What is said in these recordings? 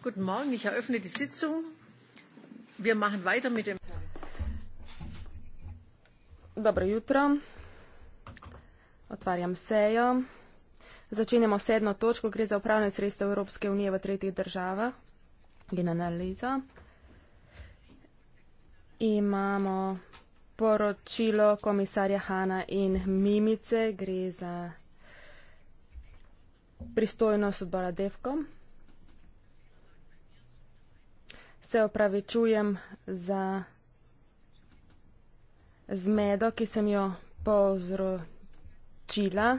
Guten Morgen, ich eröffne die Sitzung. Wir machen weiter mit dem. Dobro jutro. Otvarjam sejo. Začenjamo sedmo točko, gre za upravljanje sredstev Evropske unije v tretjih državah. Gena analiza. Imamo poročilo komisarja Hanna in Mimice, gre za pristojnost odbora Devkom. se opravičujem za zmedo, ki sem jo povzročila.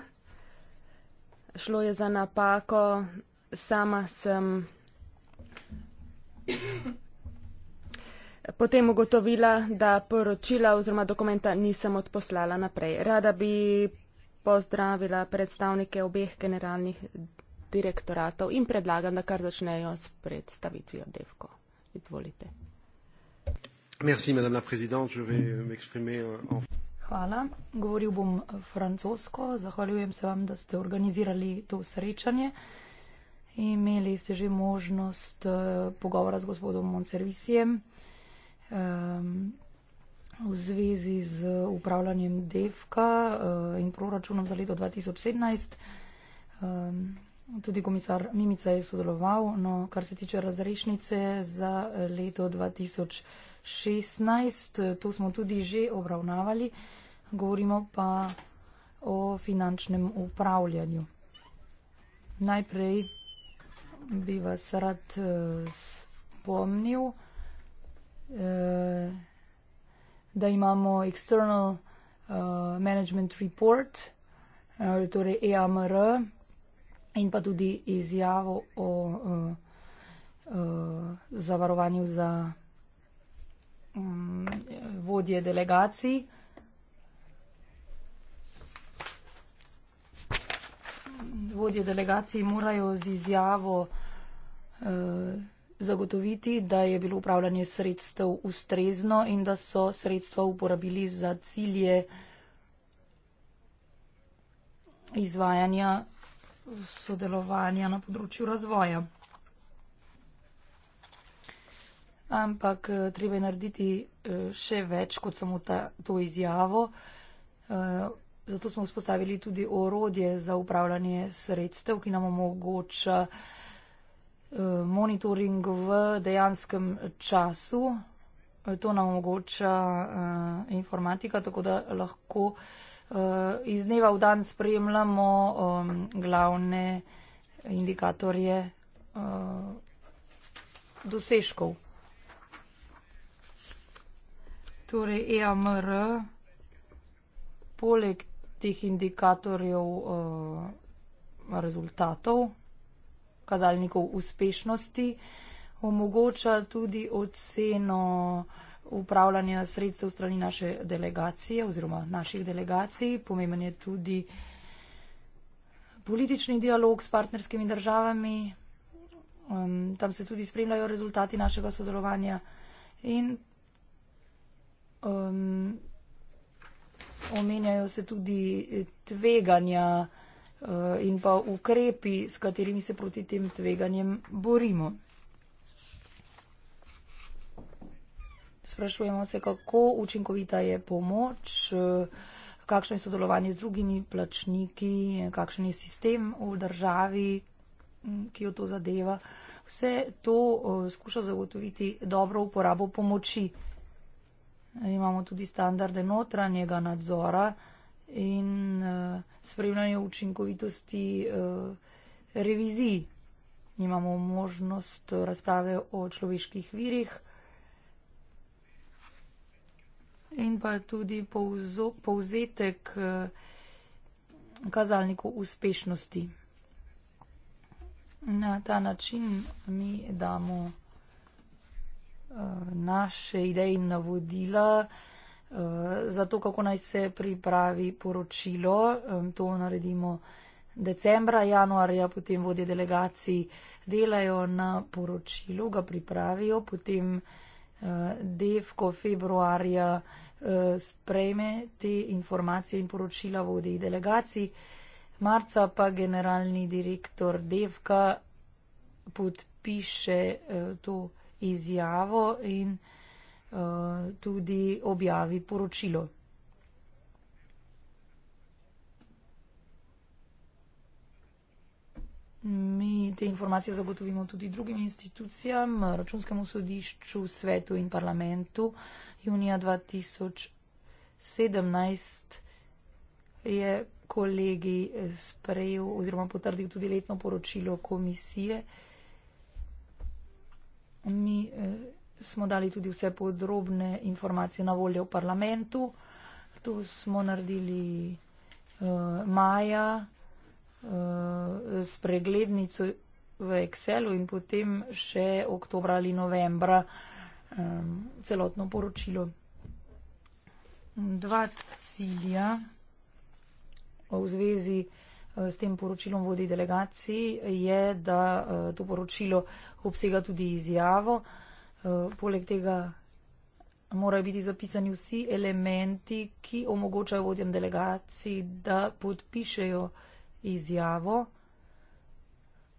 Šlo je za napako, sama sem potem ugotovila, da poročila oziroma dokumenta nisem odposlala naprej. Rada bi pozdravila predstavnike obeh generalnih direktoratov in predlagam, da kar začnejo s predstavitvijo Devko. Izvolite. Merci, madame la présidente. Je vais euh, m'exprimer euh, en. Hvala. Govoril bom eh, francosko. Zahvaljujem se vam, da ste organizirali to srečanje. Imeli ste že možnost eh, pogovora z gospodom Monservisijem ehm, v zvezi z upravljanjem DEFKA eh, in proračunom za leto 2017. Tudi komisar Mimica je sodeloval, no kar se tiče razrešnice za eh, leto 2016, eh, to smo tudi že obravnavali, govorimo pa o finančnem upravljanju. Najprej bi vas rad eh, spomnil, da imamo external management report, torej EAMR, in pa tudi izjavo o uh, uh, zavarovanju za um, vodje delegacij. Vodje delegacij morajo z izjavo eh, zagotoviti, da je bilo upravljanje sredstev ustrezno in da so sredstva uporabili za cilje izvajanja sodelovanja na področju razvoja. Ampak eh, treba je narediti eh, še več kot samo ta, to izjavo. Eh, zato smo vzpostavili tudi orodje za upravljanje sredstev, ki nam omogoča monitoring v dejanskem času. To nam omogoča informatika, tako da lahko uh, iz dneva v dan spremljamo um, glavne indikatorje uh, dosežkov. Torej, EMR, poleg teh indikatorjev uh, rezultatov, kazalnikov uspešnosti, omogoča tudi oceno uh, upravljanja sredstev strani naše delegacije oziroma naših delegacij. Pomemben je tudi politični dialog s partnerskimi državami. Um, tam se tudi spremljajo rezultati našega sodelovanja in um, omenjajo se tudi tveganja uh, in pa ukrepi, s katerimi se proti tem tveganjem borimo. Sprašujemo se, kako učinkovita je pomoč, kakšno je sodelovanje z drugimi plačniki, kakšen je sistem v državi, ki jo to zadeva. Vse to skuša zagotoviti dobro uporabo pomoči. Imamo tudi standarde notranjega nadzora in e, spremljanje učinkovitosti e, reviziji. Imamo možnost e, razprave o človeških virih in pa tudi povzo, povzetek eh, kazalnikov uspešnosti. Na ta način mi damo eh, naše ideje in navodila eh, za to, kako naj se pripravi poročilo. To naredimo decembra, januarja, potem vodje delegacij delajo na poročilu, ga pripravijo, potem. Devko februarja eh, sprejme te informacije in poročila vodi delegacij. Marca pa generalni direktor Devka podpiše eh, to izjavo in eh, tudi objavi poročilo. Mi te informacije zagotovimo tudi drugim institucijam, računskemu sodišču, svetu in parlamentu. Junija 2017 je kolegi sprejel oziroma potrdil tudi letno poročilo komisije. Mi eh, smo dali tudi vse podrobne informacije na voljo v parlamentu. To smo naredili eh, maja Eh, s preglednico v Excelu in potem še oktobra ali novembra um, celotno poročilo. Dva cilja v zvezi eh, s tem poročilom vodi delegaciji je, da eh, to poročilo obsega tudi izjavo. Poleg tega morajo biti zapisani vsi elementi, ki omogočajo vodjem delegaciji, da podpišejo uh, izjavo.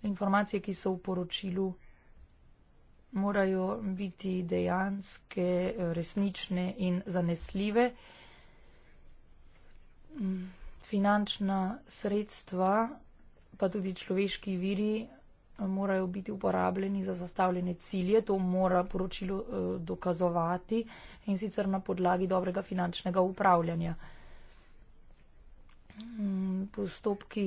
Informacije, ki so v poročilu, morajo biti dejanske, resnične in zanesljive. Finančna sredstva, pa tudi človeški viri, morajo biti uporabljeni za zastavljene cilje. To mora poročilo eh, dokazovati in sicer na podlagi dobrega finančnega upravljanja. Mm, postopki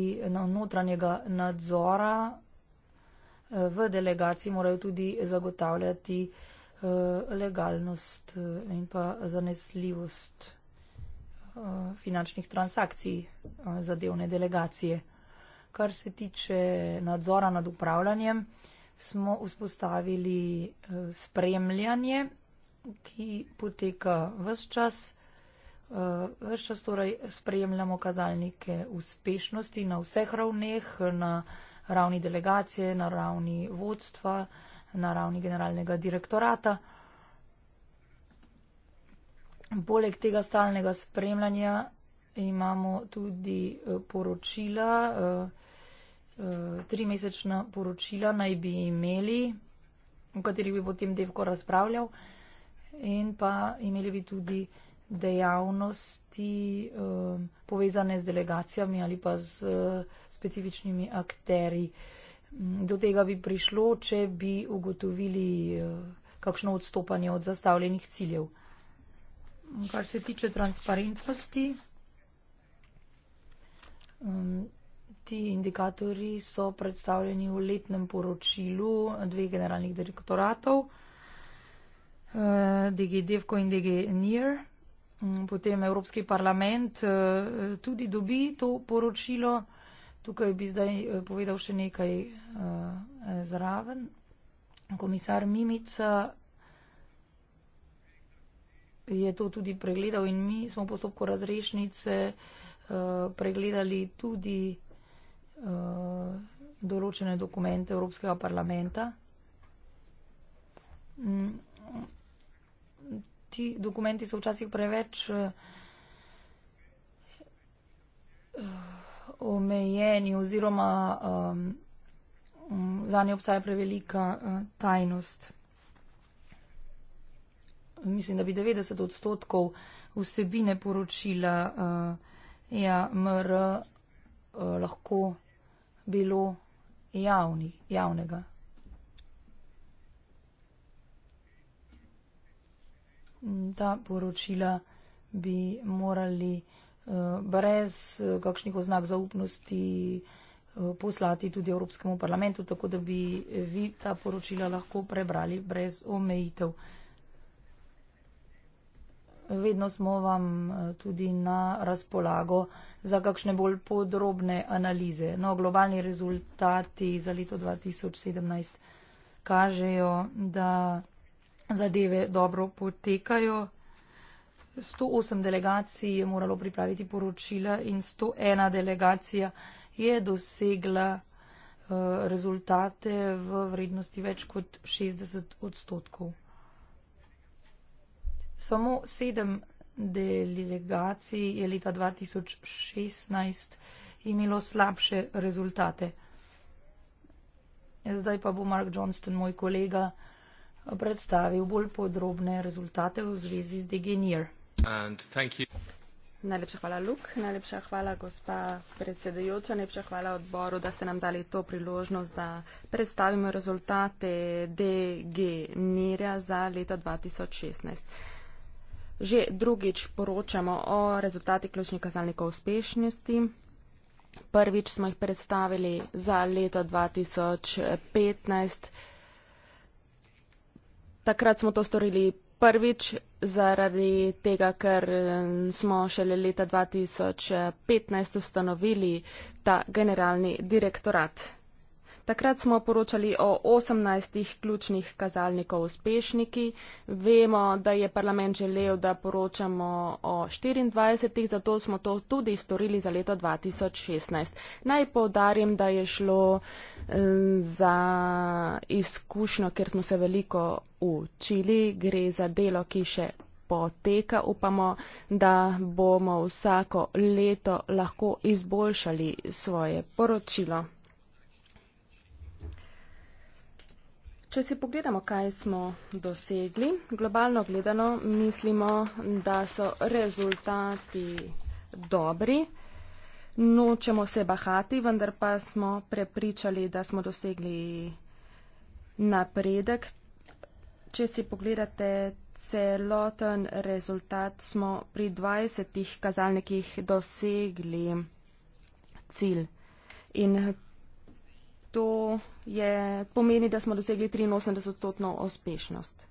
notranjega nadzora eh, v delegaciji morajo tudi zagotavljati eh, legalnost eh, in pa zanesljivost finančnih transakcij zadevne delegacije. Kar se tiče nadzora nad upravljanjem, smo vzpostavili spremljanje, ki poteka vse čas. Eh, Vse čas torej spremljamo kazalnike uspešnosti na vseh ravneh, na ravni delegacije, na ravni vodstva, na ravni generalnega direktorata. Poleg tega stalnega spremljanja imamo tudi eh, poročila, eh, tri mesečna poročila naj bi imeli, v katerih bi potem Devko razpravljal in pa imeli bi tudi dejavnosti um, povezane z delegacijami ali pa z uh, specifičnimi akteri. Mm, do tega bi prišlo, če bi ugotovili uh, kakšno odstopanje od zastavljenih ciljev. Kar se tiče transparentnosti, um, ti indikatori so predstavljeni v letnem poročilu dveh generalnih direktoratov, uh, DGDFKO in DGNIR. Mm, potem Evropski parlament eh, tudi dobi to poročilo. Tukaj bi zdaj eh, povedal še nekaj eh, zraven. Komisar Mimica je to tudi pregledal in mi smo v postopku razrešnice pregledali tudi določene dokumente Evropskega parlamenta. Mm, ti dokumenti so včasih preveč eh, eh, omejeni oziroma um, eh, mm, za nje obstaja prevelika uh, tajnost. Mislim, da bi 90 odstotkov vsebine poročila uh, ja, e MR uh, lahko bilo javni, javnega. ta poročila bi morali eh, brez eh, kakšnih oznak zaupnosti eh, poslati tudi Evropskemu parlamentu, tako da bi vi ta poročila lahko prebrali brez omejitev. Vedno smo vam tudi na razpolago za kakšne bolj podrobne analize. No, globalni rezultati za leto 2017 kažejo, da zadeve dobro potekajo. 108 delegacij je moralo pripraviti poročila in 101 delegacija je dosegla uh, rezultate v vrednosti več kot 60 odstotkov. Samo sedem delegacij je leta 2016 imelo slabše rezultate. Zdaj pa bo Mark Johnston, moj kolega, predstavil bolj podrobne rezultate v zvezi z Degenir. Najlepša hvala, Luk, najlepša hvala, gospa predsedujoča, najlepša hvala odboru, da ste nam dali to priložnost, da predstavimo rezultate DG Nirja za leto 2016. Že drugič poročamo o rezultati ključnih kazalnikov uspešnosti. Prvič smo jih predstavili za leto 2015. Takrat smo to storili prvič, zaradi tega, ker eh, smo šele leta 2015 ustanovili ta generalni direktorat. Takrat smo poročali o 18 ključnih kazalnikov uspešniki. Vemo, da je parlament želel, da poročamo o 24, zato smo to tudi storili za leto 2016. Naj povdarim, da je šlo eh, za izkušnjo, ker smo se veliko učili, gre za delo, ki še. Poteka. Upamo, da bomo vsako leto lahko izboljšali svoje poročilo. Če si pogledamo, kaj smo dosegli, globalno gledano mislimo, da so rezultati dobri. Nočemo se bahati, vendar pa smo prepričali, da smo dosegli napredek. Če si pogledate celoten rezultat, smo pri 20 kazalnikih dosegli cilj. In to je, pomeni, da smo dosegli 83-stotno uspešnost.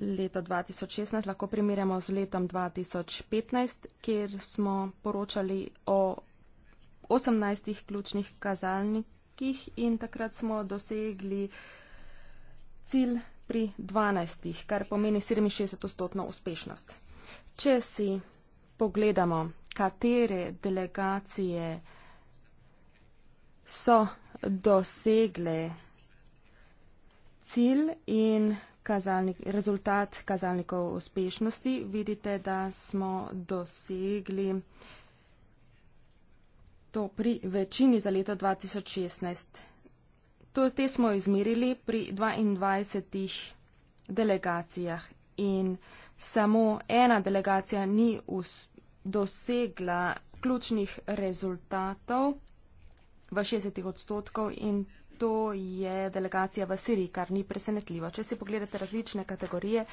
Leto 2016 lahko primerjamo z letom 2015, kjer smo poročali o 18 ključnih kazalnikih in takrat smo dosegli cilj pri 12, kar pomeni 67-stotno uspešnost. Če si pogledamo, katere delegacije so dosegle cilj in kazalnik, rezultat kazalnikov uspešnosti. Vidite, da smo dosegli to pri večini za leto 2016. To, te smo izmerili pri 22 delegacijah in samo ena delegacija ni us, dosegla ključnih rezultatov v 60 odstotkov in to je delegacija v Siriji, kar ni presenetljivo. Če si pogledate različne kategorije,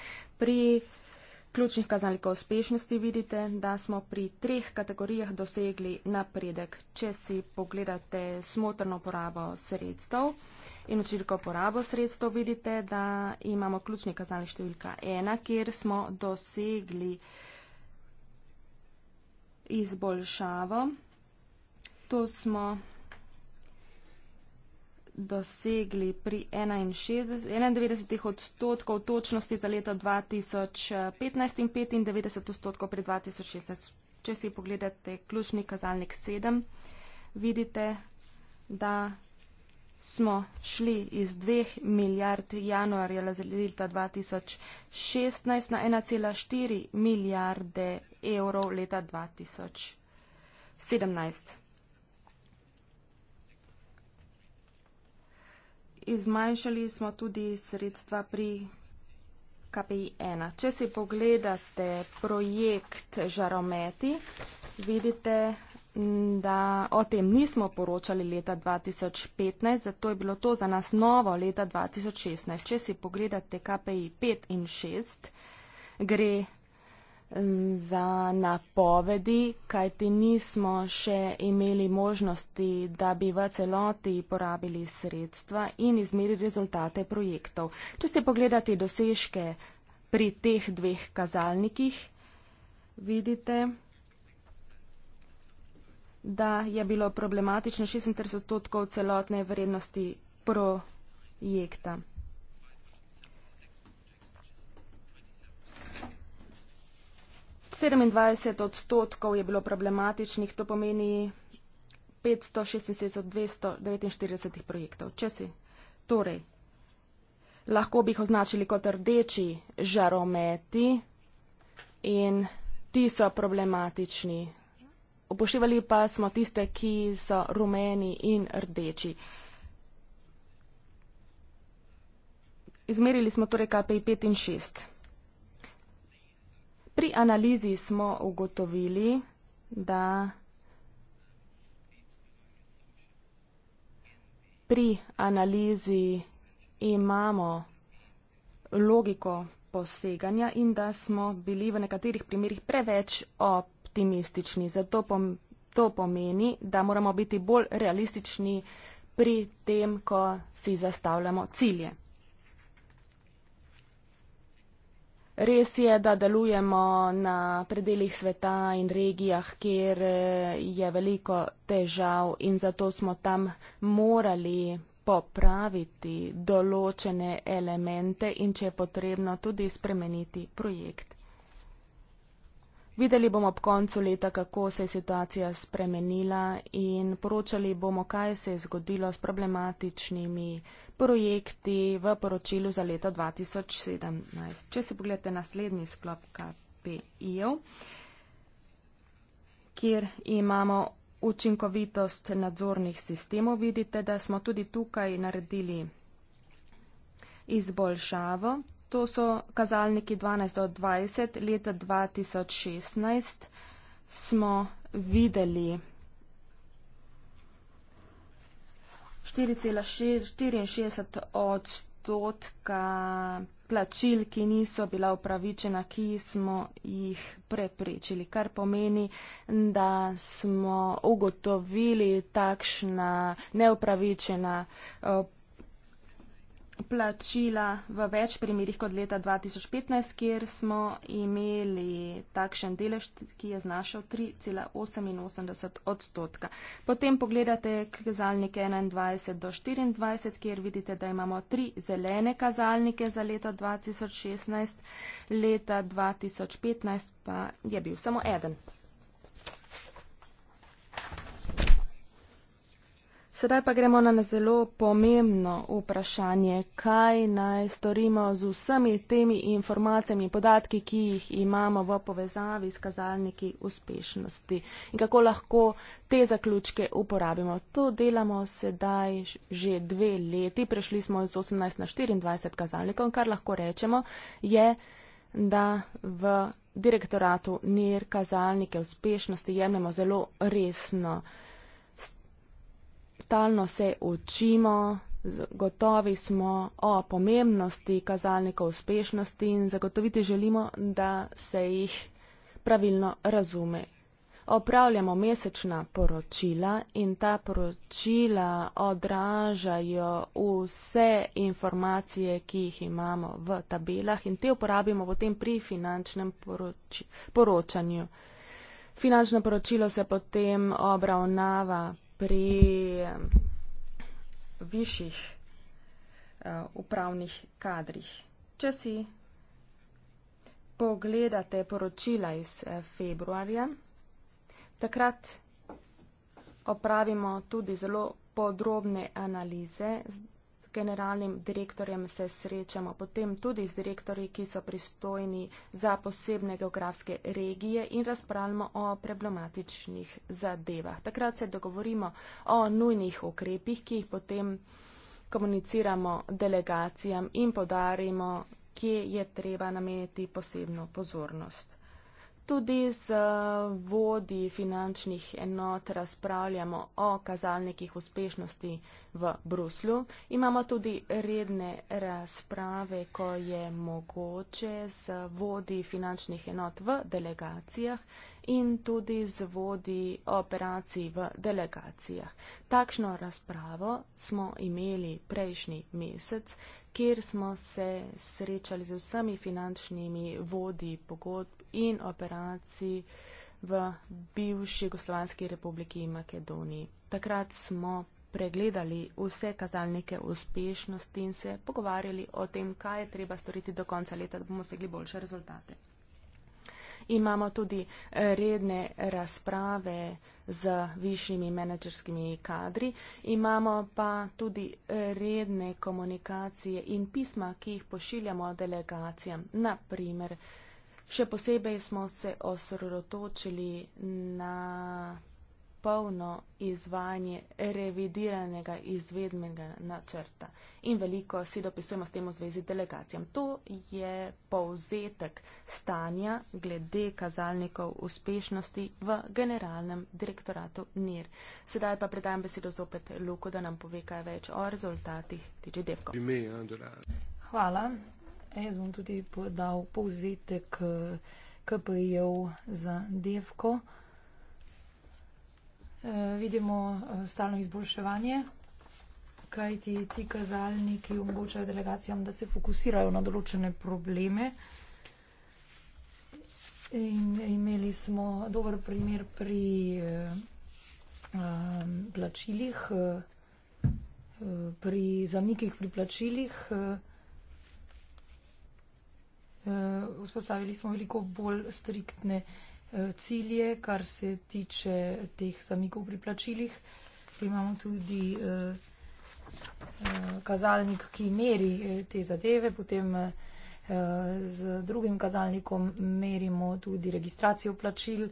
pri ključnih kazalnikov uspešnosti vidite, da smo pri treh kategorijah dosegli napredek. Če si pogledate smotrno porabo sredstev in očirko porabo sredstev, vidite, da imamo ključni kazalnik številka ena, kjer smo dosegli izboljšavo. To smo dosegli pri 91 odstotkov točnosti za leto 2015 in 95 odstotkov pri 2016. Če si pogledate ključni kazalnik 7, vidite, da smo šli iz 2 milijard januarja leta 2016 na 1,4 milijarde evrov leta 2017. Izmanjšali smo tudi sredstva pri KPI 1. Če si pogledate projekt Žarometi, vidite, da o tem nismo poročali leta 2015, zato je bilo to za nas novo leta 2016. Če si pogledate KPI 5 in 6, gre za napovedi, kajti nismo še imeli možnosti, da bi v celoti porabili sredstva in izmerili rezultate projektov. Če se pogledate dosežke pri teh dveh kazalnikih, vidite, da je bilo problematično 36 odstotkov celotne vrednosti projekta. 27 odstotkov je bilo problematičnih, to pomeni 576 od 249 projektov. Če si, torej, lahko bi jih označili kot rdeči žarometi in ti so problematični. Upoštevali pa smo tiste, ki so rumeni in rdeči. Izmerili smo torej KPI 5 in 6 pri analizi smo ugotovili, da pri analizi imamo logiko poseganja in da smo bili v nekaterih primerjih preveč optimistični. Zato pom to pomeni, da moramo biti bolj realistični pri tem, ko si zastavljamo cilje. Res je, da delujemo na predeljih sveta in regijah, kjer eh, je veliko težav in zato smo tam morali popraviti določene elemente in če je potrebno tudi spremeniti projekt. Videli bomo ob koncu leta, kako se je situacija spremenila in poročali bomo, kaj se je zgodilo s problematičnimi projekti v poročilu za leto 2017. Če si pogledate naslednji sklop KPI-ev, kjer imamo učinkovitost nadzornih sistemov, vidite, da smo tudi tukaj naredili izboljšavo to so kazalniki 12 do 20. Leta 2016 smo videli 4,64 odstotka plačil, ki niso bila upravičena, ki smo jih preprečili, kar pomeni, da smo ugotovili takšna neupravičena. Uh, plačila v več primerjih kot leta 2015, kjer smo imeli takšen delež, ki je znašal 3,88 odstotka. Potem pogledate kazalnike 21 do 24, kjer vidite, da imamo tri zelene kazalnike za leto 2016, leta 2015 pa je bil samo eden. Sedaj pa gremo na zelo pomembno vprašanje, kaj naj storimo z vsemi temi informacijami in podatki, ki jih imamo v povezavi s kazalniki uspešnosti in kako lahko te zaključke uporabimo. To delamo sedaj že dve leti, prešli smo iz 18 na 24 kazalnikov in kar lahko rečemo je, da v direktoratu NIR kazalnike uspešnosti jemljemo zelo resno stalno se učimo, gotovi smo o pomembnosti kazalnikov uspešnosti in zagotoviti želimo, da se jih pravilno razume. Opravljamo mesečna poročila in ta poročila odražajo vse informacije, ki jih imamo v tabelah in te uporabimo potem pri finančnem poroči, poročanju. Finančno poročilo se potem obravnava pri višjih eh, upravnih kadrih. Če si pogledate poročila iz eh, februarja, takrat opravimo tudi zelo podrobne analize generalnim direktorjem se srečamo, potem tudi z direktori, ki so pristojni za posebne geografske regije in razpravljamo o problematičnih zadevah. Takrat se dogovorimo o nujnih ukrepih, ki jih potem komuniciramo delegacijam in podarimo, kje je treba nameniti posebno pozornost tudi z eh, vodi finančnih enot razpravljamo o kazalnikih uspešnosti v Bruslu. Imamo tudi redne razprave, ko je mogoče z vodi finančnih enot v delegacijah in tudi z vodi operacij v delegacijah. Takšno razpravo smo imeli prejšnji mesec kjer smo se srečali z vsemi finančnimi vodi pogodb in operaciji v bivši Jugoslovanski republiki Makedoniji. Takrat smo pregledali vse kazalnike uspešnosti in se pogovarjali o tem, kaj je treba storiti do konca leta, da bomo segli boljše rezultate. Imamo tudi eh, redne razprave z višjimi menedžerskimi kadri, imamo pa tudi eh, redne komunikacije in pisma, ki jih pošiljamo delegacijam. Naprimer, Še posebej smo se osredotočili na polno izvajanje revidiranega izvedmenega načrta in veliko si dopisujemo s tem v zvezi delegacijam. To je povzetek stanja glede kazalnikov uspešnosti v generalnem direktoratu NIR. Sedaj pa predajam besedo zopet Luko, da nam pove kaj več o rezultatih TGDF-ko. Hvala. Jaz bom tudi podal povzetek eh, KPI-jev za DEFKO. Eh, vidimo eh, stalno izboljševanje, kajti ti kazalniki omogočajo delegacijam, da se fokusirajo na določene probleme. In imeli smo dober primer pri plačilih, pri zamikih pri plačilih. Eh, vzpostavili smo veliko bolj striktne eh, cilje, kar se tiče teh zamikov pri plačilih. Imamo tudi eh, kazalnik, ki meri te zadeve, potem z drugim kazalnikom merimo tudi registracijo plačil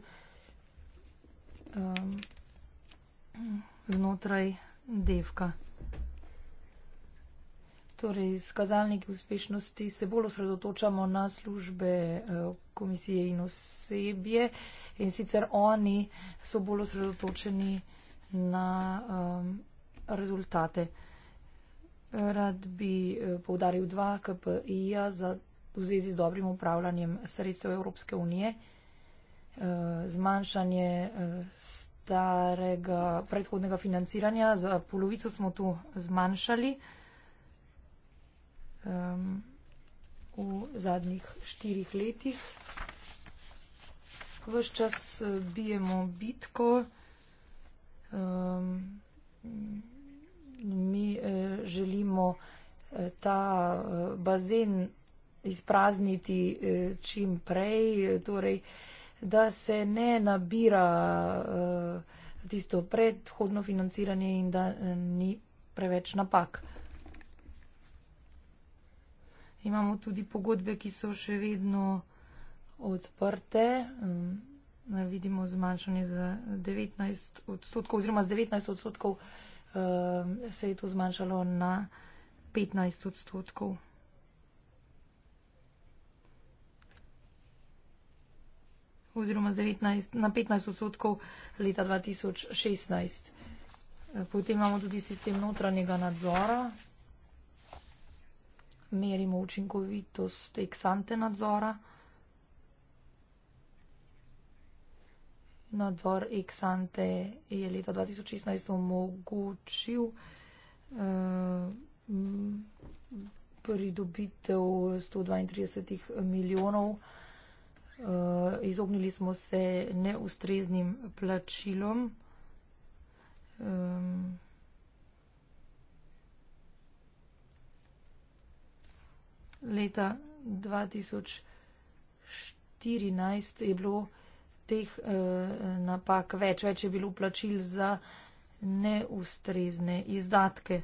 znotraj devka. Torej, z kazalniki uspešnosti se bolj osredotočamo na službe eh, komisije in osebje in sicer oni so bolj osredotočeni na um, rezultate. Rad bi eh, povdaril dva KPI-ja v zvezi z dobrim upravljanjem sredstev Evropske unije. Eh, zmanjšanje starega predhodnega financiranja, za polovico smo tu zmanjšali um, v zadnjih štirih letih. Ves čas eh, bijemo bitko. Um, mi eh, želimo eh, ta eh, bazen izprazniti eh, čim prej, torej, da se ne nabira eh, tisto predhodno financiranje in da eh, ni preveč napak. Eh, Imamo tudi pogodbe, ki so še vedno odprte. Vidimo zmanjšanje za 19 odstotkov oziroma z 19 odstotkov se je to zmanjšalo na 15 odstotkov. Oziroma z 19 na 15 odstotkov leta 2016. Potem imamo tudi sistem notranjega nadzora merimo učinkovitost eksante nadzora. Nadzor eksante je leta 2016 omogočil uh, pridobitev 132 milijonov. Uh, izognili smo se neustreznim plačilom. Um, leta 2014 je bilo teh eh, napak več, več je bilo plačil za neustrezne izdatke.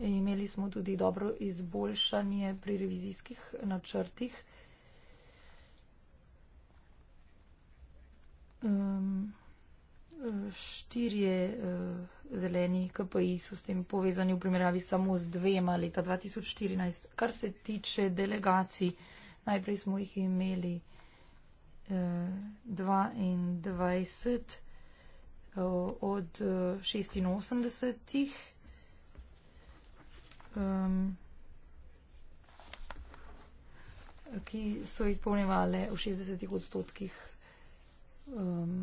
Imeli smo tudi dobro izboljšanje pri revizijskih načrtih. Um, štirje uh, zeleni KPI so s tem povezani v primerjavi samo z dvema leta 2014. Kar se tiče delegacij, najprej smo jih imeli uh, 22 uh, od uh, 86. Um, ki so izpolnjevale v 60 odstotkih um,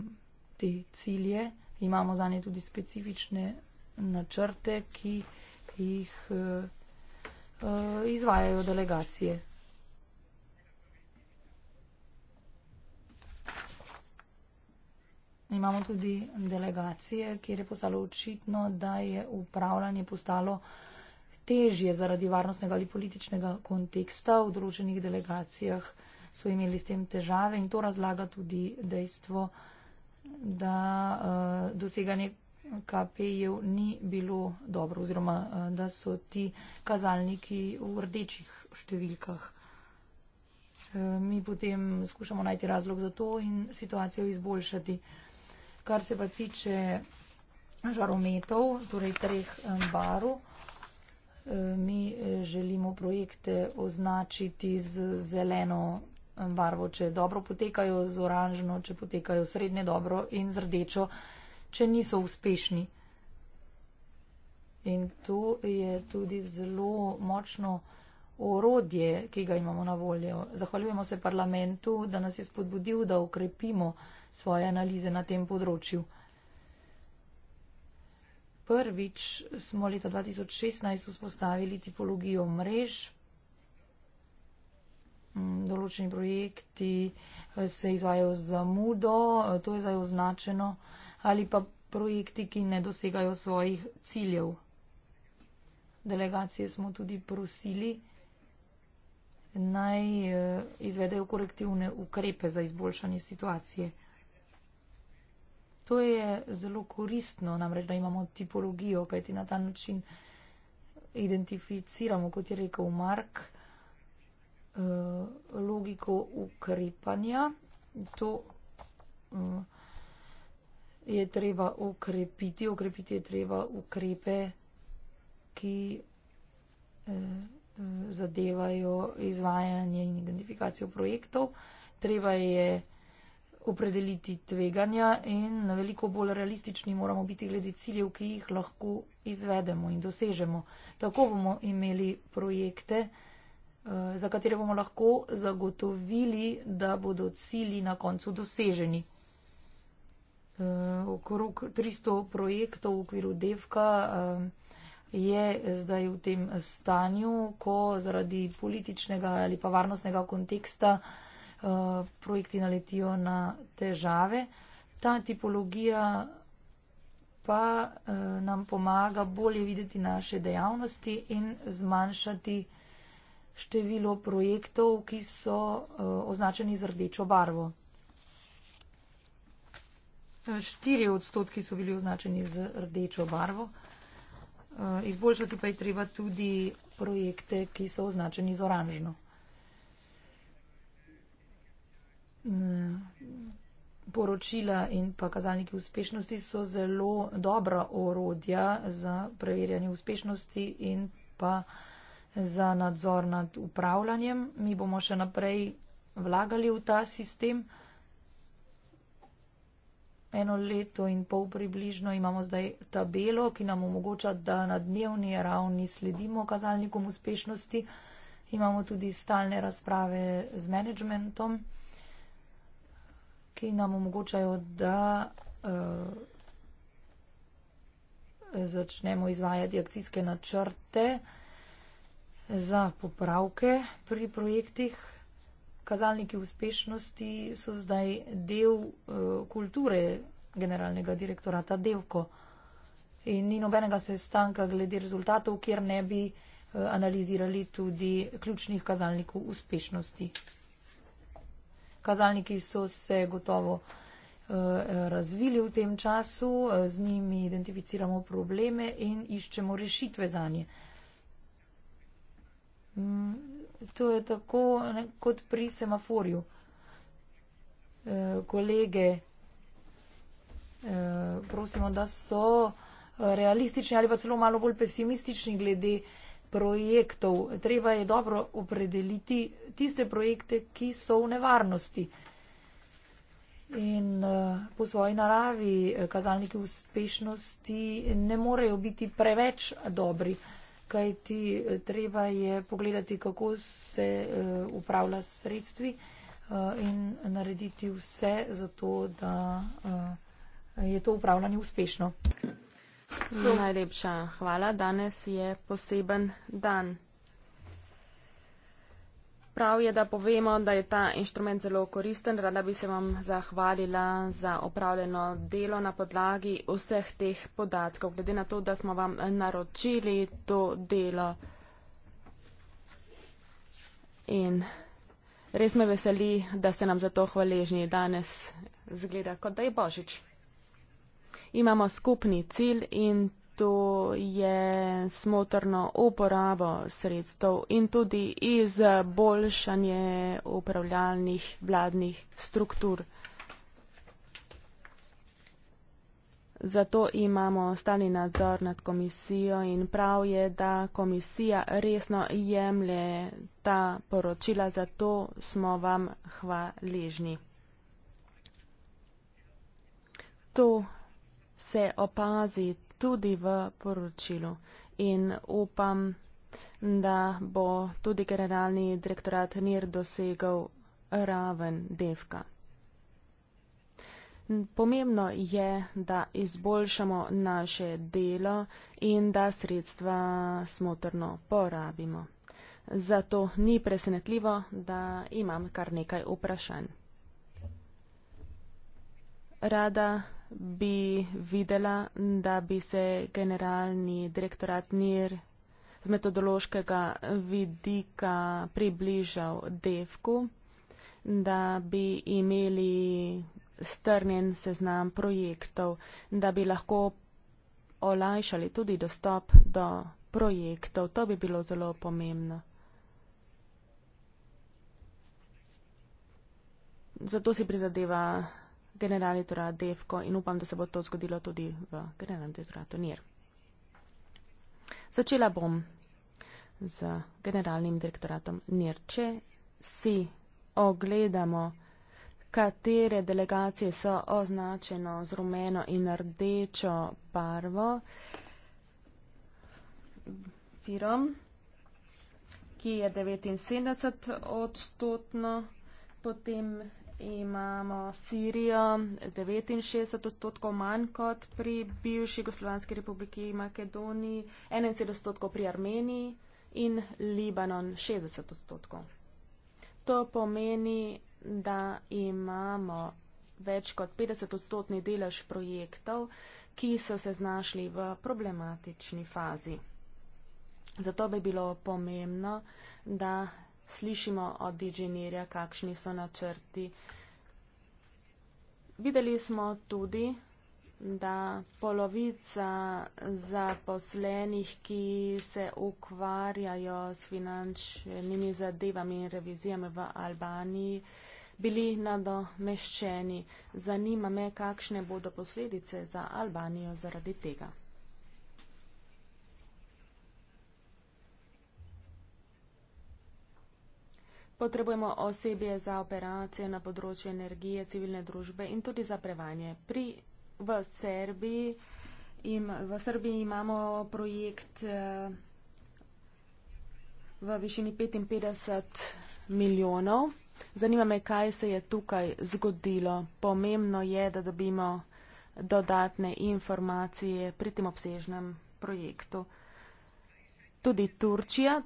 te cilje, imamo za nje tudi specifične načrte, ki jih uh, uh, izvajajo delegacije. Imamo tudi delegacije, kjer je postalo očitno, da je upravljanje postalo težje zaradi varnostnega ali političnega konteksta. V določenih delegacijah so imeli s tem težave in to razlaga tudi dejstvo, da da uh, doseganje KPI-jev ni bilo dobro oziroma uh, da so ti kazalniki v rdečih številkah. Eh, mi potem skušamo najti razlog za to in situacijo izboljšati. Kar se pa tiče žarometov, torej treh barov, mi želimo projekte označiti z zeleno barvo, če dobro potekajo z oranžno, če potekajo srednje dobro in z rdečo, če niso uspešni. In to je tudi zelo močno orodje, ki ga imamo na voljo. Zahvaljujemo se parlamentu, da nas je spodbudil, da ukrepimo svoje analize na tem področju. Prvič smo leta 2016 vzpostavili tipologijo mrež, Mm, določeni projekti eh, se izvajo zamudo, eh, to je zdaj označeno, ali pa projekti, ki ne dosegajo svojih ciljev. Delegacije smo tudi prosili naj eh, izvedejo korektivne ukrepe za izboljšanje situacije. To je zelo koristno, namreč, da imamo tipologijo, kajti na ta način identificiramo, kot je rekel Mark, Eh, logiko ukrepanja. To eh, je treba ukrepiti, ukrepiti je treba ukrepe, ki eh, zadevajo izvajanje in identifikacijo projektov. Treba je opredeliti tveganja in na veliko bolj realistični moramo biti glede ciljev, ki jih lahko izvedemo in dosežemo. Tako bomo imeli projekte, Eh, za katere bomo lahko zagotovili, da bodo cili na koncu doseženi. Eh, okrog 300 projektov v okviru DEVKA eh, je zdaj v tem stanju, ko zaradi političnega ali pa varnostnega konteksta projekti naletijo na težave. Ta tipologija pa nam pomaga bolje videti naše dejavnosti in zmanjšati število projektov, ki so eh, označeni z rdečo barvo. Eh, štiri odstotki so bili označeni z rdečo barvo. Eh, izboljšati pa je treba tudi projekte, ki so označeni z oranžno. Mm, poročila in pa kazalniki uspešnosti so zelo dobra orodja za preverjanje uspešnosti in pa uh, za nadzor nad upravljanjem. Mi bomo še naprej vlagali v ta sistem. Eno leto in pol približno imamo zdaj tabelo, ki nam omogoča, da na dnevni ravni sledimo kazalnikom uspešnosti. Imamo tudi stalne razprave z menedžmentom, ki nam omogočajo, da uh, začnemo izvajati akcijske načrte za popravke pri projektih. Kazalniki uspešnosti so zdaj del eh, kulture generalnega direktorata Devko. In ni nobenega sestanka glede rezultatov, kjer ne bi eh, analizirali tudi ključnih kazalnikov uspešnosti. Kazalniki so se gotovo eh, razvili v tem času, z njimi identificiramo probleme in iščemo rešitve za njih. To je tako ne, kot pri semaforju. E, kolege, e, prosimo, da so eh, realistični ali pa celo malo bolj pesimistični glede projektov. Treba je dobro opredeliti tiste projekte, ki so v nevarnosti. In uh, po svoji naravi kazalniki uspešnosti ne morejo biti preveč dobri. Uh, kaj ti eh, treba je pogledati, kako se uh, upravlja s sredstvi uh, in narediti vse za to, da uh, je to upravljanje uspešno. Najlepša hvala. Danes je poseben dan prav je, da povemo, da je ta inštrument zelo koristen. Rada bi se vam zahvalila za opravljeno delo na podlagi vseh teh podatkov, glede na to, da smo vam naročili to delo. In res me veseli, da ste nam za to hvaležni. Danes zgleda, kot da je Božič. Imamo skupni cilj in to je smotrno uporabo sredstev in tudi izboljšanje upravljalnih vladnih struktur. Zato imamo stani nadzor nad komisijo in prav je, da komisija resno jemlje ta poročila, zato smo vam hvaležni. To se opazi tudi v poročilu in upam, da bo tudi generalni direktorat NIR dosegal raven devka. Pomembno je, da izboljšamo naše delo in da sredstva smotrno porabimo. Zato ni presenetljivo, da imam kar nekaj vprašanj. Rada bi videla, da bi se generalni direktorat NIR z metodološkega vidika približal DEFKU, da bi imeli strnjen seznam projektov, da bi lahko olajšali tudi dostop do projektov. To bi bilo zelo pomembno. Zato si prizadeva generalitora Defko in upam, da se bo to zgodilo tudi v generalitora Tonir. Začela bom z generalnim direktoratom Nir. Če si ogledamo, katere delegacije so označeno z rumeno in rdečo barvo, firom, ki je 79 odstotno, potem imamo Sirijo 69 odstotkov manj kot pri bivši Jugoslovanski republiki Makedoniji, 71 odstotkov pri Armeniji in Libanon 60 odstotkov. To pomeni, da imamo več kot 50 odstotni delež projektov, ki so se znašli v problematični fazi. Zato bi bilo pomembno, da slišimo od inženirja, kakšni so načrti. Videli smo tudi, da polovica zaposlenih, ki se ukvarjajo s finančnimi zadevami in revizijami v Albaniji, bili nadomeščeni. Zanima me, kakšne bodo posledice za Albanijo zaradi tega. Potrebujemo osebje za operacije na področju energije, civilne družbe in tudi za prevanje. Pri, v, Srbiji im, v Srbiji imamo projekt eh, v višini 55 milijonov. Zanima me, kaj se je tukaj zgodilo. Pomembno je, da dobimo dodatne informacije pri tem obsežnem projektu. Tudi Turčija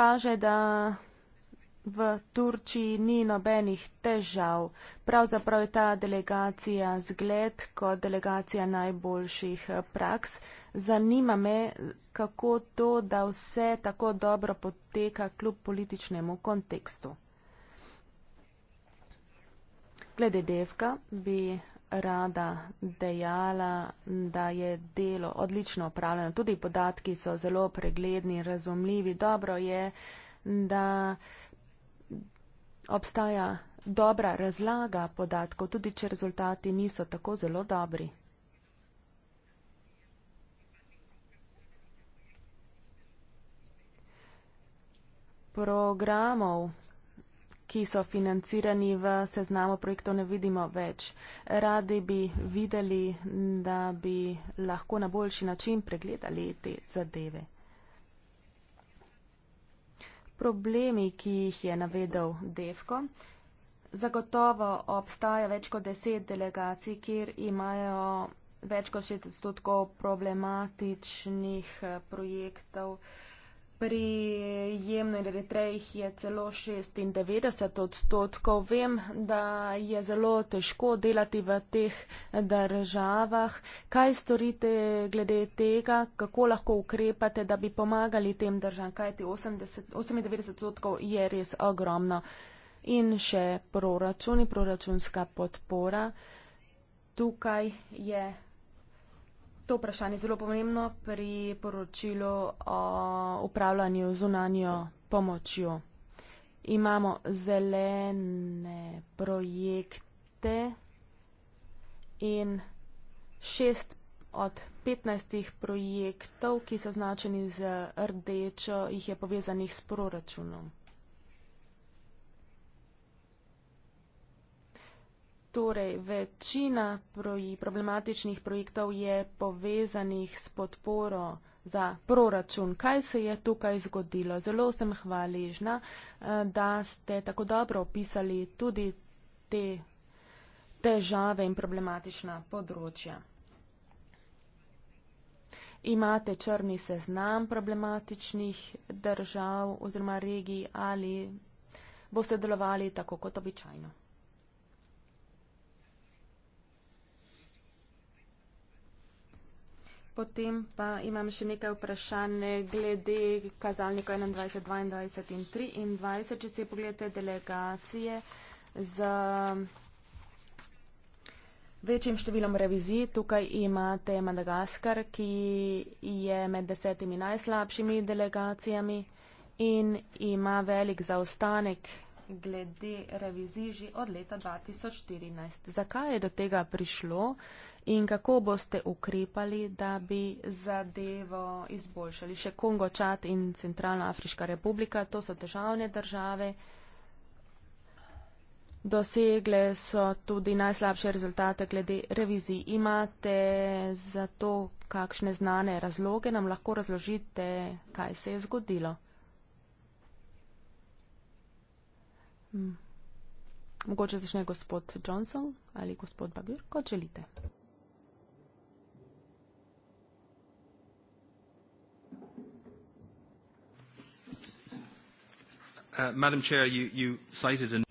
kaže, da v Turčiji ni nobenih težav. Pravzaprav je ta delegacija zgled kot delegacija najboljših eh, praks. Zanima me, kako to, da vse tako dobro poteka kljub političnemu kontekstu. Glede devka bi rada dejala, da je delo odlično opravljeno. Tudi podatki so zelo pregledni, razumljivi. Dobro je, da obstaja dobra razlaga podatkov, tudi če rezultati niso tako zelo dobri. Programov, ki so financirani v seznamu projektov, ne vidimo več. Radi bi videli, da bi lahko na boljši način pregledali te zadeve problemi, ki jih je navedel Defko. Zagotovo obstaja več kot deset delegacij, kjer imajo več kot 60 odstotkov problematičnih eh, projektov. Uh, Pri jemni eritrejih je celo 96 odstotkov. Vem, da je zelo težko delati v teh državah. Kaj storite glede tega, kako lahko ukrepate, da bi pomagali tem državam? Kaj ti 98 odstotkov je res ogromno. In še proračuni, proračunska podpora. Tukaj je To vprašanje je zelo pomembno pri poročilu o upravljanju zunanjo pomočjo. Imamo zelene projekte in šest od petnajstih projektov, ki so označeni z rdečo, jih je povezanih s proračunom. Torej, večina problematičnih projektov je povezanih s podporo za proračun. Kaj se je tukaj zgodilo? Zelo sem hvaležna, eh, da ste tako dobro opisali tudi te težave in problematična področja. Imate črni seznam problematičnih držav oziroma regij ali boste delovali tako kot običajno? Potem pa imam še nekaj vprašanj glede kazalnikov 21, 22 in 23. Če si pogledate delegacije z večjim številom revizij, tukaj imate Madagaskar, ki je med desetimi najslabšimi delegacijami in ima velik zaostanek glede revizij že od leta 2014. Zakaj je do tega prišlo in kako boste ukrepali, da bi zadevo izboljšali? Še Kongo, Čad in Centralna Afriška republika, to so težavne države. Dosegle so tudi najslabše rezultate glede revizij. Imate za to kakšne znane razloge? Nam lahko razložite, kaj se je zgodilo? Hmm. Mogoče začne gospod Johnson ali gospod Bagir, kot želite. Uh,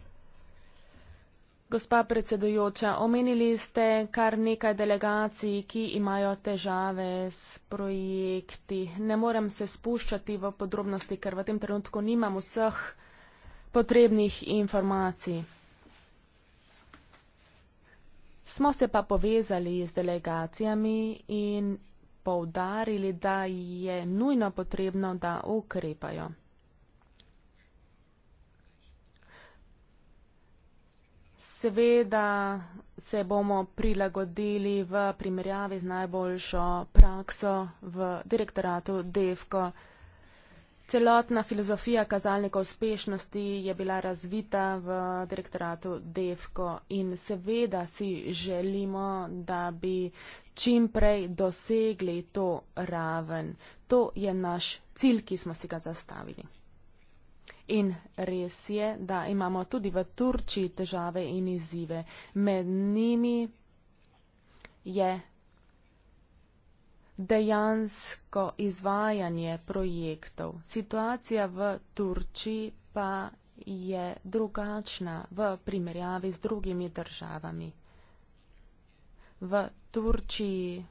Gospa predsedujoča, omenili ste kar nekaj delegacij, ki imajo težave s projekti. Ne morem se spuščati v podrobnosti, ker v tem trenutku nimam vseh potrebnih informacij. Smo se pa povezali z delegacijami in povdarili, da je nujno potrebno, da ukrepajo. Seveda se bomo prilagodili v primerjavi z najboljšo prakso v direktoratu DEFKO. Celotna filozofija kazalnika uspešnosti je bila razvita v direktoratu DEFCO in seveda si želimo, da bi čim prej dosegli to raven. To je naš cilj, ki smo si ga zastavili. In res je, da imamo tudi v Turčiji težave in izzive. Med njimi je dejansko izvajanje projektov. Situacija v Turčiji pa je drugačna v primerjavi z drugimi državami. V Turčiji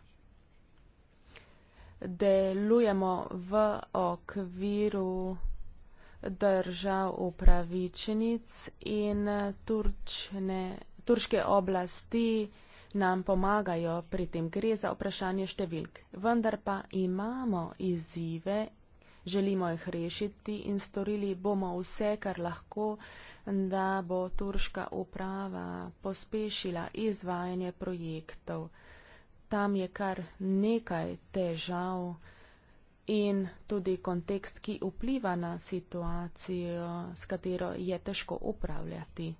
delujemo v okviru držav upravičenic in turčne, turške oblasti nam pomagajo, pri tem gre za vprašanje številk. Vendar pa imamo izzive, želimo jih rešiti in storili bomo vse, kar lahko, da bo turška uprava pospešila izvajanje projektov. Tam je kar nekaj težav in tudi kontekst, ki vpliva na situacijo, s katero je težko upravljati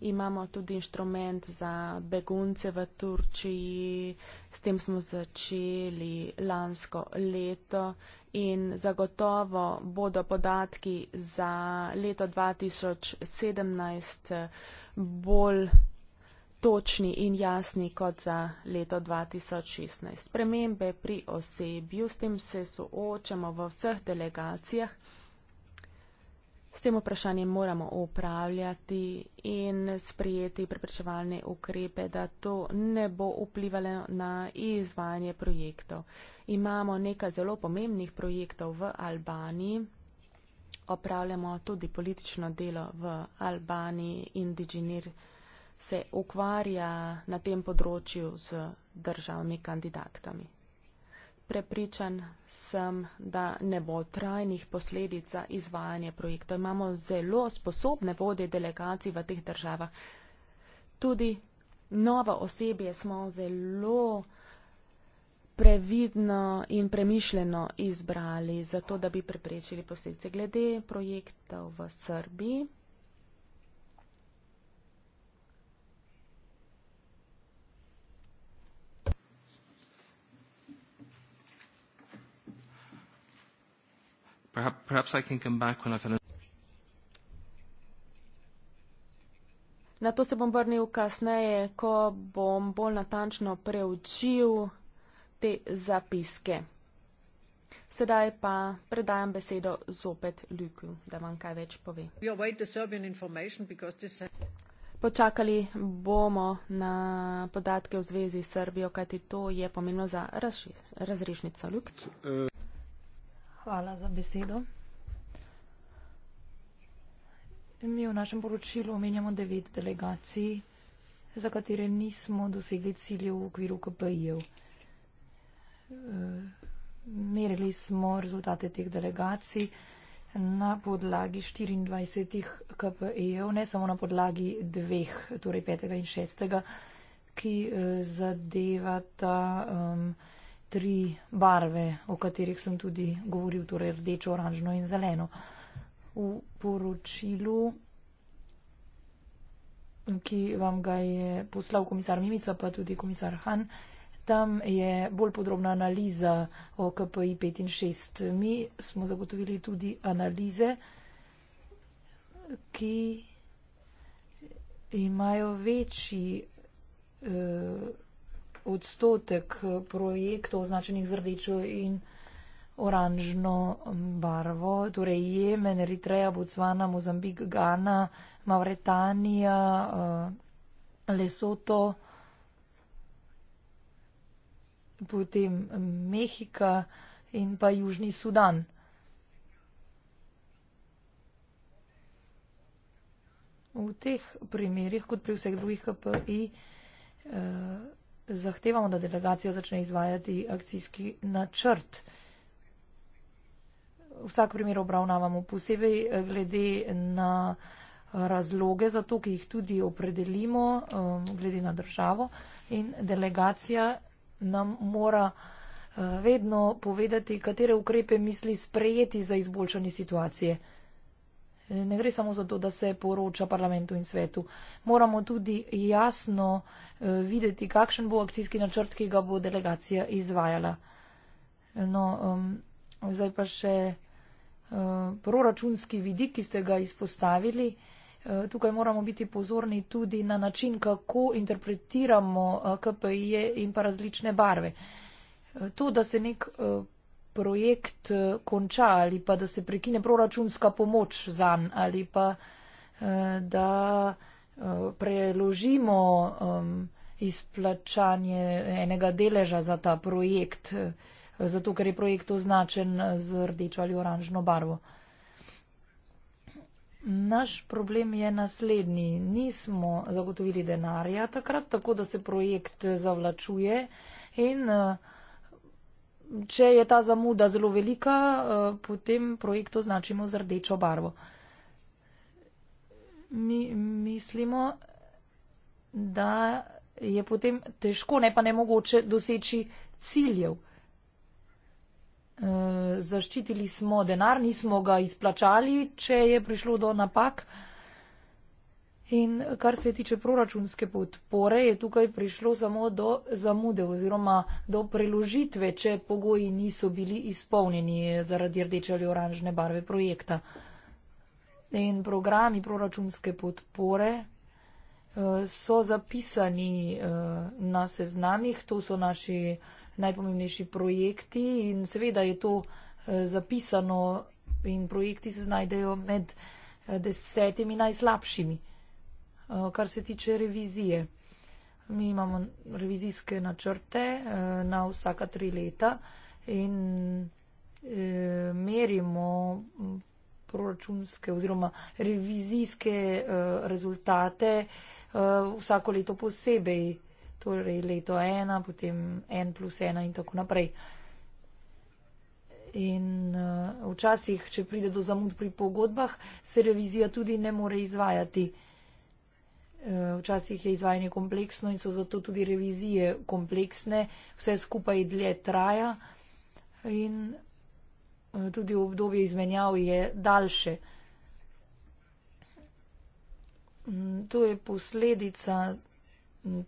imamo tudi inštrument za begunce v Turčiji, s tem smo začeli lansko leto in zagotovo bodo podatki za leto 2017 bolj točni in jasni kot za leto 2016. Spremembe pri osebju, s tem se soočamo v vseh delegacijah, S tem vprašanjem moramo upravljati in sprijeti preprečevalne ukrepe, da to ne bo vplivalo na izvajanje projektov. Imamo nekaj zelo pomembnih projektov v Albaniji, opravljamo tudi politično delo v Albaniji, indiženir se ukvarja na tem področju z državami kandidatkami prepričan sem, da ne bo trajnih posledic za izvajanje projekta. Imamo zelo sposobne vode delegacij v teh državah. Tudi novo osebje smo zelo previdno in premišljeno izbrali, zato da bi preprečili posledice. Glede projektov v Srbiji, Perhaps I can come back when I've had a... Na to se bom vrnil kasneje, ko bom bolj natančno preučil te zapiske. Sedaj pa predajam besedo zopet Ljuku, da vam kaj več pove. Počakali bomo na podatke v zvezi s Srbijo, kajti to je pomembno za razrešnico Ljuka. Uh. Eh, Hvala za besedo. Mi v našem poročilu omenjamo devet delegacij, za katere nismo dosegli ciljev v okviru KPI-jev. E, merili smo rezultate teh delegacij na podlagi 24 KPI-jev, ne samo na podlagi dveh, torej petega in šestega, ki e, zadevata. Um, tri barve, o katerih sem tudi govoril, torej rdečo, oranžno in zeleno. V poročilu, ki vam ga je poslal komisar Mimica, pa tudi komisar Han, tam je bolj podrobna analiza o KPI 5 in 6. Mi smo zagotovili tudi analize, ki imajo večji. Uh, odstotek projektov označenih z rdečo in oranžno barvo, torej Jemen, Eritreja, Botswana, Mozambik, Ghana, Mauretanija, eh, Lesoto, potem Mehika in pa Južni Sudan. V teh primerjih, kot pri vseh drugih KPI, eh, zahtevamo, da delegacija začne izvajati akcijski načrt. Vsak primer obravnavamo posebej eh, glede na eh, razloge za to, ki jih tudi opredelimo, eh, glede na državo. In delegacija nam mora vedno povedati, katere ukrepe misli sprejeti za izboljšanje situacije ne gre samo za to, da se poroča parlamentu in svetu. Moramo tudi jasno eh, videti, kakšen bo akcijski načrt, ki ga bo delegacija izvajala. No, um, zdaj pa še uh, proračunski vidik, ki ste ga izpostavili. Eh, tukaj moramo biti pozorni tudi na način, kako interpretiramo KPI-je in pa različne barve. To, da se nek projekt eh, konča ali pa da se prekine proračunska pomoč zanj ali pa eh, da eh, preložimo izplačanje enega deleža za ta projekt, zato ker je projekt označen z rdečo ali oranžno barvo. Naš problem je naslednji. Nismo zagotovili denarja takrat, tako da se projekt zavlačuje in uh, če je ta zamuda zelo velika, eh, potem projekt označimo z rdečo barvo. Mi mislimo, da je potem težko, ne pa ne mogoče doseči ciljev. Eh, zaščitili smo denar, nismo ga izplačali, če je prišlo do napak. In kar se tiče proračunske podpore, je tukaj prišlo samo do zamude oziroma do preložitve, če pogoji niso bili izpolnjeni zaradi rdeče ali oranžne barve projekta. In programi proračunske podpore eh, so zapisani eh, na seznamih, to so naši najpomembnejši projekti in seveda je to eh, zapisano in projekti se znajdejo med desetimi najslabšimi. Eh, kar se tiče revizije. Mi imamo revizijske načrte eh, na vsaka tri leta in eh, merimo mm, proračunske oziroma revizijske rezultate vsako leto posebej, torej leto ena, potem en plus ena in tako naprej. In včasih, če pride do zamud pri pogodbah, se revizija tudi ne more izvajati. Včasih je izvajanje kompleksno in so zato tudi revizije kompleksne, vse skupaj dlje traja in eh, tudi obdobje izmenjav je daljše. Mm, to je posledica mm,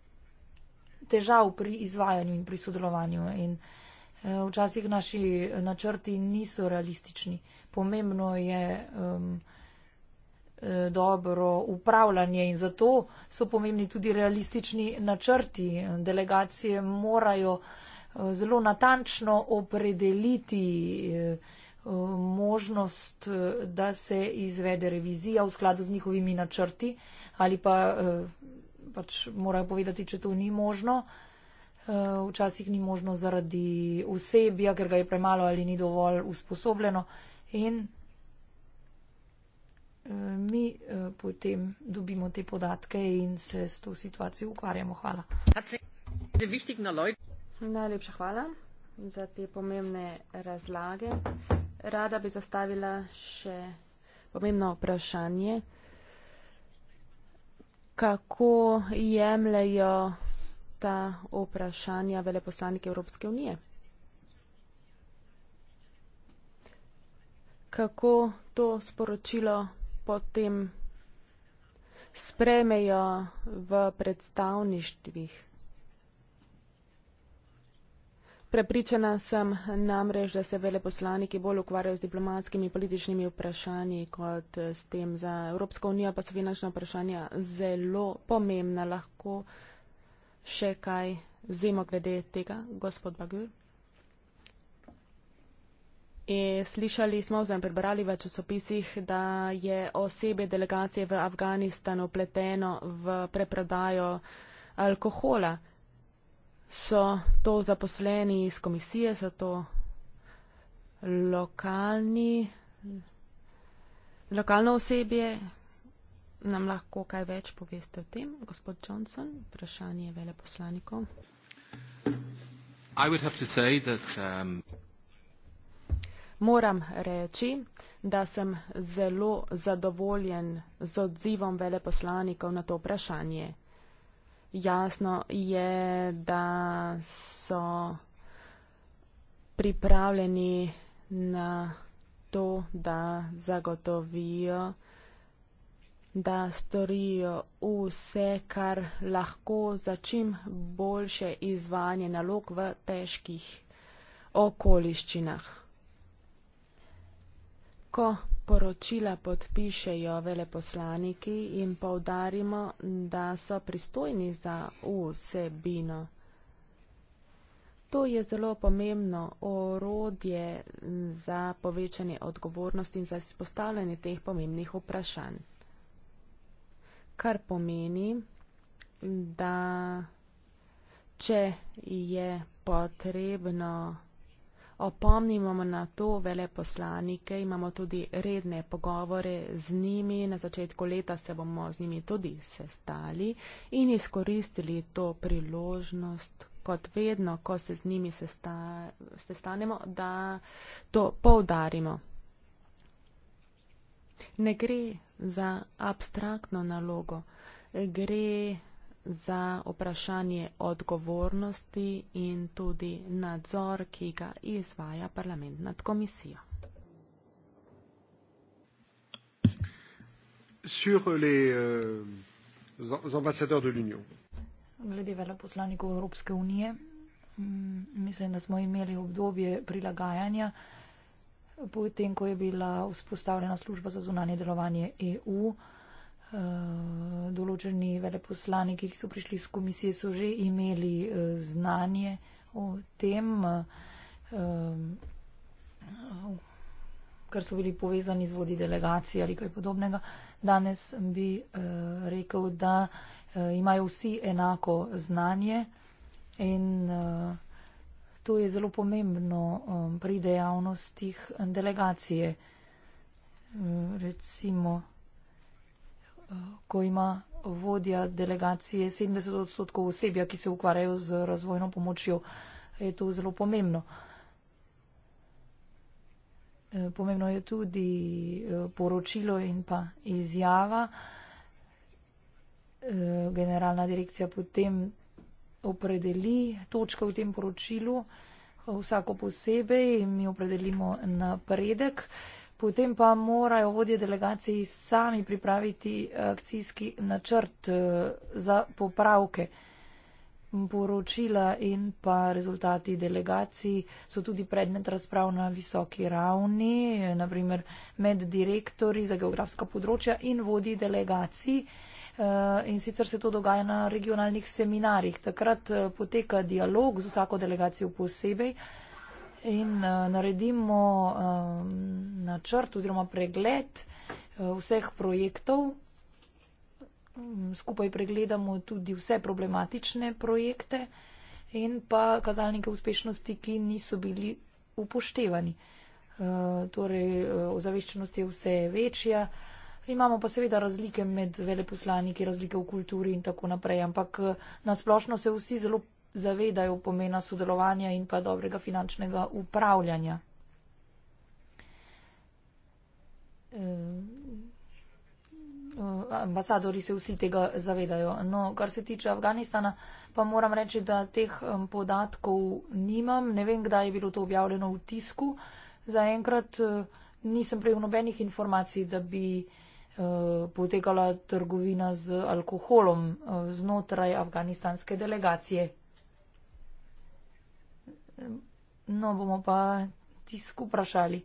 težav pri izvajanju in pri sodelovanju. In eh, včasih naši eh, načrti niso realistični. Pomembno je. Um, dobro upravljanje in zato so pomembni tudi realistični načrti. Delegacije morajo eh, zelo natančno opredeliti eh, možnost, eh, da se izvede revizija v skladu z njihovimi načrti ali pa pač morajo povedati, če to ni možno. Včasih ni možno zaradi osebja, ker ga je premalo ali ni dovolj usposobljeno in mi eh, potem dobimo te podatke in se s to situacijo ukvarjamo. Hvala. Najlepša hvala za te pomembne razlage. Rada bi zastavila še pomembno vprašanje. Kako jemljajo ta vprašanja veleposlaniki Evropske unije? Kako to sporočilo potem sprejmejo v predstavništvih. Prepričana sem namreč, da se veleposlaniki bolj ukvarjajo z diplomatskimi političnimi vprašanji kot s tem za Evropsko unijo, pa so finančna vprašanja zelo pomembna. Lahko še kaj zvemo glede tega, gospod Bagur? E, slišali smo, oziroma prebrali v časopisih, da je osebe delegacije v Afganistanu pleteno v preprodajo alkohola. So to zaposleni iz komisije, so to lokalni, lokalno osebje? Nam lahko kaj več poveste o tem, gospod Johnson? Vprašanje veleposlanikov. Moram reči, da sem zelo zadovoljen z odzivom veleposlanikov na to vprašanje. Jasno je, da so pripravljeni na to, da zagotovijo, da storijo vse, kar lahko za čim boljše izvajanje nalog v težkih okoliščinah. Ko poročila podpišejo veleposlaniki in povdarimo, da so pristojni za vsebino. To je zelo pomembno orodje za povečanje odgovornosti in za izpostavljanje teh pomembnih vprašanj. Kar pomeni, da če je potrebno opomnimo na to veleposlanike, imamo tudi redne pogovore z njimi, na začetku leta se bomo z njimi tudi sestali in izkoristili to priložnost, kot vedno, ko se z njimi sesta, sestanemo, da to poudarimo. Ne gre za abstraktno nalogo, gre za vprašanje odgovornosti in tudi nadzor, ki ga izvaja parlament nad komisijo. Sur les, uh, de Glede veleposlanikov Evropske unije, mislim, da smo imeli obdobje prilagajanja, potem ko je bila vzpostavljena služba za zunanje delovanje EU. Eh, določeni veleposlaniki, ki so prišli iz komisije, so že imeli eh, znanje o tem, eh, ker so bili povezani z vodi delegacije ali kaj podobnega. Danes bi rekel, da imajo vsi enako znanje in to je zelo pomembno pri dejavnostih delegacije. Recimo, ko ima vodja delegacije 70 odstotkov osebja, ki se ukvarjajo z razvojno pomočjo, je to zelo pomembno. E, pomembno je tudi e, poročilo in pa izjava. E, generalna direkcija potem opredeli točke v tem poročilu, vsako posebej mi opredelimo napredek. Potem pa morajo vodje delegacij sami pripraviti akcijski načrt eh, za popravke. Poročila in pa rezultati delegacij so tudi predmet razprav na visoki ravni, eh, naprimer med direktori za geografska področja in vodi delegacij. Eh, in sicer se to dogaja na regionalnih seminarjih. Takrat poteka dialog z vsako delegacijo posebej in uh, naredimo um, načrt oziroma pregled uh, vseh projektov. Mm, skupaj pregledamo tudi vse problematične projekte in pa kazalnike uspešnosti, ki niso bili upoštevani. Torej, ozaveščenost je vse večja. Imamo pa seveda razlike med veleposlaniki, razlike v kulturi in tako naprej, ampak nasplošno se vsi zelo zavedajo pomena sodelovanja in pa dobrega finančnega upravljanja. Ehm, ambasadori se vsi tega zavedajo. No, kar se tiče Afganistana, pa moram reči, da teh ehm, podatkov nimam. Ne vem, kdaj je bilo to objavljeno v tisku. Zaenkrat eh, nisem prejel nobenih informacij, da bi eh, potekala trgovina z alkoholom eh, znotraj afganistanske delegacije. No, bomo pa tisk vprašali.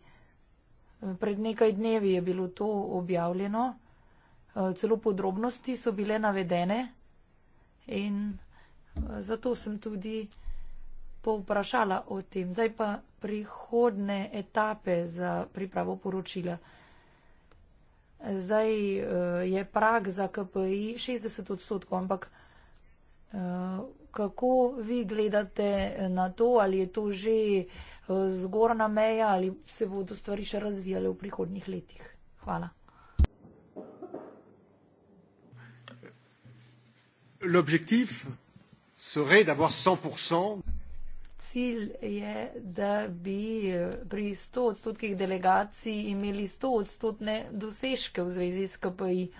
Pred nekaj dnevi je bilo to objavljeno, celo podrobnosti so bile navedene in zato sem tudi povprašala o tem. Zdaj pa prihodne etape za pripravo poročila. Zdaj eh, je prag za KPI 60 odstotkov, ampak eh, kako vi gledate na to, ali je to že eh, zgorna meja ali se bodo stvari še razvijale v prihodnih letih. Hvala. Cilj je, da bi eh, pri 100 odstotkih delegacij imeli 100 odstotne dosežke v zvezi s KPI.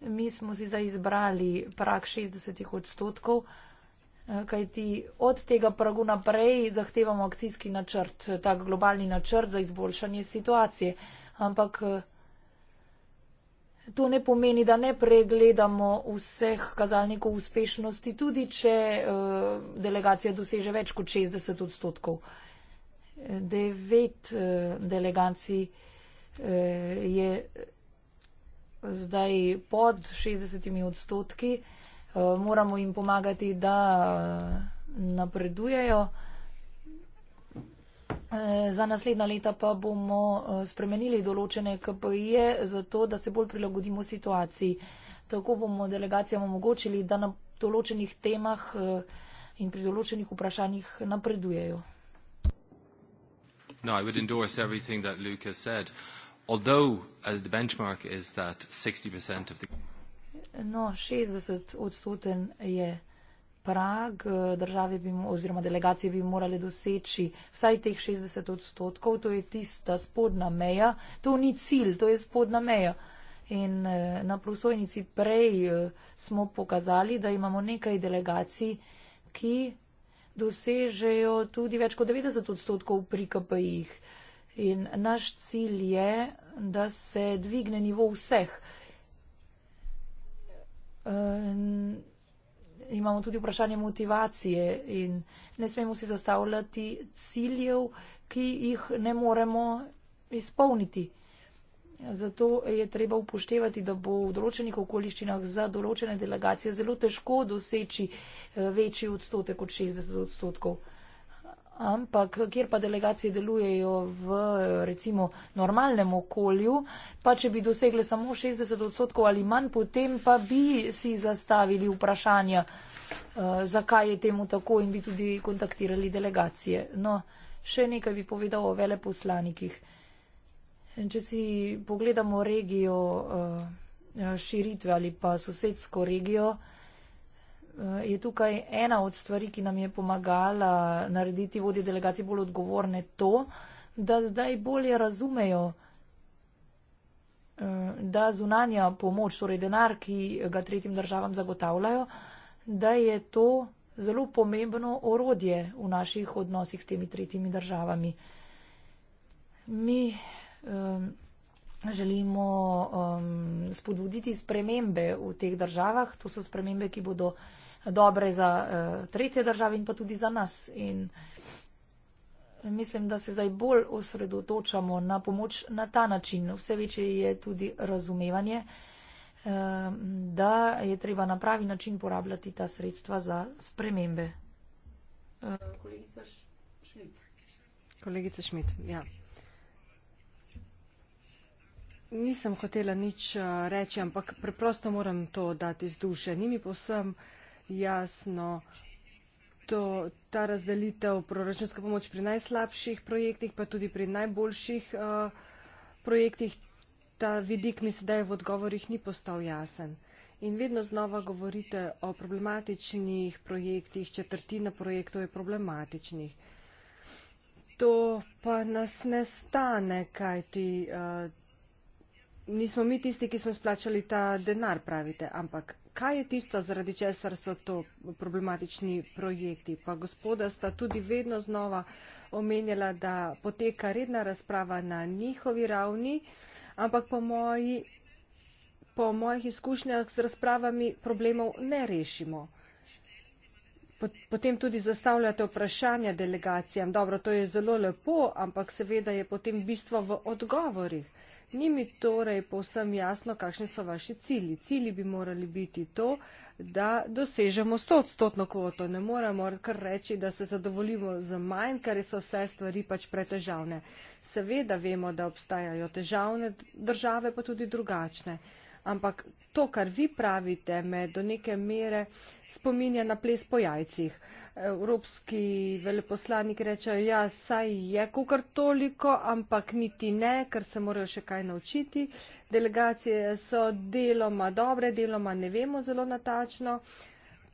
Mi smo si zdaj izbrali prak 60 odstotkov, eh, kajti od tega pragu naprej zahtevamo akcijski načrt, tak globalni načrt za izboljšanje situacije. Ampak eh, to ne pomeni, da ne pregledamo vseh kazalnikov uspešnosti, tudi če eh, delegacija doseže več kot 60 odstotkov. Devet delegacij je zdaj pod 60 odstotki, eh, moramo jim pomagati, da eh, napredujejo. Eh, za naslednja leta pa bomo spremenili določene KPI-je, zato da se bolj prilagodimo situaciji. Tako bomo delegacijam omogočili, da na določenih temah in pri določenih vprašanjih napredujejo. No, I would endorse everything that Luke has said although uh, the benchmark is that 60% of the No, 60-odstoten je prag, eh, države bi, oziroma delegacije bi morale doseči vsaj teh 60 odstotkov, to je tista spodna meja, to ni cilj, to je spodna meja. In eh, na prosojnici prej eh, smo pokazali, da imamo nekaj delegacij, ki dosežejo tudi več kot 90 odstotkov pri KPI-jih. In naš cilj je, da se dvigne nivo vseh. In ehm, imamo tudi vprašanje motivacije in ne smemo si zastavljati ciljev, ki jih ne moremo izpolniti. Zato je treba upoštevati, da bo v določenih okoliščinah za določene delegacije zelo težko doseči eh, večji odstotek od 60 odstotkov ampak kjer pa delegacije delujejo v recimo normalnem okolju, pa če bi dosegle samo 60 odstotkov ali manj, potem pa bi si zastavili vprašanja, eh, zakaj je temu tako in bi tudi kontaktirali delegacije. No, še nekaj bi povedal o veleposlanikih. Če si pogledamo regijo eh, širitve ali pa sosedsko regijo, Eh, je tukaj ena od stvari, ki nam je pomagala narediti vodje delegacije bolj odgovorne, to, da zdaj bolje razumejo, eh, da zunanja pomoč, torej denar, ki ga tretjim državam zagotavljajo, da je to zelo pomembno orodje v naših odnosih s temi tretjimi državami. Mi um, želimo um, spodbuditi spremembe v teh državah. To so spremembe, ki bodo uh, dobre za uh, tretje države in pa tudi za nas. In mislim, da se zdaj bolj osredotočamo na pomoč na ta način. Vse večje je tudi razumevanje, uh, da je treba na pravi način porabljati ta sredstva za spremembe. Uh, kolegica Šmit. Kolegica Šmit, ja. Nisem hotela nič reči, ampak preprosto moram to dati iz duše. Ni mi posebno jasno. To, ta razdelitev proračunske pomoč pri najslabših projektih, pa tudi pri najboljših uh, projektih, ta vidik mi sedaj v odgovorih ni postal jasen. In vedno znova govorite o problematičnih projektih, četrtina projektov je problematičnih. To pa nas ne stane, kajti uh, nismo mi tisti, ki smo splačali ta denar, pravite, ampak kaj je tisto, zaradi česar so to problematični projekti. Pa gospoda sta tudi vedno znova omenjala, da poteka redna razprava na njihovi ravni, ampak po, moji, po mojih izkušnjah z razpravami problemov ne rešimo. Potem tudi zastavljate vprašanja delegacijam. Dobro, to je zelo lepo, ampak seveda je potem bistvo v odgovorih. Ni mi torej povsem jasno, kakšni so vaši cilji. Cilji bi morali biti to, da dosežemo 100-odstotno kvoto. Ne moramo kar reči, da se zadovoljimo z manj, ker so vse stvari pač pretežavne. Seveda vemo, da obstajajo težavne države, pa tudi drugačne ampak to, kar vi pravite, me do neke mere spominja na ples po jajcih. Evropski veleposlanik reče, ja, saj je kukar toliko, ampak niti ne, ker se morajo še kaj naučiti. Delegacije so deloma dobre, deloma ne vemo zelo natačno,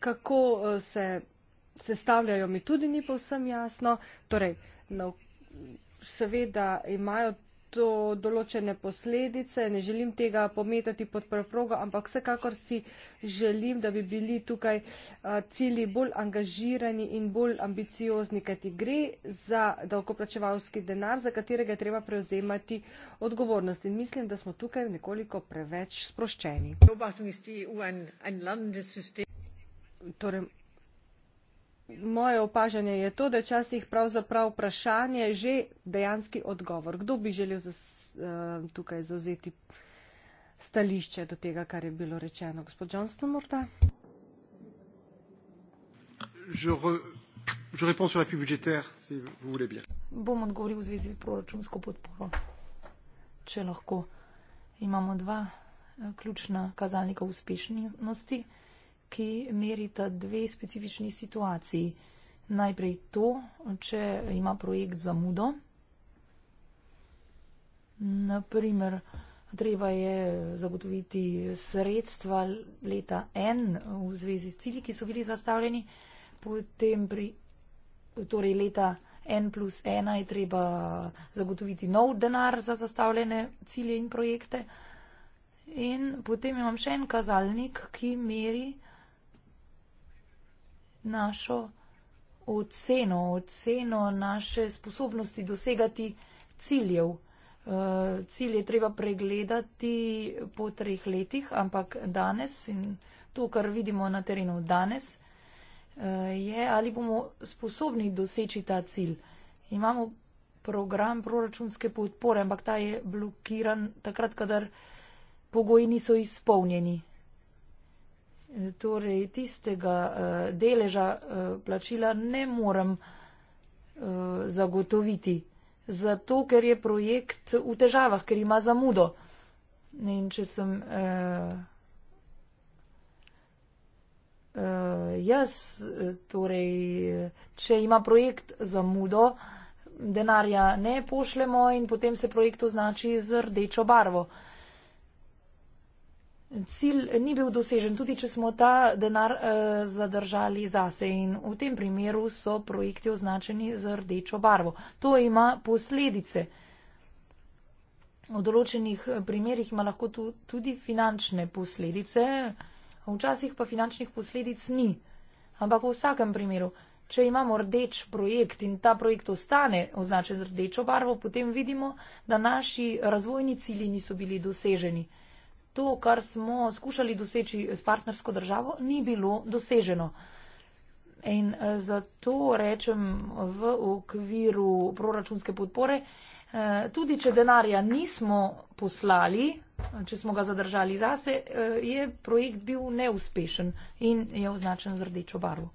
kako eh, se sestavljajo, mi tudi ni povsem jasno. Torej, no, seveda imajo to določene posledice, ne želim tega pometati pod preprogo, ampak vsekakor si želim, da bi bili tukaj cilji bolj angažirani in bolj ambiciozni, kaj ti gre za davkoplačevalski denar, za katerega treba prevzemati odgovornost. In mislim, da smo tukaj nekoliko preveč sproščeni. Torej, Moje opažanje je to, da je včasih pravzaprav vprašanje že dejanski odgovor. Kdo bi želel eh, tukaj zauzeti stališče do tega, kar je bilo rečeno? Gospod Johnston morda? Bom odgovoril v zvezi z proračunsko podporo, če lahko. Imamo dva eh, ključna kazalnika uspešnosti ki merita dve specifični situaciji. Najprej to, če ima projekt zamudo. Naprimer, treba je zagotoviti sredstva leta N v zvezi s cilji, ki so bili zastavljeni. Potem pri, torej leta N plus 1 je treba zagotoviti nov denar za zastavljene cilje in projekte. In potem imam še en kazalnik, ki meri, našo oceno, oceno naše sposobnosti dosegati ciljev. Eh, cilj je treba pregledati po treh letih, ampak danes in to, kar vidimo na terenu danes, eh, je, ali bomo sposobni doseči ta cilj. Imamo program proračunske podpore, ampak ta je blokiran takrat, kadar pogoji niso izpolnjeni torej tistega uh, deleža uh, plačila ne morem uh, zagotoviti. Zato, ker je projekt v težavah, ker ima zamudo. In če sem uh, uh, jaz, torej, če ima projekt zamudo, denarja ne pošljemo in potem se projekt označi z rdečo barvo. Uh, Cilj ni bil dosežen, tudi če smo ta denar eh, zadržali zase in v tem primeru so projekti označeni z rdečo barvo. To ima posledice. V določenih eh, primerjih ima lahko tu, tudi finančne posledice, včasih pa finančnih posledic ni. Ampak v vsakem primeru, če imamo rdeč projekt in ta projekt ostane označen z rdečo barvo, potem vidimo, da naši razvojni cilji niso bili doseženi to, kar smo skušali doseči s partnersko državo, ni bilo doseženo. In eh, zato rečem v okviru proračunske podpore, eh, tudi če denarja nismo poslali, če smo ga zadržali zase, eh, je projekt bil neuspešen in je označen z rdečo barvo.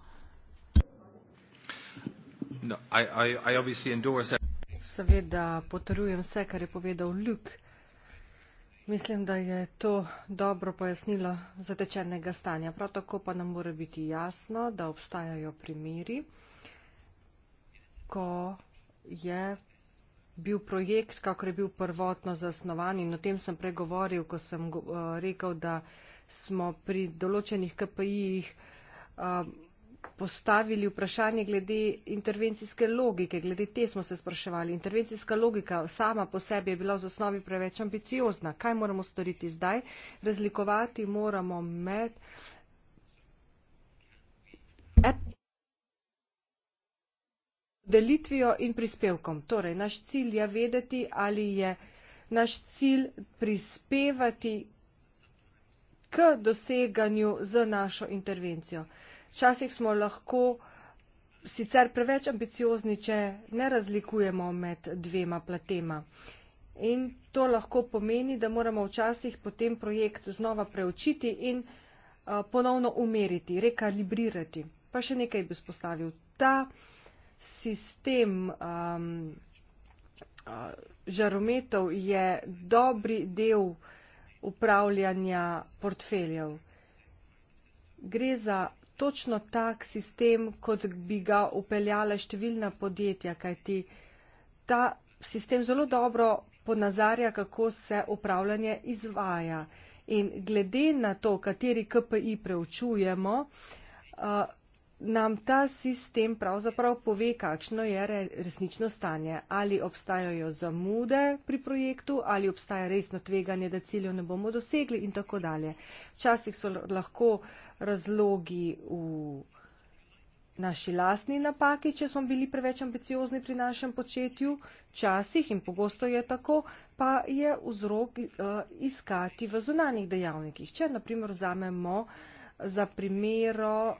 No, I, I, I Seveda potrjujem vse, kar je povedal Luke. Mislim, da je to dobro pojasnilo zatečenega stanja. Prav tako pa nam mora biti jasno, da obstajajo primeri, ko je bil projekt, kakor je bil prvotno zasnovan in o tem sem pregovoril, ko sem eh, rekel, da smo pri določenih KPI-jih eh, postavili vprašanje glede intervencijske logike, glede te smo se spraševali. Intervencijska logika sama po sebi je bila v osnovi preveč ambiciozna. Kaj moramo storiti zdaj? Razlikovati moramo med. Delitvijo in prispevkom. Torej, naš cilj je vedeti, ali je naš cilj prispevati k doseganju z našo intervencijo. Včasih smo lahko sicer preveč ambiciozni, če ne razlikujemo med dvema platema. In to lahko pomeni, da moramo včasih potem projekt znova preučiti in uh, ponovno umeriti, rekalibrirati. Pa še nekaj bi spostavil. Ta sistem um, uh, žarometov je dobri del upravljanja portfeljev. Gre za točno tak sistem, kot bi ga upeljala številna podjetja, kajti ta sistem zelo dobro ponazarja, kako se upravljanje izvaja. In glede na to, kateri KPI preučujemo, eh, nam ta sistem pravzaprav pove, kakšno je resnično stanje. Ali obstajajo zamude pri projektu, ali obstaja resno tveganje, da ciljev ne bomo dosegli in tako dalje. Včasih so lahko razlogi v naši lastni napaki, če smo bili preveč ambiciozni pri našem početju, včasih in pogosto je tako, pa je vzrok uh, iskati v zunanjih dejavnikih. Če naprimer vzamemo za primero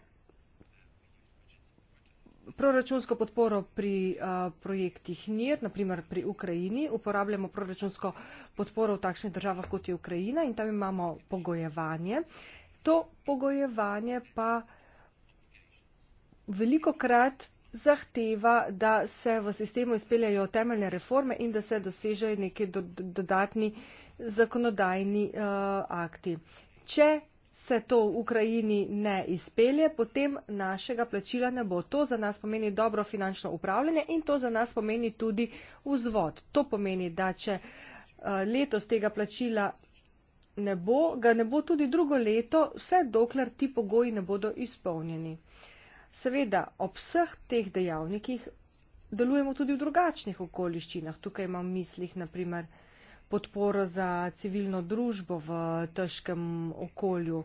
proračunsko podporo pri a, projektih mir, naprimer pri Ukrajini, uporabljamo proračunsko podporo v takšnih državah, kot je Ukrajina in tam imamo pogojevanje. To pogojevanje pa veliko krat zahteva, da se v sistemu izpeljajo temeljne reforme in da se dosežejo neki do, dodatni zakonodajni uh, akti. Če se to v Ukrajini ne izpelje, potem našega plačila ne bo. To za nas pomeni dobro finančno upravljanje in to za nas pomeni tudi vzvod. To pomeni, da če eh, letos tega plačila ne bo, ga ne bo tudi drugo leto, vse dokler ti pogoji ne bodo izpolnjeni. Seveda, ob vseh teh dejavnikih delujemo tudi v drugačnih okoliščinah. Tukaj imam mislih, naprimer, podporo za civilno družbo v težkem okolju.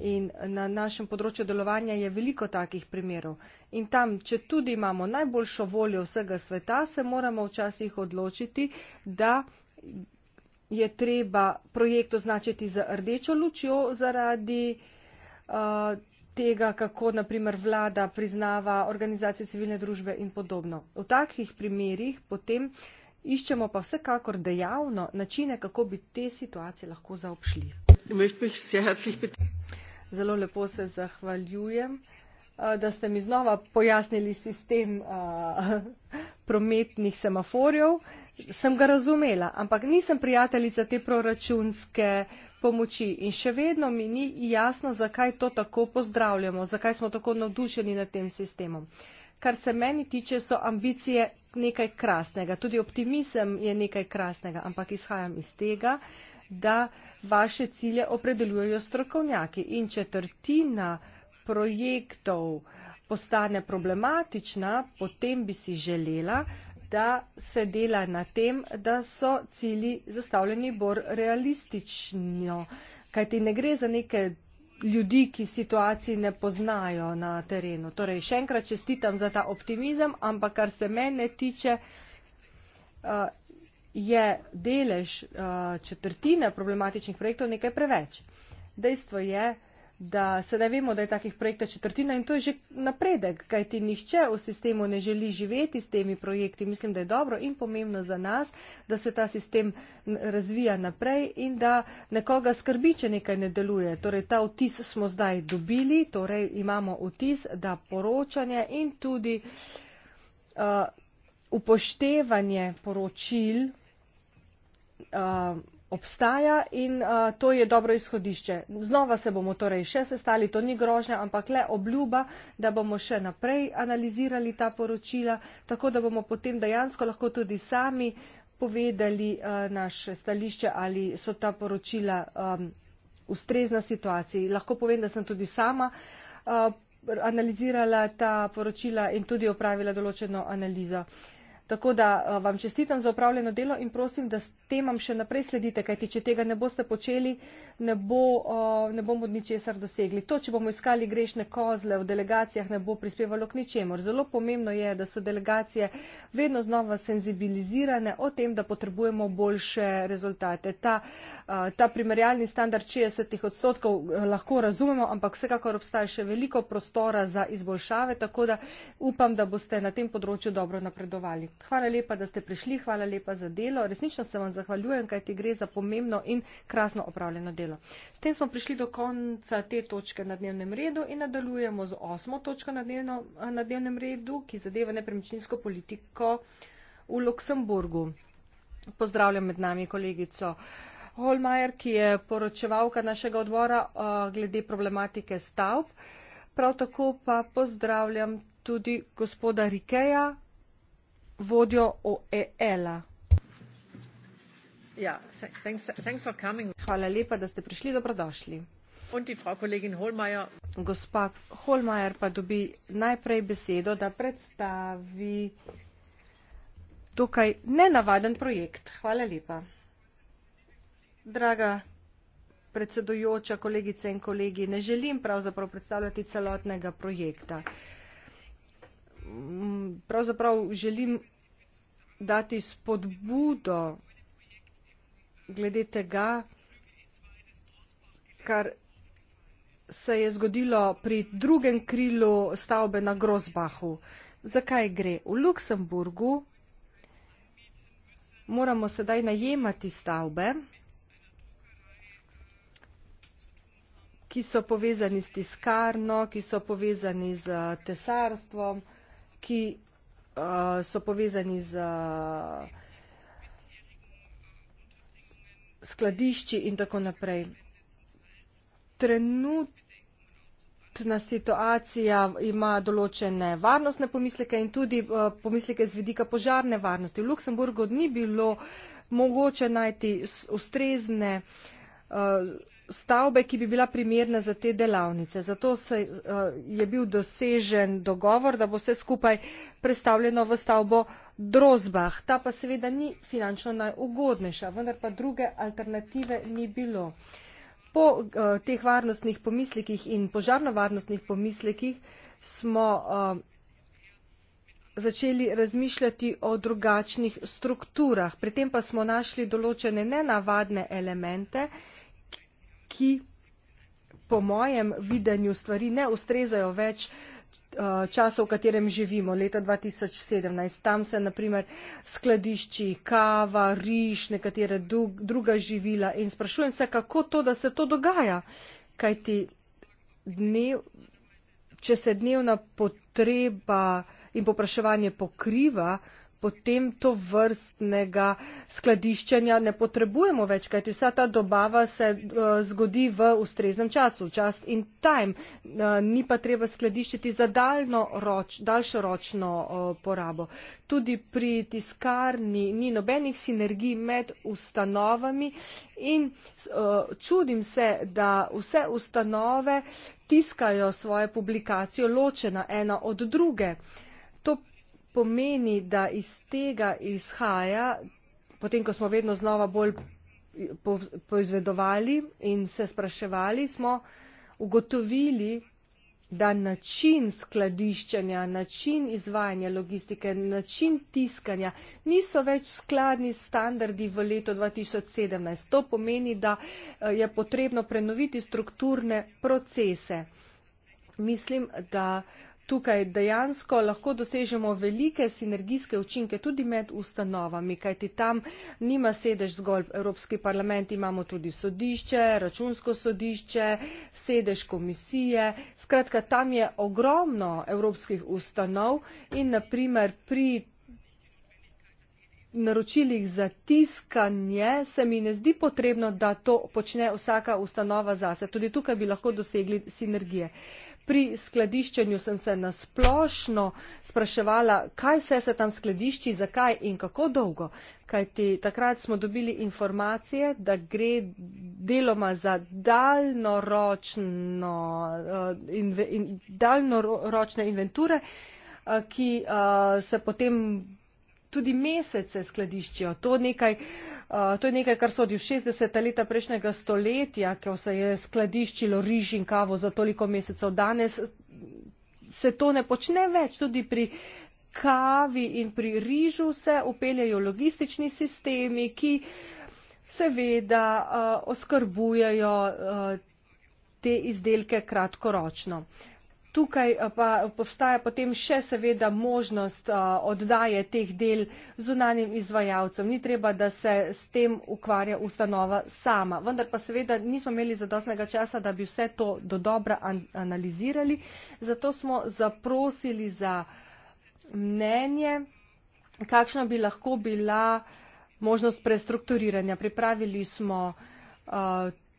In na našem področju delovanja je veliko takih primerov. In tam, če tudi imamo najboljšo voljo vsega sveta, se moramo včasih odločiti, da je treba projekt označiti z rdečo lučjo zaradi uh, tega, kako naprimer vlada priznava organizacije civilne družbe in podobno. V takih primerih potem uh, Iščemo pa vsekakor dejavno načine, kako bi te situacije lahko zaobšli. Zelo lepo se zahvaljujem, da ste mi znova pojasnili sistem prometnih semaforjev. Sem ga razumela, ampak nisem prijateljica te proračunske pomoči in še vedno mi ni jasno, zakaj to tako pozdravljamo, zakaj smo tako navdušeni nad tem sistemom kar se meni tiče, so ambicije nekaj krasnega. Tudi optimizem je nekaj krasnega, ampak izhajam iz tega, da vaše cilje opredeljujejo strokovnjaki in četrtina projektov postane problematična, potem bi si želela, da se dela na tem, da so cilji zastavljeni bolj realistično. Kajti ne gre za neke ljudi, ki situaciji ne poznajo na terenu. Torej, še enkrat čestitam za ta optimizem, ampak kar se mene tiče, eh, je delež eh, četrtine problematičnih projektov nekaj preveč. Dejstvo je, da sedaj vemo, da je takih projektov četrtina in to je že napredek, kajti nihče v sistemu ne želi živeti s temi projekti. Mislim, da je dobro in pomembno za nas, da se ta sistem razvija naprej in da nekoga skrbi, če nekaj ne deluje. Torej, ta vtis smo zdaj dobili, torej imamo vtis, da poročanje in tudi uh, upoštevanje poročil. Uh, obstaja in uh, to je dobro izhodišče. Znova se bomo torej še sestali, to ni grožnja, ampak le obljuba, da bomo še naprej analizirali ta poročila, tako da bomo potem dejansko lahko tudi sami povedali uh, naše stališče, ali so ta poročila um, ustrezna situaciji. Lahko povem, da sem tudi sama uh, analizirala ta poročila in tudi opravila določeno analizo. Uh, Tako da eh, vam čestitam za upravljeno delo in prosim, da s temam še naprej sledite, kajti če tega ne boste počeli, ne, bo, eh, ne bomo ničesar dosegli. To, če bomo iskali grešne kozle v delegacijah, ne bo prispevalo k ničemor. Zelo pomembno je, da so delegacije vedno znova senzibilizirane o tem, da potrebujemo boljše rezultate. Ta, eh, ta primerjalni standard 60 odstotkov lahko razumemo, ampak vsekakor obstaja še veliko prostora za izboljšave, tako da upam, da boste na tem področju dobro napredovali. Hvala lepa, da ste prišli, hvala lepa za delo. Resnično se vam zahvaljujem, kaj ti gre za pomembno in krasno opravljeno delo. S tem smo prišli do konca te točke na dnevnem redu in nadaljujemo z osmo točko na, dnevno, na dnevnem redu, ki zadeva nepremičninsko politiko v Luksemburgu. Pozdravljam med nami kolegico. Holmajer, ki je poročevalka našega odbora eh, glede problematike stavb. Prav tako pa pozdravljam tudi gospoda Rikeja, vodjo OEL-a. Ja, thanks, thanks for coming. Hvala lepa, da ste prišli, dobrodošli. Gospa Holmajer pa dobi najprej besedo, da predstavi tukaj nenavaden projekt. Hvala lepa. Draga predsedujoča, kolegice in kolegi, ne želim pravzaprav predstavljati celotnega projekta. Mm, pravzaprav želim dati spodbudo glede tega, kar se je zgodilo pri drugem krilu stavbe na Grosbahu. Zakaj gre? V Luksemburgu moramo sedaj najemati stavbe, ki so povezani s tiskarno, ki so povezani z tesarstvom, ki uh, so povezani z uh, skladišči in tako naprej. Trenutna situacija ima določene varnostne pomisleke in tudi uh, pomisleke z vidika požarne varnosti. V Luksemburgu ni bilo mogoče najti ustrezne. Uh, stavbe, ki bi bila primerna za te delavnice. Zato se, eh, je bil dosežen dogovor, da bo vse skupaj predstavljeno v stavbo Drozbah. Ta pa seveda ni finančno najugodnejša, vendar pa druge alternative ni bilo. Po uh, teh varnostnih pomislekih in požarnovarnostnih pomislekih smo uh, začeli razmišljati o drugačnih strukturah. Pri tem pa smo našli določene nenavadne elemente, uh, ki po mojem videnju stvari ne ustrezajo več eh, časa, v katerem živimo, leta 2017. Tam se naprimer skladišči kava, riš, nekatere druga živila in sprašujem se, kako to, da se to dogaja. Kaj ti dnev, če se dnevna potreba in popraševanje pokriva, potem to vrstnega skladiščenja ne potrebujemo več, kajti vsa ta dobava se uh, zgodi v ustreznem času, čas in time, uh, ni pa treba skladiščiti za roč, daljšo ročno uh, eh, porabo. Tudi pri tiskarni ni nobenih sinergij med ustanovami in uh, čudim se, da vse ustanove tiskajo svoje publikacije ločena ena od druge. Uh, pomeni, da iz tega izhaja, potem ko smo vedno znova bolj po, poizvedovali in se spraševali, smo ugotovili, da način skladiščanja, način izvajanja logistike, način tiskanja niso več skladni standardi v letu 2017. To pomeni, da eh, je potrebno prenoviti strukturne procese. Mislim, da uh, tukaj dejansko lahko dosežemo velike sinergijske učinke tudi med ustanovami, kajti tam nima sedež zgolj Evropski parlament, imamo tudi sodišče, računsko sodišče, sedež komisije. Skratka, tam je ogromno evropskih ustanov in naprimer pri naročilih za tiskanje se mi ne zdi potrebno, da to počne vsaka ustanova zase. Tudi tukaj bi lahko dosegli sinergije. Pri skladiščenju sem se nasplošno spraševala, kaj vse se tam skladišči, zakaj in kako dolgo. Kajti takrat smo dobili informacije, da gre deloma za daljnoročno, uh, in, in, daljnoročne inventure, uh, ki uh, se potem tudi mesece skladiščijo. To nekaj uh, Eh, to je nekaj, kar sodi v 60. leta prejšnjega stoletja, ki se je skladiščilo riž in kavo za toliko mesecev. Danes se to ne počne več. Tudi pri kavi in pri rižu se upeljajo logistični sistemi, ki seveda uh, oskrbujejo uh, te izdelke kratkoročno. Uh, Tukaj eh, pa obstaja potem še seveda možnost eh, oddaje teh del zunanjim izvajalcem. Ni treba, da se s tem ukvarja ustanova sama. Vendar pa seveda nismo imeli zadostnega časa, da bi vse to do dobra analizirali. Zato smo zaprosili za mnenje, kakšna bi lahko bila možnost prestrukturiranja. Pripravili smo uh,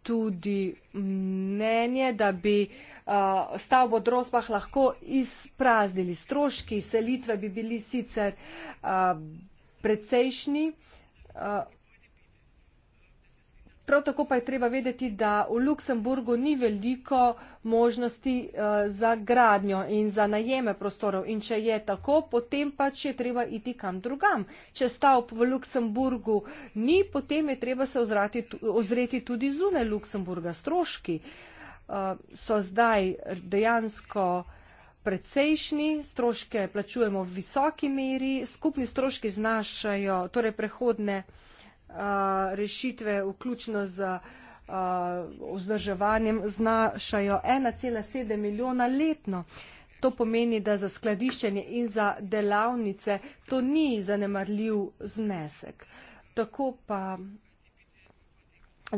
tudi mnenje, da bi uh, stavbo Drospah lahko izpraznili. Stroški selitve bi bili sicer uh, precejšnji. Uh, Prav tako pa je treba vedeti, da v Luksemburgu ni veliko možnosti eh, za gradnjo in za najeme prostorov. In če je tako, potem pač je treba iti kam drugam. Če stavb v Luksemburgu ni, potem je treba se ozrati, ozreti tudi zune Luksemburga. Stroški eh, so zdaj dejansko precejšnji, stroške plačujemo v visoki meri, skupni stroški znašajo torej prehodne rešitve, vključno z vzdrževanjem, znašajo 1,7 milijona letno. To pomeni, da za skladiščenje in za delavnice to ni zanemarljiv znesek. Tako pa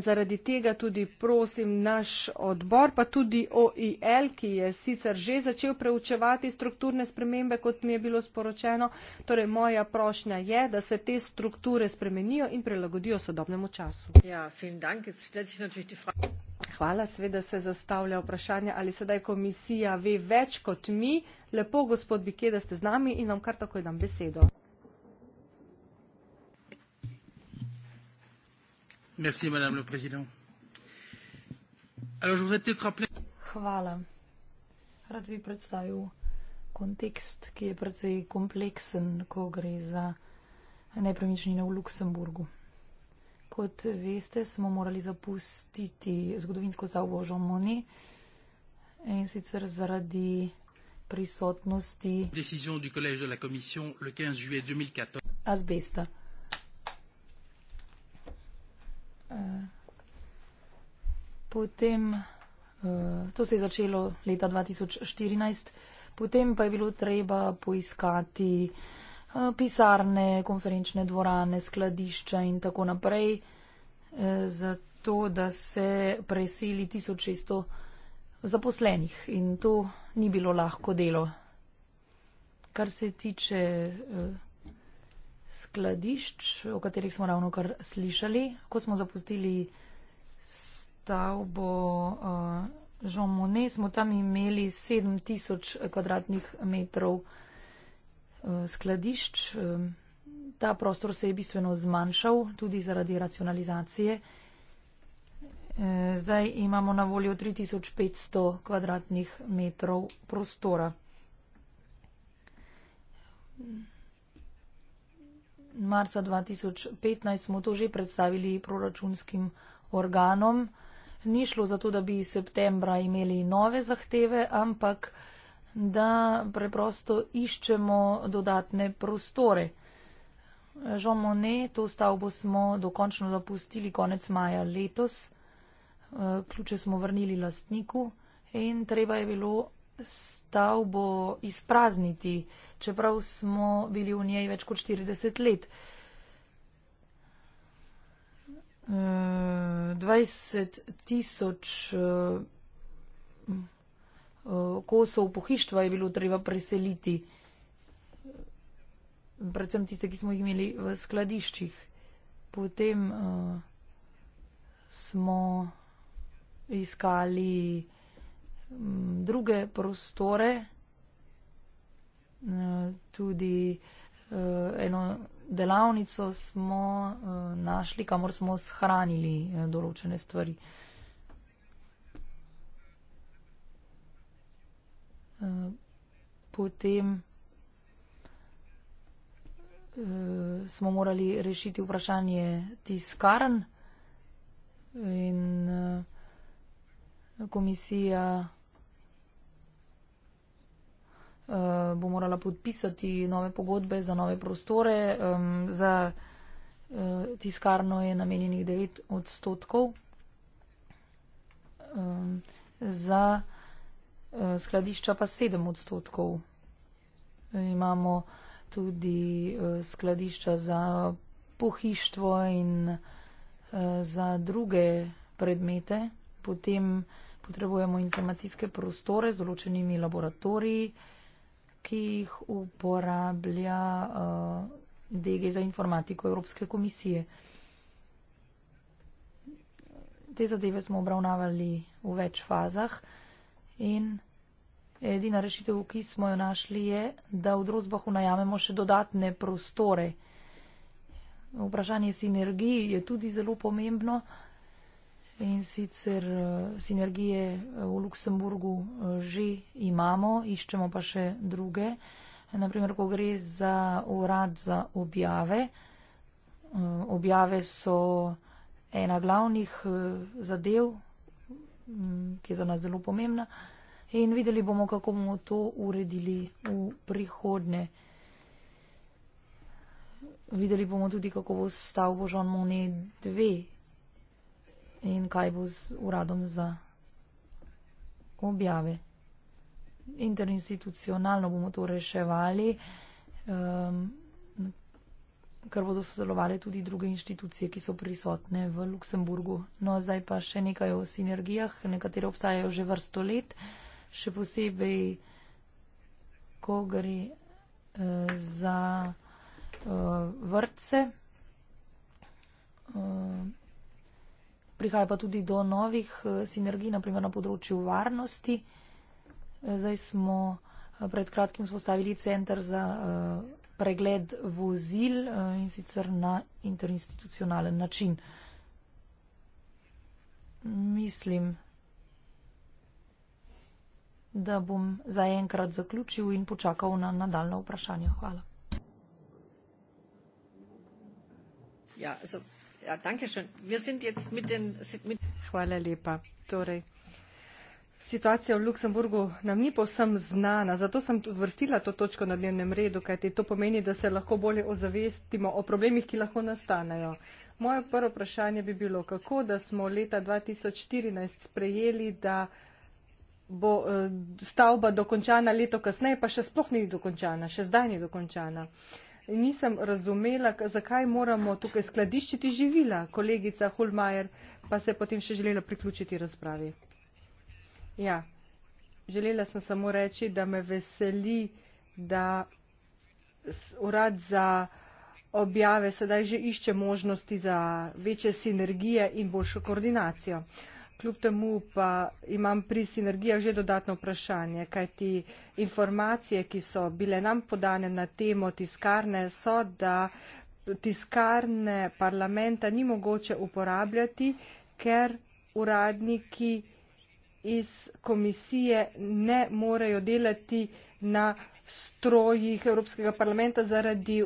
Zaradi tega tudi prosim naš odbor, pa tudi OIL, ki je sicer že začel preučevati strukturne spremembe, kot mi je bilo sporočeno. Torej, moja prošnja je, da se te strukture spremenijo in prilagodijo sodobnemu času. Ja, dank. Hvala, seveda se zastavlja vprašanje, ali sedaj komisija ve več kot mi. Lepo, gospod Bikeda, ste z nami in vam kar takoj dam besedo. Merci, madame le président. Alors, je voudrais peut-être rappeler. Hvala. Rad bi predstavil kontekst, ki je precej kompleksen, ko gre za nepremičnine v Luksemburgu. Kot veste, smo morali zapustiti zgodovinsko stavbo Jean Monnet in sicer zaradi prisotnosti azbesta. Eh, potem, eh, to se je začelo leta 2014, potem pa je bilo treba poiskati eh, pisarne, konferenčne dvorane, skladišča in tako naprej, zato da se preseli 1600 zaposlenih in to ni bilo lahko delo. Kar se tiče skladišč, o katerih smo ravno kar slišali, ko smo zapustili stavbo uh, Jean Monnet, smo tam imeli 7000 kvadratnih metrov uh, skladišč. Um, ta prostor se je bistveno zmanjšal tudi zaradi racionalizacije. E, zdaj imamo na voljo 3500 kvadratnih metrov prostora marca 2015 smo to že predstavili proračunskim organom. Ni šlo za to, da bi septembra imeli nove zahteve, ampak da preprosto iščemo dodatne prostore. Žal ne, to stavbo smo dokončno zapustili konec maja letos, ključe smo vrnili lastniku in treba je bilo stavbo izprazniti čeprav smo bili v njej več kot 40 let. 20 eh, tisoč eh, kosov pohištva je bilo treba preseliti, predvsem tiste, ki smo jih imeli v skladiščih. Potem eh, smo iskali mm, druge prostore tudi eh, eno delavnico smo eh, našli, kamor smo shranili eh, določene stvari. Potem smo morali rešiti vprašanje tiskarn in komisija uh, bo morala podpisati nove pogodbe za nove prostore. Um, za uh, tiskarno je namenjenih 9 odstotkov. Um, za uh, skladišča pa 7 odstotkov. Imamo tudi uh, skladišča za pohištvo in uh, za druge predmete. Potem potrebujemo informacijske prostore z določenimi laboratoriji, uh, ki jih uporablja uh, eh, DG za informatiko Evropske komisije. Te zadeve smo obravnavali v več fazah in edina rešitev, ki smo jo našli, je, da v drozbah unajamemo še dodatne prostore. Vprašanje sinergiji je tudi zelo pomembno. Uh, in sicer eh, sinergije eh, v Luksemburgu eh, že imamo, iščemo pa še druge. Naprimer, ko gre za urad za objave, objave so ena glavnih zadev, mm, ki je za nas zelo pomembna in videli bomo, kako bomo to uredili v prihodnje. Videli bomo tudi, kako bo stavbo Jean Monnet 2 in kaj bo z uradom za objave. Interinstitucionalno bomo to reševali, um, ker bodo sodelovali tudi druge inštitucije, ki so prisotne v Luksemburgu. No, zdaj pa še nekaj o sinergijah, nekatere obstajajo že vrsto let, še posebej, ko gre uh, za uh, vrtce. Uh, prihaja pa tudi do novih eh, sinergij, naprimer na področju varnosti. Eh, zdaj smo eh, pred kratkim spostavili centr za pregled vozil in sicer na interinstitucionalen način. Mislim, da bom zaenkrat zaključil in počakal na nadaljno vprašanje. Hvala. Ja, so. Ja, Hvala lepa. Torej, situacija v Luksemburgu nam ni povsem znana, zato sem vrstila to točko na dnevnem redu, kajti to pomeni, da se lahko bolje ozavestimo o problemih, ki lahko nastanejo. Moje prvo vprašanje bi bilo, kako da smo leta 2014 sprejeli, da bo eh, stavba dokončana leto kasneje, pa še sploh ni dokončana, še zdaj ni dokončana. Uh, nisem razumela, zakaj moramo tukaj skladiščiti živila. Kolegica Hulmajer pa se je potem še želela priključiti razpravi. Ja, želela sem samo reči, da me veseli, da urad za objave sedaj že išče možnosti za večje sinergije in boljšo koordinacijo kljub temu pa imam pri sinergijah že dodatno vprašanje, kajti informacije, ki so bile nam podane na temo tiskarne, so, da tiskarne parlamenta ni mogoče uporabljati, ker uradniki iz komisije ne morejo delati na strojih Evropskega parlamenta zaradi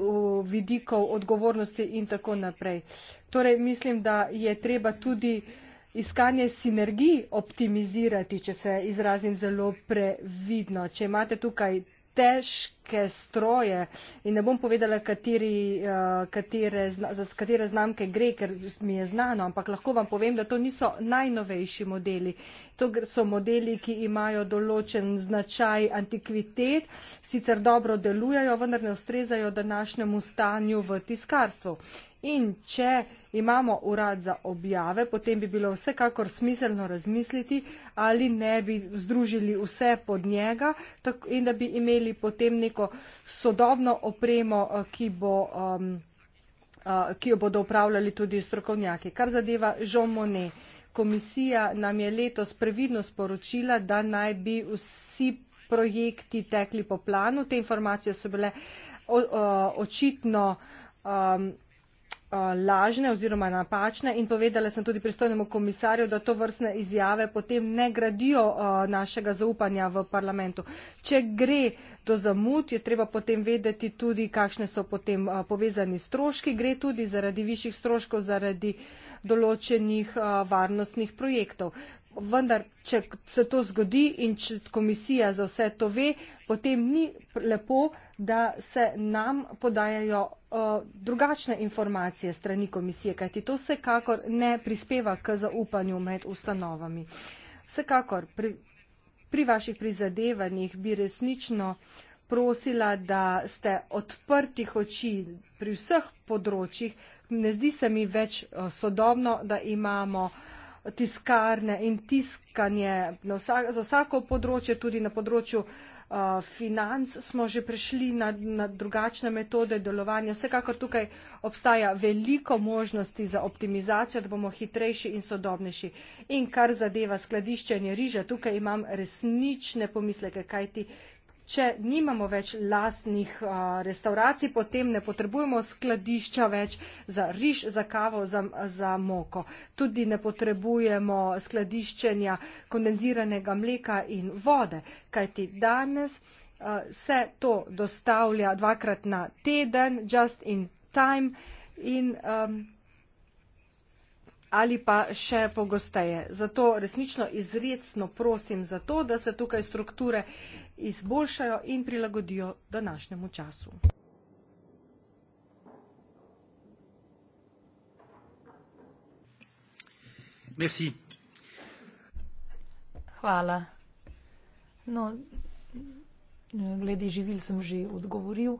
vidikov odgovornosti in tako naprej. Torej, mislim, da je treba tudi uh, iskanje sinergij optimizirati, če se izrazim zelo previdno. Če imate tukaj težke stroje in ne bom povedala, kateri, eh, katere, za katere znamke gre, ker mi je znano, ampak lahko vam povem, da to niso najnovejši modeli. To so modeli, ki imajo določen značaj antikvitet, sicer dobro delujejo, vendar ne ustrezajo današnjemu stanju v tiskarstvu. In če imamo urad za objave, potem bi bilo vsekakor smiselno razmisliti, ali ne bi združili vse pod njega in da bi imeli potem neko sodobno opremo, eh, ki bo. Um, eh, ki jo bodo upravljali tudi strokovnjaki. Kar zadeva Jean Monnet, komisija nam je letos previdno sporočila, da naj bi vsi projekti tekli po planu. Te informacije so bile o, o, očitno um, Eh, lažne oziroma napačne in povedala sem tudi pristojnemu komisarju, da to vrstne izjave potem ne gradijo eh, našega zaupanja v parlamentu. Če gre do zamud, je treba potem vedeti tudi, kakšne so potem eh, povezani stroški. Gre tudi zaradi višjih stroškov, zaradi uh, določenih eh, varnostnih projektov. Vendar, če se to zgodi in če komisija za vse to ve, potem ni lepo, da se nam podajajo eh, drugačne informacije strani komisije, kajti to vsekakor ne prispeva k zaupanju med ustanovami. Vsekakor pri, pri vaših prizadevanjih bi resnično prosila, da ste odprtih oči pri vseh področjih, ne zdi se mi več eh, sodobno, da imamo tiskarne in tiskanje na vsak, za vsako področje, tudi na področju eh, financ smo že prišli na, na drugačne metode delovanja. Vsekakor tukaj obstaja veliko možnosti za optimizacijo, da bomo hitrejši in sodobnejši. In kar zadeva skladiščenje riža, tukaj imam resnične pomisleke, kajti če nimamo več lastnih a, restauracij, potem ne potrebujemo skladišča več za riž, za kavo, za, za moko. Tudi ne potrebujemo skladiščenja kondenziranega mleka in vode, kajti danes a, se to dostavlja dvakrat na teden, just in time. In, a, ali pa še pogosteje. Zato resnično izredno prosim za to, da se tukaj strukture izboljšajo in prilagodijo današnjemu času. Merci. Hvala. No, glede živil sem že odgovoril.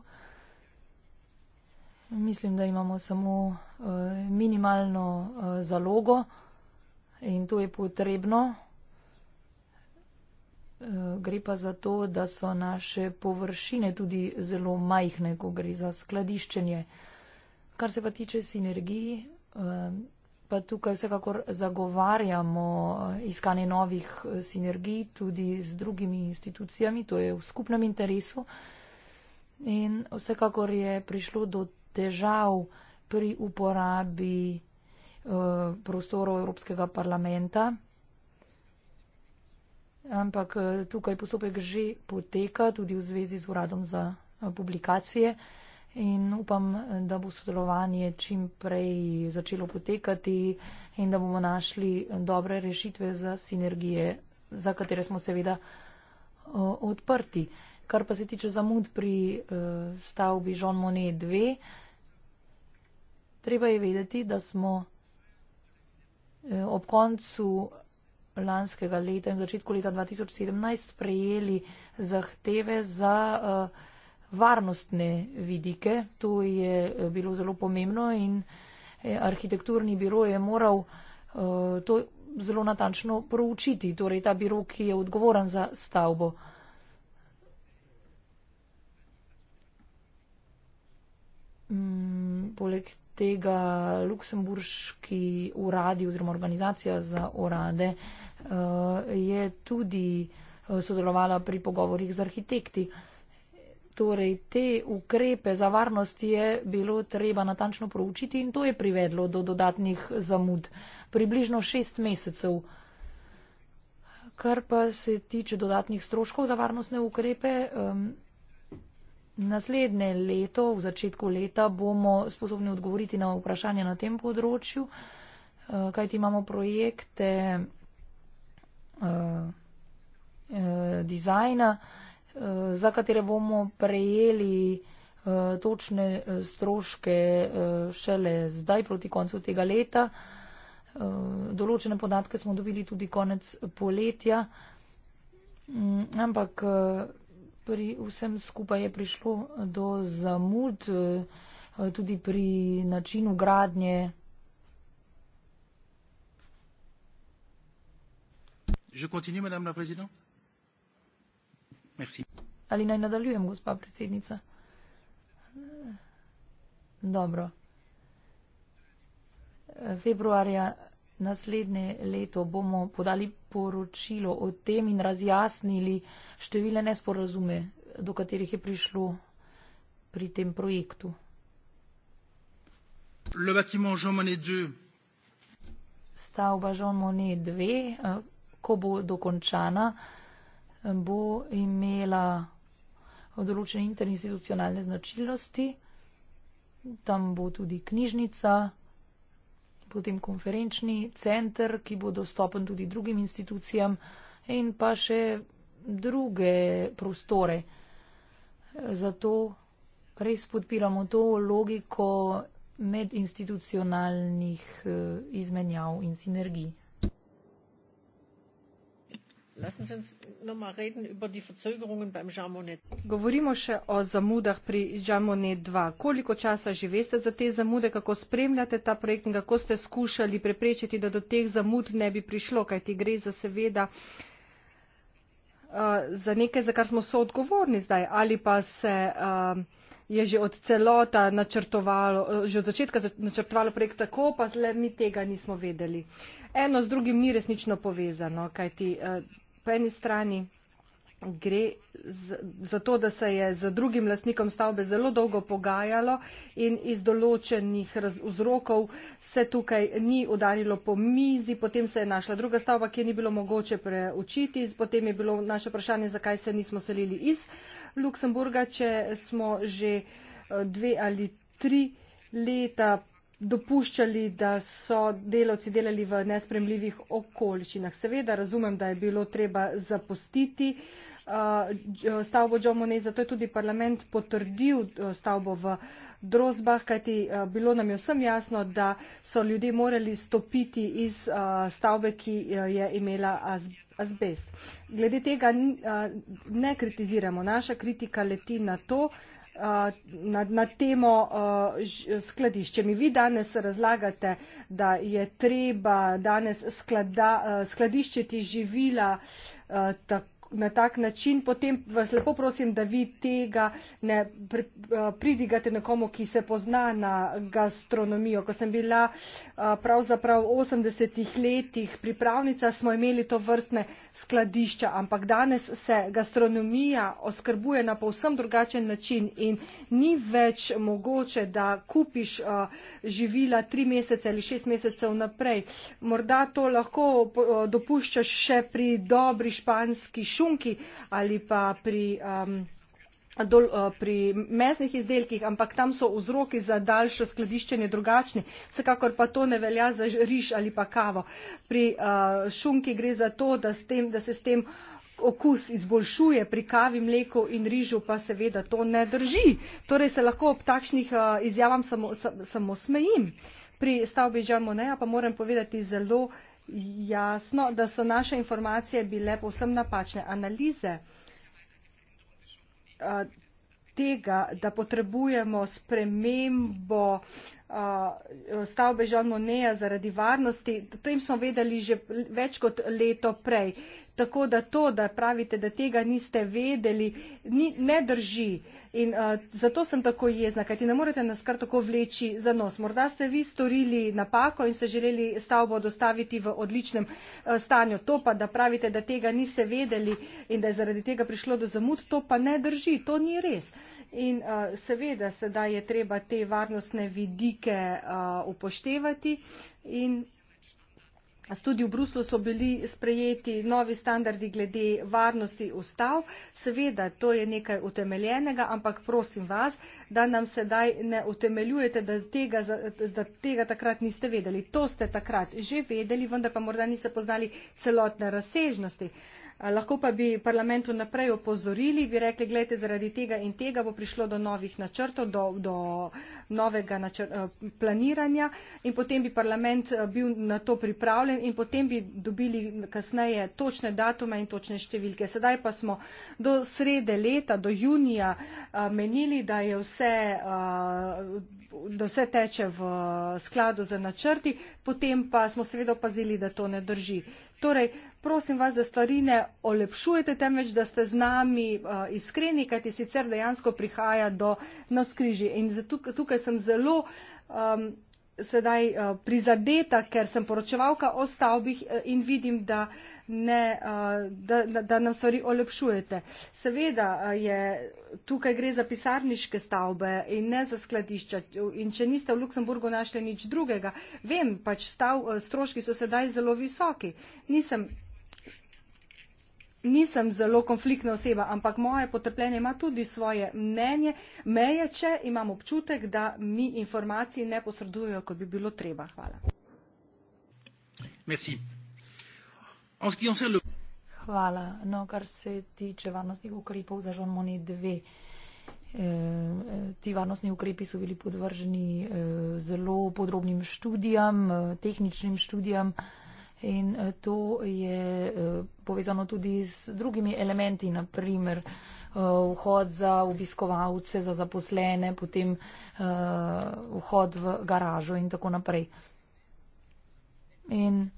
Mislim, da imamo samo eh, minimalno eh, zalogo in to je potrebno. Eh, gre pa za to, da so naše površine tudi zelo majhne, ko gre za skladiščenje. Kar se pa tiče sinergiji, pa tukaj vsekakor zagovarjamo iskanje novih sinergij tudi z drugimi institucijami, to je v skupnem interesu. In vsekakor je prišlo do težav pri uporabi eh, prostorov Evropskega parlamenta. Ampak eh, tukaj postopek že poteka tudi v zvezi z uradom za eh, publikacije in upam, da bo sodelovanje čim prej začelo potekati in da bomo našli dobre rešitve za sinergije, za katere smo seveda odprti. Kar pa se tiče zamud pri stavbi Jean Monnet 2, Treba je vedeti, da smo eh, ob koncu lanskega leta in začetku leta 2017 prejeli zahteve za eh, varnostne vidike. To je eh, bilo zelo pomembno in arhitekturni biro je moral to zelo natančno proučiti, torej ta biro, ki je odgovoren za stavbo. Mm, poleg tega luksemburški uradi oziroma organizacija za urade eh, je tudi eh, sodelovala pri pogovorih z arhitekti. Torej, te ukrepe za varnost je bilo treba natančno proučiti in to je privedlo do dodatnih zamud. Približno šest mesecev. Kar pa se tiče dodatnih stroškov za varnostne ukrepe, Naslednje leto, v začetku leta, bomo sposobni odgovoriti na vprašanja na tem področju, eh, kajti imamo projekte eh, eh, dizajna, za katere bomo prejeli točne stroške šele zdaj proti koncu tega leta. Določene podatke smo dobili tudi konec poletja, mm, ampak pri vsem skupaj je prišlo do zamud eh, tudi pri načinu gradnje. Continue, Merci. Ali naj nadaljujem, gospa predsednica? Dobro. Februarja naslednje leto bomo podali poročilo o tem in razjasnili številne nesporazume, do katerih je prišlo pri tem projektu. Stavba Jean Monnet 2, eh, ko bo dokončana, eh, bo imela določene interinstitucionalne značilnosti. Tam bo tudi knjižnica potem konferenčni center, ki bo dostopen tudi drugim institucijam in pa še druge prostore. Zato res podpiramo to logiko medinstitucionalnih eh, izmenjav in sinergij. Govorimo še o zamudah pri Jamonet 2. Koliko časa že veste za te zamude, kako spremljate ta projekt in kako ste skušali preprečiti, da do teh zamud ne bi prišlo, kajti gre za seveda eh, za nekaj, za kar smo soodgovorni zdaj ali pa se eh, je že od celota načrtovalo, eh, že od začetka načrtovalo projekt tako, pa le mi tega nismo vedeli. Eno z drugim ni resnično povezano, kajti po eni strani gre za to, da se je z drugim lasnikom stavbe zelo dolgo pogajalo in iz določenih vzrokov se tukaj ni udarilo po mizi, potem se je našla druga stavba, ki je ni bilo mogoče preučiti, potem je bilo naše vprašanje, zakaj se nismo selili iz Luksemburga, če smo že eh, dve ali tri leta dopuščali, da so delavci delali v nespremljivih okoliščinah. Seveda razumem, da je bilo treba zapustiti uh, stavbo Džo Monet, zato je tudi parlament potrdil uh, stavbo v Drozbah, kajti uh, bilo nam je vsem jasno, da so ljudje morali stopiti iz stavbe, ki je imela azbest. Glede tega ne kritiziramo, naša kritika leti na to, na, eh, na temo eh, skladiščemi. Vi danes razlagate, da je treba danes sklada, eh, skladiščiti živila tako na tak način, potem vas lepo prosim, da vi tega ne pri, eh, pridigate nekomu, ki se pozna na gastronomijo. Ko sem bila eh, pravzaprav v 80-ih letih pripravnica, smo imeli to vrstne skladišča, ampak danes se gastronomija oskrbuje na povsem drugačen način in ni več mogoče, da kupiš eh, živila tri mesece ali šest mesecev naprej. Morda to lahko dopuščaš še pri dobri španski šoli, šunki ali pa pri, um, dol, uh, pri mesnih izdelkih, ampak tam so vzroki za daljšo skladiščenje drugačni. Vsekakor pa to ne velja za riž ali pa kavo. Pri uh, šunki gre za to, da, tem, da se s tem okus izboljšuje pri kavi, mleku in rižu, pa seveda to ne drži. Torej se lahko ob takšnih uh, izjavam samo, samo smejim. Pri stavbi Džarmoneja pa moram povedati zelo jasno, da so naše informacije bile povsem napačne. Analize eh, tega, da potrebujemo spremembo Eh, stavbe Žan Moneja zaradi varnosti. To jim smo vedeli že več kot leto prej. Tako da to, da pravite, da tega niste vedeli, ni, ne drži. In uh, zato sem tako jezna, kajti ne morete nas kar tako vleči za nos. Morda ste vi storili napako in ste želeli stavbo dostaviti v odličnem uh, stanju. To pa, da pravite, da tega niste vedeli in da je zaradi tega prišlo do zamud, to pa ne drži. To ni res. Uh, In uh, seveda sedaj je treba te varnostne vidike uh, upoštevati. In tudi v Bruslu so bili sprejeti novi standardi glede varnosti ustav. Seveda, to je nekaj utemeljenega, ampak prosim vas, da nam sedaj ne utemeljujete, da tega, da tega takrat niste vedeli. To ste takrat že vedeli, vendar pa morda niste poznali celotne razsežnosti. Uh, Lahko pa bi parlamentu naprej opozorili, bi rekli, gledajte, zaradi tega in tega bo prišlo do novih načrtov, do, do novega načr eh, planiranja in potem bi parlament eh, bil na to pripravljen in potem bi dobili kasneje točne datume in točne številke. Sedaj pa smo do srede leta, do junija eh, menili, da je vse, da vse teče v skladu za načrti, potem pa smo seveda opazili, da to ne drži. Torej, prosim vas, da stvari ne olepšujete, temveč da ste z nami uh, iskreni, kajti sicer dejansko prihaja do navskriži. In zato, tukaj sem zelo um, sedaj uh, prizadeta, ker sem poročevalka o stavbih eh, in vidim, da, ne, uh, da, da, da nam stvari olepšujete. Seveda je tukaj gre za pisarniške stavbe in ne za skladišča. In če niste v Luksemburgu našli nič drugega, vem, pač stav, stroški so sedaj zelo visoki. Nisem nisem zelo konfliktna oseba, ampak moje potrpljenje ima tudi svoje mnenje, meje, če imam občutek, da mi informacije ne posredujejo, kot bi bilo treba. Hvala. Merci. Hvala. No, kar se tiče varnostnih ukrepov za žon Moni 2. E, ti varnostni ukrepi so bili podvrženi e, zelo podrobnim študijam, e, tehničnim študijam. E, In eh, to je eh, povezano tudi z drugimi elementi, naprimer eh, vhod za obiskovalce, za zaposlene, potem vhod v garažo in tako naprej. In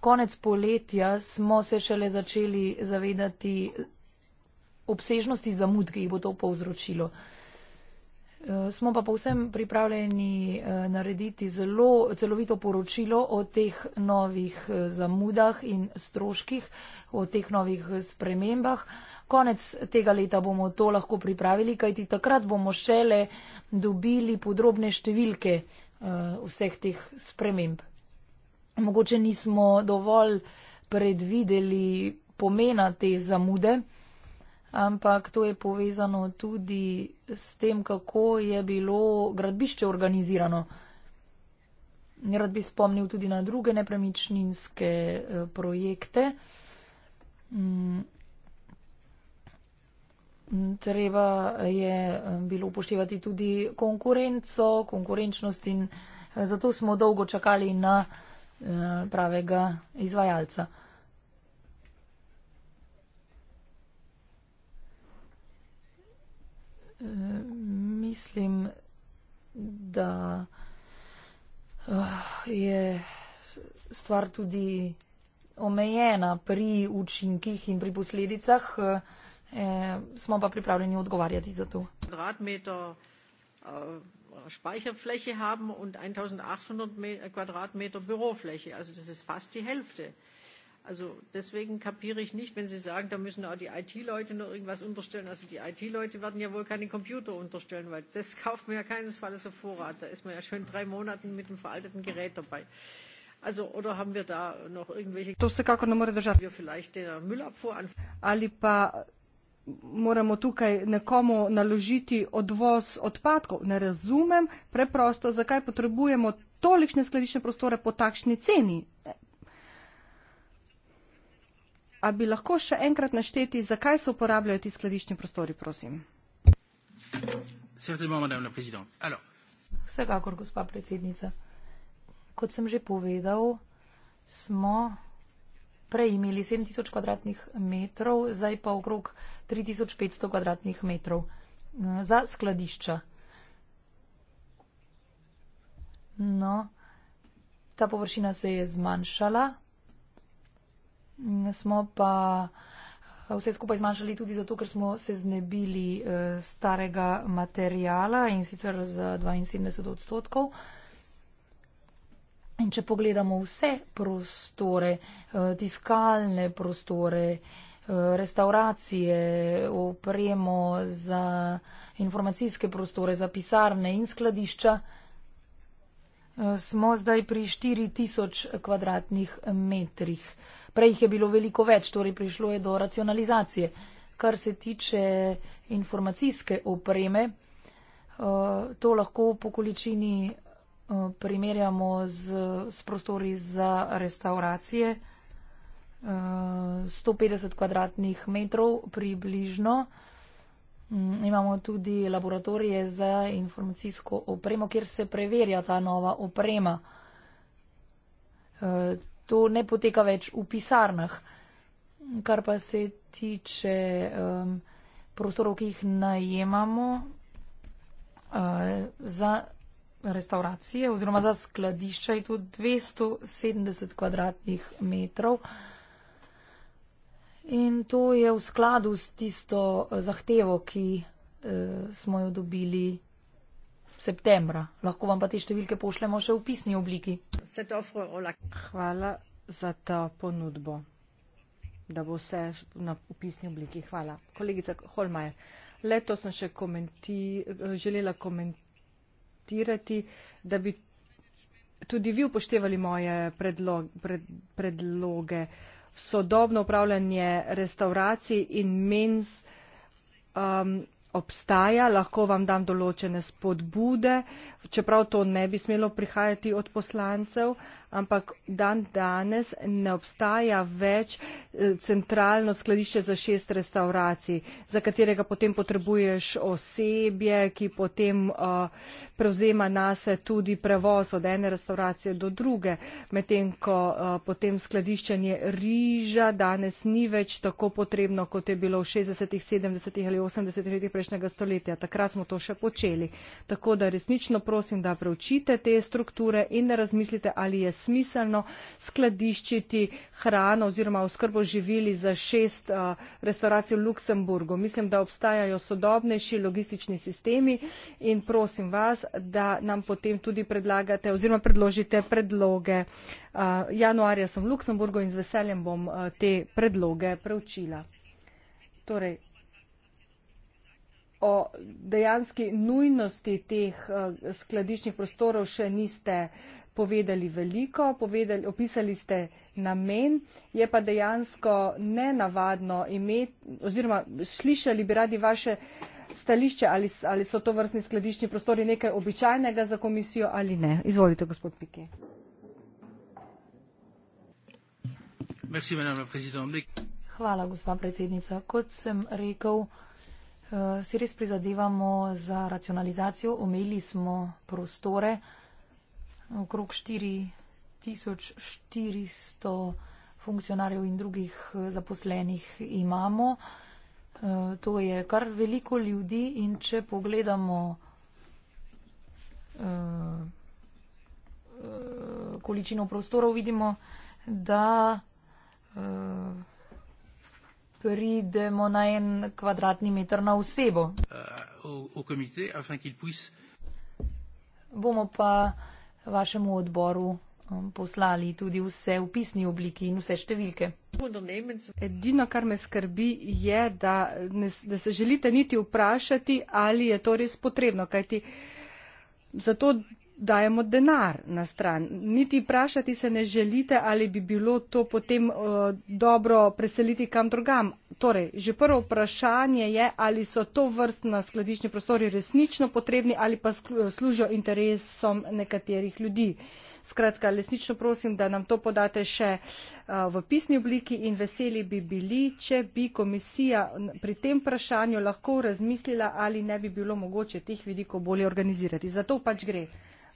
konec poletja smo se šele začeli zavedati obsežnosti zamud, ki jih bo to povzročilo. Eh, smo pa povsem pripravljeni eh, narediti zelo celovito poročilo o teh novih eh, zamudah in stroških, o teh novih spremembah. Konec tega leta bomo to lahko pripravili, kajti takrat bomo šele dobili podrobne številke vseh teh sprememb. Mogoče nismo dovolj predvideli pomena te zamude ampak to je povezano tudi s tem, kako je bilo gradbišče organizirano. Rad bi spomnil tudi na druge nepremičninske eh, projekte. Mm. Treba je eh, bilo upoštevati tudi konkurenco, konkurenčnost in eh, zato smo dolgo čakali na pravega izvajalca. mislim, da eh, je stvar tudi omejena pri učinkih in pri posledicah. E, smo pa pripravljeni odgovarjati za to. Eh, Speicherfläche haben und 1800 Quadratmeter Bürofläche. Also das ist fast die Hälfte. Also deswegen kapiere ich nicht, wenn Sie sagen, da müssen auch die IT-Leute noch irgendwas unterstellen. Also die IT-Leute werden ja wohl keine Computer unterstellen, weil das kauft man ja keinesfalls auf Vorrat. Da ist man ja schon drei Monate mit einem veralteten Gerät dabei. Also oder haben wir da noch irgendwelche... To se kako ne more držati. ...wir ja, vielleicht den Müllabfuhr an... Ali pa moramo tukaj nekomu naložiti odvoz odpadkov. Ne razumem preprosto, zakaj potrebujemo tolikšne skladične prostore po takšni ceni. A bi lahko še enkrat našteti, zakaj se uporabljajo ti skladiščni prostori, prosim? Vsekakor, gospa predsednica. Kot sem že povedal, smo prej imeli 7000 kvadratnih metrov, zdaj pa okrog 3500 kvadratnih metrov eh, za skladišča. No, ta površina se je zmanjšala smo pa eh, vse skupaj zmanjšali tudi zato, ker smo se znebili eh, starega materijala in sicer za 72 odstotkov. In če pogledamo vse prostore, eh, tiskalne prostore, restauracije, opremo za informacijske prostore, za pisarne in skladišča, smo zdaj pri 4000 kvadratnih metrih prej jih je bilo veliko več, torej prišlo je do racionalizacije. Kar se tiče informacijske opreme, eh, to lahko po količini eh, primerjamo z, s prostori za restauracije. 150 eh, kvadratnih metrov približno. Mm, imamo tudi laboratorije za informacijsko opremo, kjer se preverja ta nova oprema to ne poteka več v pisarnah. Kar pa se tiče um, prostorov, ki jih najemamo uh, za restauracije oziroma za skladišča, je to 270 kvadratnih metrov. In to je v skladu s tisto uh, zahtevo, ki uh, smo jo dobili septembra. Lahko vam pa te številke pošljemo še v pisni obliki. Hvala za to ponudbo, da bo vse v pisni obliki. Hvala. Kolegica Holmajer, leto sem še komenti, želela komentirati, da bi tudi vi upoštevali moje predlog, pred, predloge. Sodobno upravljanje restauracij in menz um, obstaja, lahko vam dam določene spodbude, čeprav to ne bi smelo prihajati od poslancev, uh, ampak dan danes ne obstaja več eh, centralno skladišče za šest restauracij, za katerega potem potrebuješ osebje, ki potem uh, prevzema nase tudi prevoz od ene restauracije do druge, medtem ko uh, potem skladiščenje riža danes ni več tako potrebno, kot je bilo v 60-ih, 70-ih ali 80-ih letih prejšnjega stoletja. Takrat smo to še počeli. Tako da resnično prosim, da preučite te strukture in da razmislite, ali je smiselno skladiščiti hrano oziroma oskrbo živili za šest uh, restauracij v Luksemburgu. Mislim, da obstajajo sodobnejši logistični sistemi in prosim vas, da nam potem tudi predlagate oziroma predložite predloge. Uh, januarja sem v Luksemburgu in z veseljem bom uh, te predloge preučila. Torej, o dejanski nujnosti teh uh, skladiščnih prostorov še niste uh, povedali veliko, povedali, opisali ste namen, je pa dejansko nenavadno imeti, oziroma slišali bi radi vaše stališče, ali, ali so to vrstni skladišni prostori nekaj običajnega za komisijo ali ne. Izvolite, gospod Pike. Hvala, gospa predsednica. Kot sem rekel, eh, si res prizadevamo za racionalizacijo, omejili smo prostore okrog 4400 funkcionarjev in drugih eh, zaposlenih imamo. Eh, to je kar veliko ljudi in če pogledamo, eh, količino prostorov vidimo, da pridemo na en kvadratni meter na osebo. Bomo pa uh, vašemu odboru um, poslali tudi vse v pisni obliki in vse številke. Edino, kar me skrbi, je, da, ne, da se želite niti vprašati, ali je to res potrebno, kajti zato dajemo denar na stran. Niti vprašati se ne želite, ali bi bilo to potem uh, dobro preseliti kam drugam, torej, že prvo vprašanje je, ali so to vrstna skladišnja prostori resnično potrebni ali pa služijo interesom nekaterih ljudi. Skratka, resnično prosim, da nam to podate še v pisni obliki in veseli bi bili, če bi komisija pri tem vprašanju lahko razmislila, ali ne bi bilo mogoče teh vidikov bolje organizirati. Zato pač gre.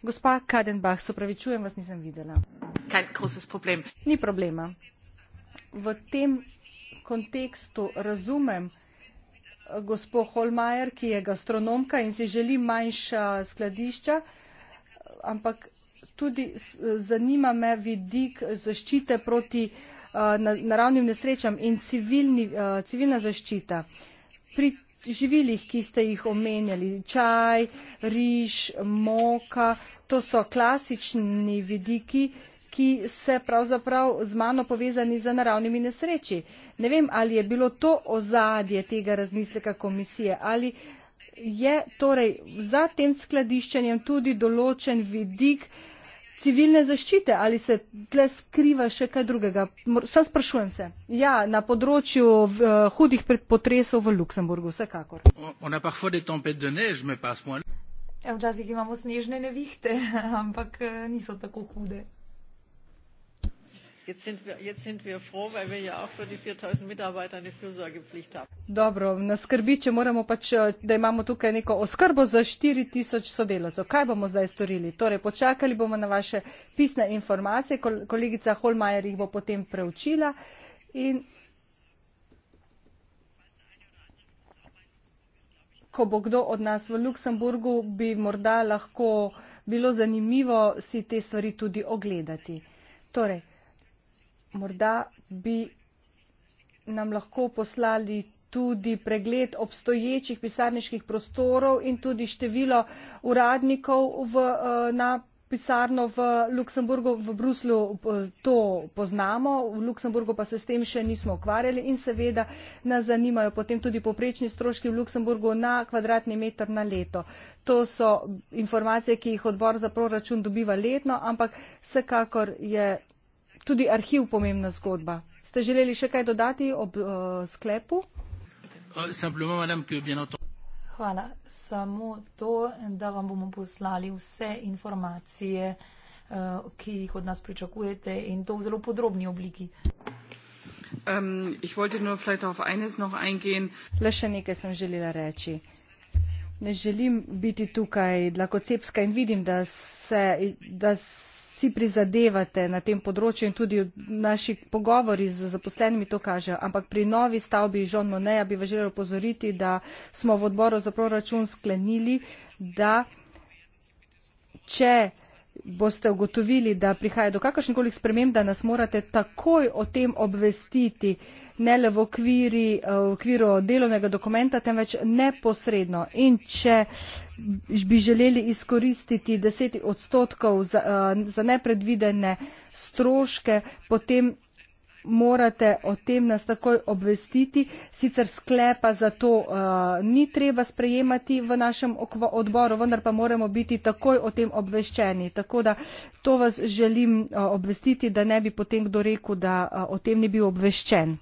Gospa Kadenbach, sopravičujem, vas nisem videla. Ni problema. V tem kontekstu razumem eh, gospo Holmajer, ki je gastronomka in si želi manjša skladišča, eh, ampak tudi eh, zanima me vidik zaščite proti naravnim nesrečam in civilni, civilna zaščita. Pri živilih, ki ste jih omenjali, čaj, riž, moka, to so klasični vidiki, ki se pravzaprav z mano povezani z naravnimi nesreči. Uh, Ne vem, ali je bilo to ozadje tega razmisleka komisije, ali je torej za tem skladiščenjem tudi določen vidik civilne zaščite, ali se tle skriva še kaj drugega. Sam sprašujem se. Ja, na področju v, uh, hudih potresov v Luksemburgu, vsekakor. Ja, včasih imamo snežne nevihte, ampak eh, niso tako hude. Ja Dobro, nas skrbi, če moramo pač, eh, da imamo tukaj neko oskrbo za 4000 sodelavcev. Kaj bomo zdaj storili? Torej, počakali bomo na vaše pisne informacije, kolegica Holmajer jih bo potem preučila. In ko bo kdo od nas v Luksemburgu, bi morda lahko bilo zanimivo si te stvari tudi ogledati. Torej, morda bi nam lahko poslali tudi pregled obstoječih pisarniških prostorov in tudi število uradnikov v, eh, na pisarno v Luksemburgu, v Bruslu eh, to poznamo, v Luksemburgu pa se s tem še nismo ukvarjali in seveda nas zanimajo potem tudi poprečni stroški v Luksemburgu na kvadratni meter na leto. To so informacije, ki jih odbor za proračun dobiva letno, ampak vsekakor je tudi arhiv pomembna zgodba. Ste želeli še kaj dodati ob uh, sklepu? Oh, Hvala. Samo to, da vam bomo poslali vse informacije, uh, ki jih od nas pričakujete in to v zelo podrobni obliki. Le še nekaj sem želela reči. Ne želim biti tukaj dlakocepska in vidim, da se. Da se vsi prizadevate na tem področju in tudi naši pogovori z zaposlenimi to kažejo. Ampak pri novi stavbi Žon Moneja bi važilo upozoriti, da smo v odboru za proračun sklenili, da če boste ugotovili, da prihaja do kakršnekoli sprememb, da nas morate takoj o tem obvestiti, ne le v, okviri, eh, v okviru delovnega dokumenta, temveč neposredno. In če bi želeli izkoristiti 10 odstotkov za, eh, za nepredvidene stroške, potem morate o tem nas takoj obvestiti. Sicer sklepa za to uh, ni treba sprejemati v našem odboru, vendar pa moramo biti takoj o tem obveščeni. Tako da to vas želim uh, obvestiti, da ne bi potem kdo rekel, da uh, o tem ni bil obveščen.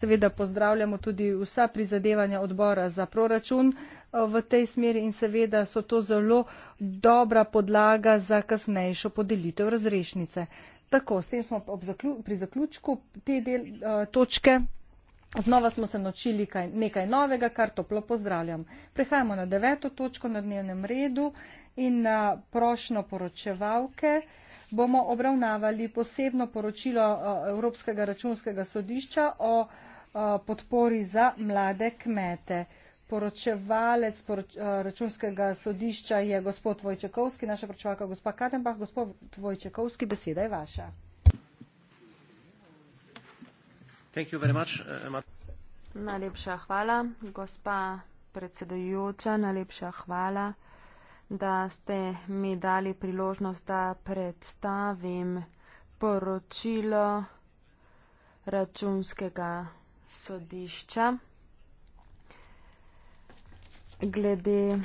Seveda pozdravljamo tudi vsa prizadevanja odbora za proračun v tej smeri in seveda so to zelo dobra podlaga za kasnejšo podelitev razrešnice. Tako, s tem smo zaklju, pri zaključku te del, uh, točke. Znova smo se naučili nekaj novega, kar toplo pozdravljam. Prehajamo na deveto točko na dnevnem redu in na prošno poročevalke. Bomo obravnavali posebno poročilo eh, Evropskega računskega sodišča o eh, podpori za mlade kmete poročevalec poroč, eh, računskega sodišča je gospod Vojčekovski, naša poročevalka gospa Kadenbach. Gospod Vojčekovski, beseda je vaša. Eh, najlepša hvala, gospa predsedujoča, najlepša hvala, da ste mi dali priložnost, da predstavim poročilo računskega sodišča glede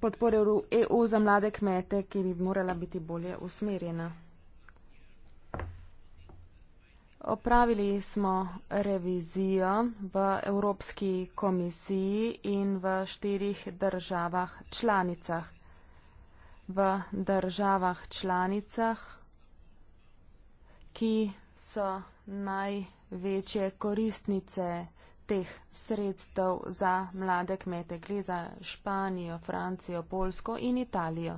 podpore EU za mlade kmete, ki bi morala biti bolje usmerjena. Opravili smo revizijo v Evropski komisiji in v štirih državah članicah. V državah članicah, ki so največje koristnice teh sredstev za mlade kmete, gre za Španijo, Francijo, Polsko in Italijo.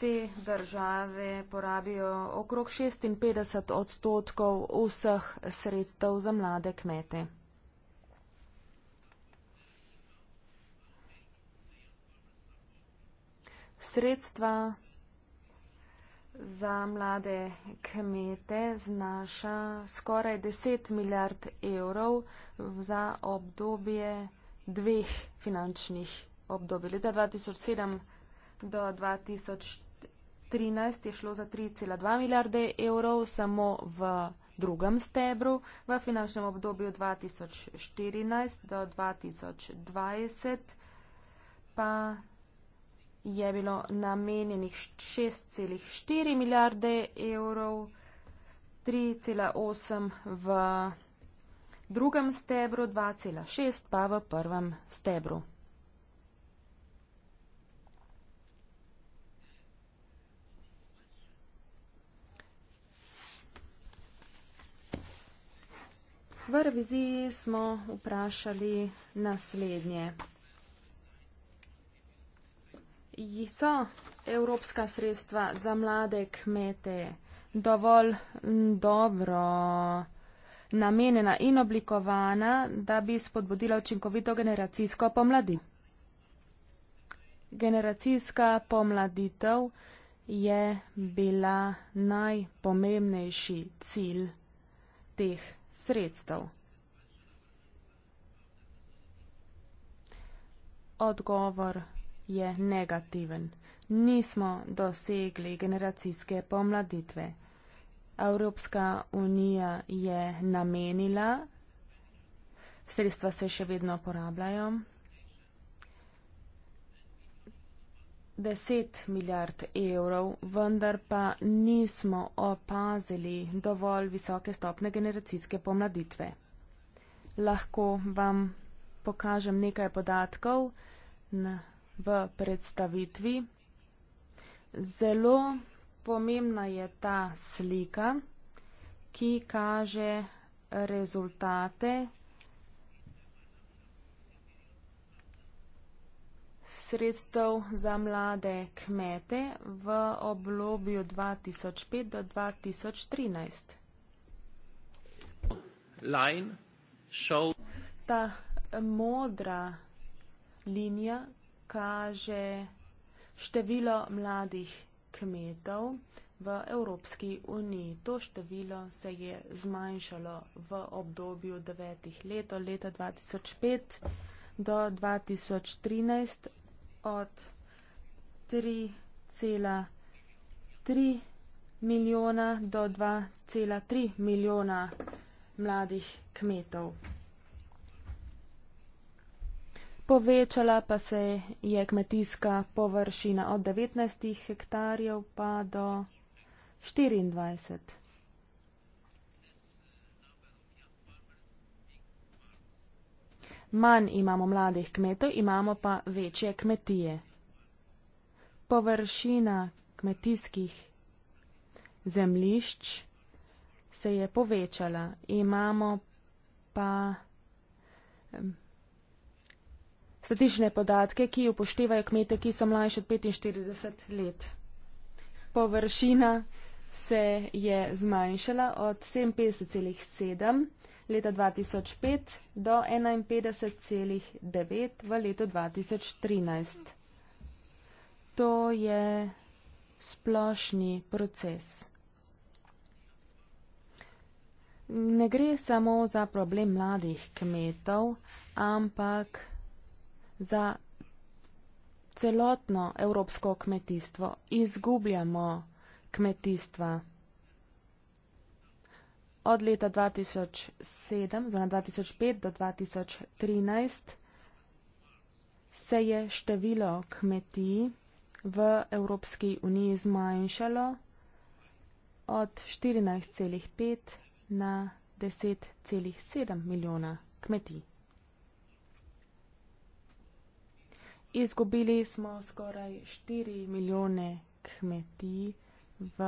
Te države porabijo okrog 56 odstotkov vseh sredstev za mlade kmete. Sredstva za mlade kmete znaša skoraj 10 milijard evrov za obdobje dveh finančnih obdobij. Leta 2007 do 2013 je šlo za 3,2 milijarde evrov samo v drugem stebru, v finančnem obdobju 2014 do 2020 pa je bilo namenjenih 6,4 milijarde evrov, 3,8 v drugem stebru, 2,6 pa v prvem stebru. V reviziji smo vprašali naslednje so evropska sredstva za mlade kmete dovolj dobro namenjena in oblikovana, da bi spodbudila učinkovito generacijsko pomladi. Generacijska pomladitev je bila najpomembnejši cilj teh sredstev. Odgovor je negativen. Nismo dosegli generacijske pomladitve. Evropska unija je namenila, sredstva se še vedno porabljajo, 10 milijard evrov, vendar pa nismo opazili dovolj visoke stopne generacijske pomladitve. Lahko vam pokažem nekaj podatkov. Na v predstavitvi. Zelo pomembna je ta slika, ki kaže rezultate sredstev za mlade kmete v obdobju 2005 do 2013. Line, ta modra linija kaže število mladih kmetov v Evropski uniji. To število se je zmanjšalo v obdobju devetih let, od leta 2005 do 2013, od 3,3 milijona do 2,3 milijona mladih kmetov. Povečala pa se je kmetijska površina od 19 hektarjev pa do 24. Manj imamo mladih kmetov, imamo pa večje kmetije. Površina kmetijskih zemlišč se je povečala. Imamo pa statične podatke, ki upoštevajo kmete, ki so mlajši od 45 let. Površina se je zmanjšala od 57,7 leta 2005 do 51,9 v letu 2013. To je splošni proces. Ne gre samo za problem mladih kmetov, ampak za celotno evropsko kmetijstvo. Izgubljamo kmetijstva. Od leta 2007, zelo 2005 do 2013, se je število kmetij v Evropski uniji zmanjšalo od 14,5 na 10,7 milijona kmetij. Izgubili smo skoraj 4 milijone kmetij v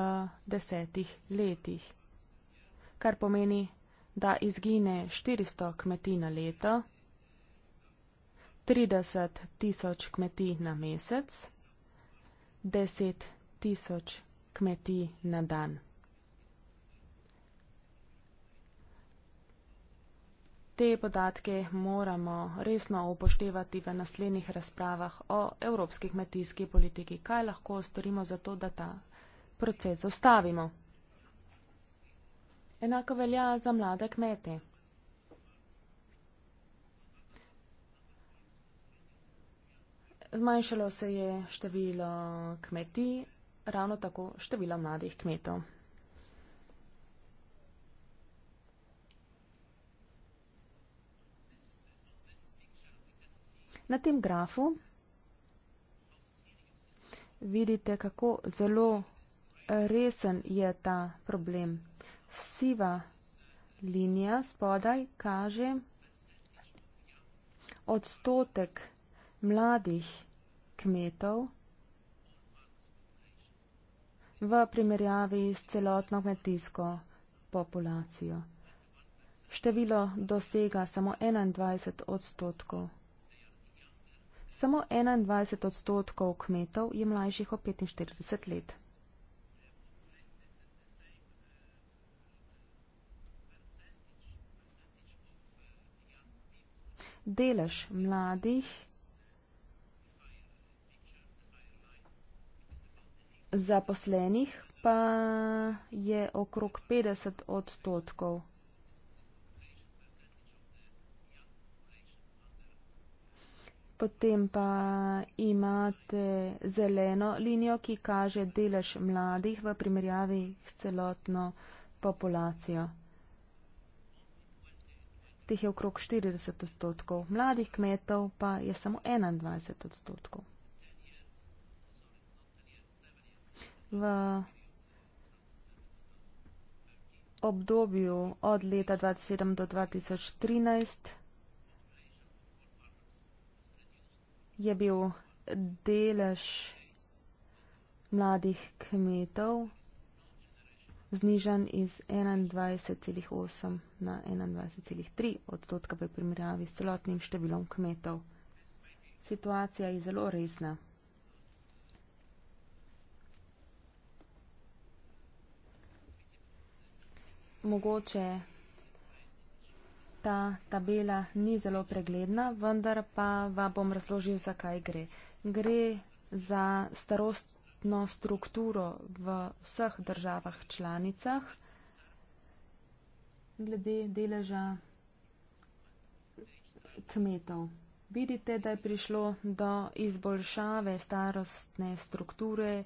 desetih letih, kar pomeni, da izgine 400 kmetij na leto, 30 tisoč kmetij na mesec, 10 tisoč kmetij na dan. te podatke moramo resno upoštevati v naslednjih razpravah o evropski kmetijski politiki. Kaj lahko storimo za to, da ta proces zaustavimo? Enako velja za mlade kmete. Zmanjšalo se je število kmetij, ravno tako število mladih kmetov. Na tem grafu vidite, kako zelo resen je ta problem. Siva linija spodaj kaže odstotek mladih kmetov v primerjavi s celotno kmetijsko populacijo. Število dosega samo 21 odstotkov. Samo 21 odstotkov kmetov je mlajših od 45 let. Delež mladih zaposlenih pa je okrog 50 odstotkov. Potem pa imate zeleno linijo, ki kaže delež mladih v primerjavi s celotno populacijo. Teh je okrog 40 odstotkov, mladih kmetov pa je samo 21 odstotkov. V obdobju od leta 2007 do 2013 je bil delež mladih kmetov znižen iz 21,8 na 21,3 odstotka v primerjavi s celotnim številom kmetov. Situacija je zelo resna. Mogoče ta tabela ni zelo pregledna, vendar pa vam bom razložil, zakaj gre. Gre za starostno strukturo v vseh državah članicah glede deleža kmetov. Vidite, da je prišlo do izboljšave starostne strukture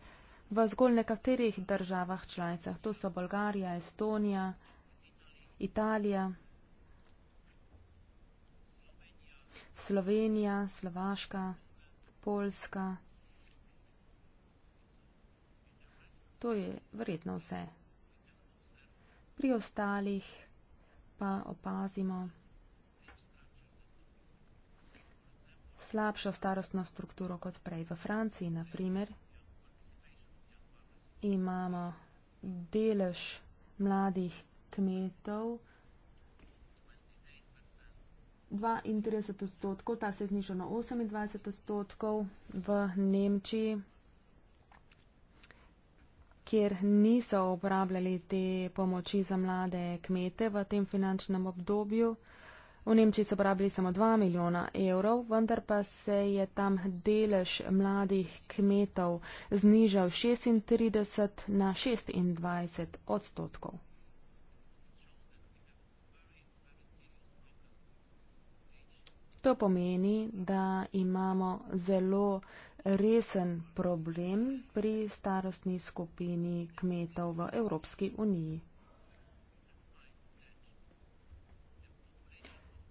v zgolj nekaterih državah članicah. To so Bolgarija, Estonija, Italija. Slovenija, Slovaška, Poljska. To je verjetno vse. Pri ostalih pa opazimo slabšo starostno strukturo kot prej. V Franciji, na primer, imamo delež mladih kmetov, 32 odstotkov, ta se je znižal na 28 odstotkov v Nemčiji, kjer niso uporabljali te pomoči za mlade kmete v tem finančnem obdobju. V Nemčiji so uporabili samo 2 milijona evrov, vendar pa se je tam delež mladih kmetov znižal 36 na 26 odstotkov. To pomeni, da imamo zelo resen problem pri starostni skupini kmetov v Evropski uniji.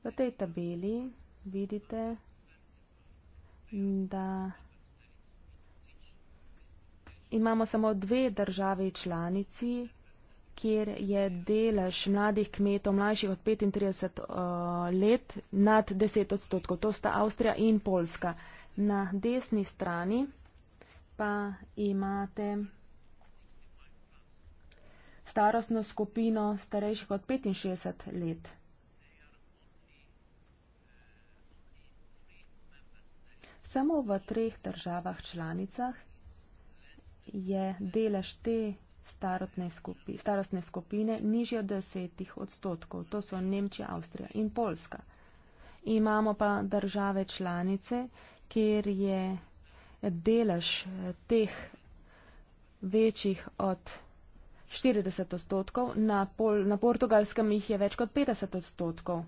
V tej tabeli vidite, da imamo samo dve državi članici, kjer je delež mladih kmetov mlajših od 35 uh, eh, let nad 10 odstotkov. To sta Avstrija in Poljska. Na desni strani pa imate starostno skupino starejših od 65 let. Samo v treh državah članicah je delež te skupi, starostne skupine nižje od desetih odstotkov. To so Nemčija, Avstrija in Polska. Imamo pa države članice, kjer je delež eh, teh večjih od 40 odstotkov, na, pol, na portugalskem jih je več kot 50 odstotkov.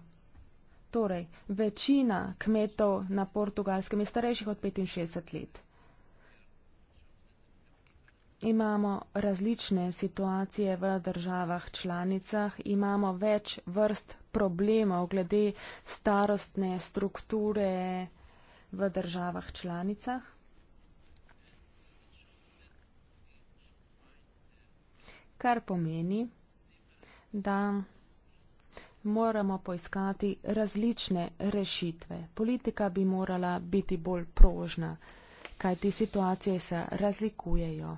Torej, večina kmetov na portugalskem je starejših od 65 let imamo različne situacije v državah članicah, imamo več vrst problemov glede starostne strukture v državah članicah. Kar pomeni, da moramo poiskati različne rešitve. Politika bi morala biti bolj prožna, kajti situacije se razlikujejo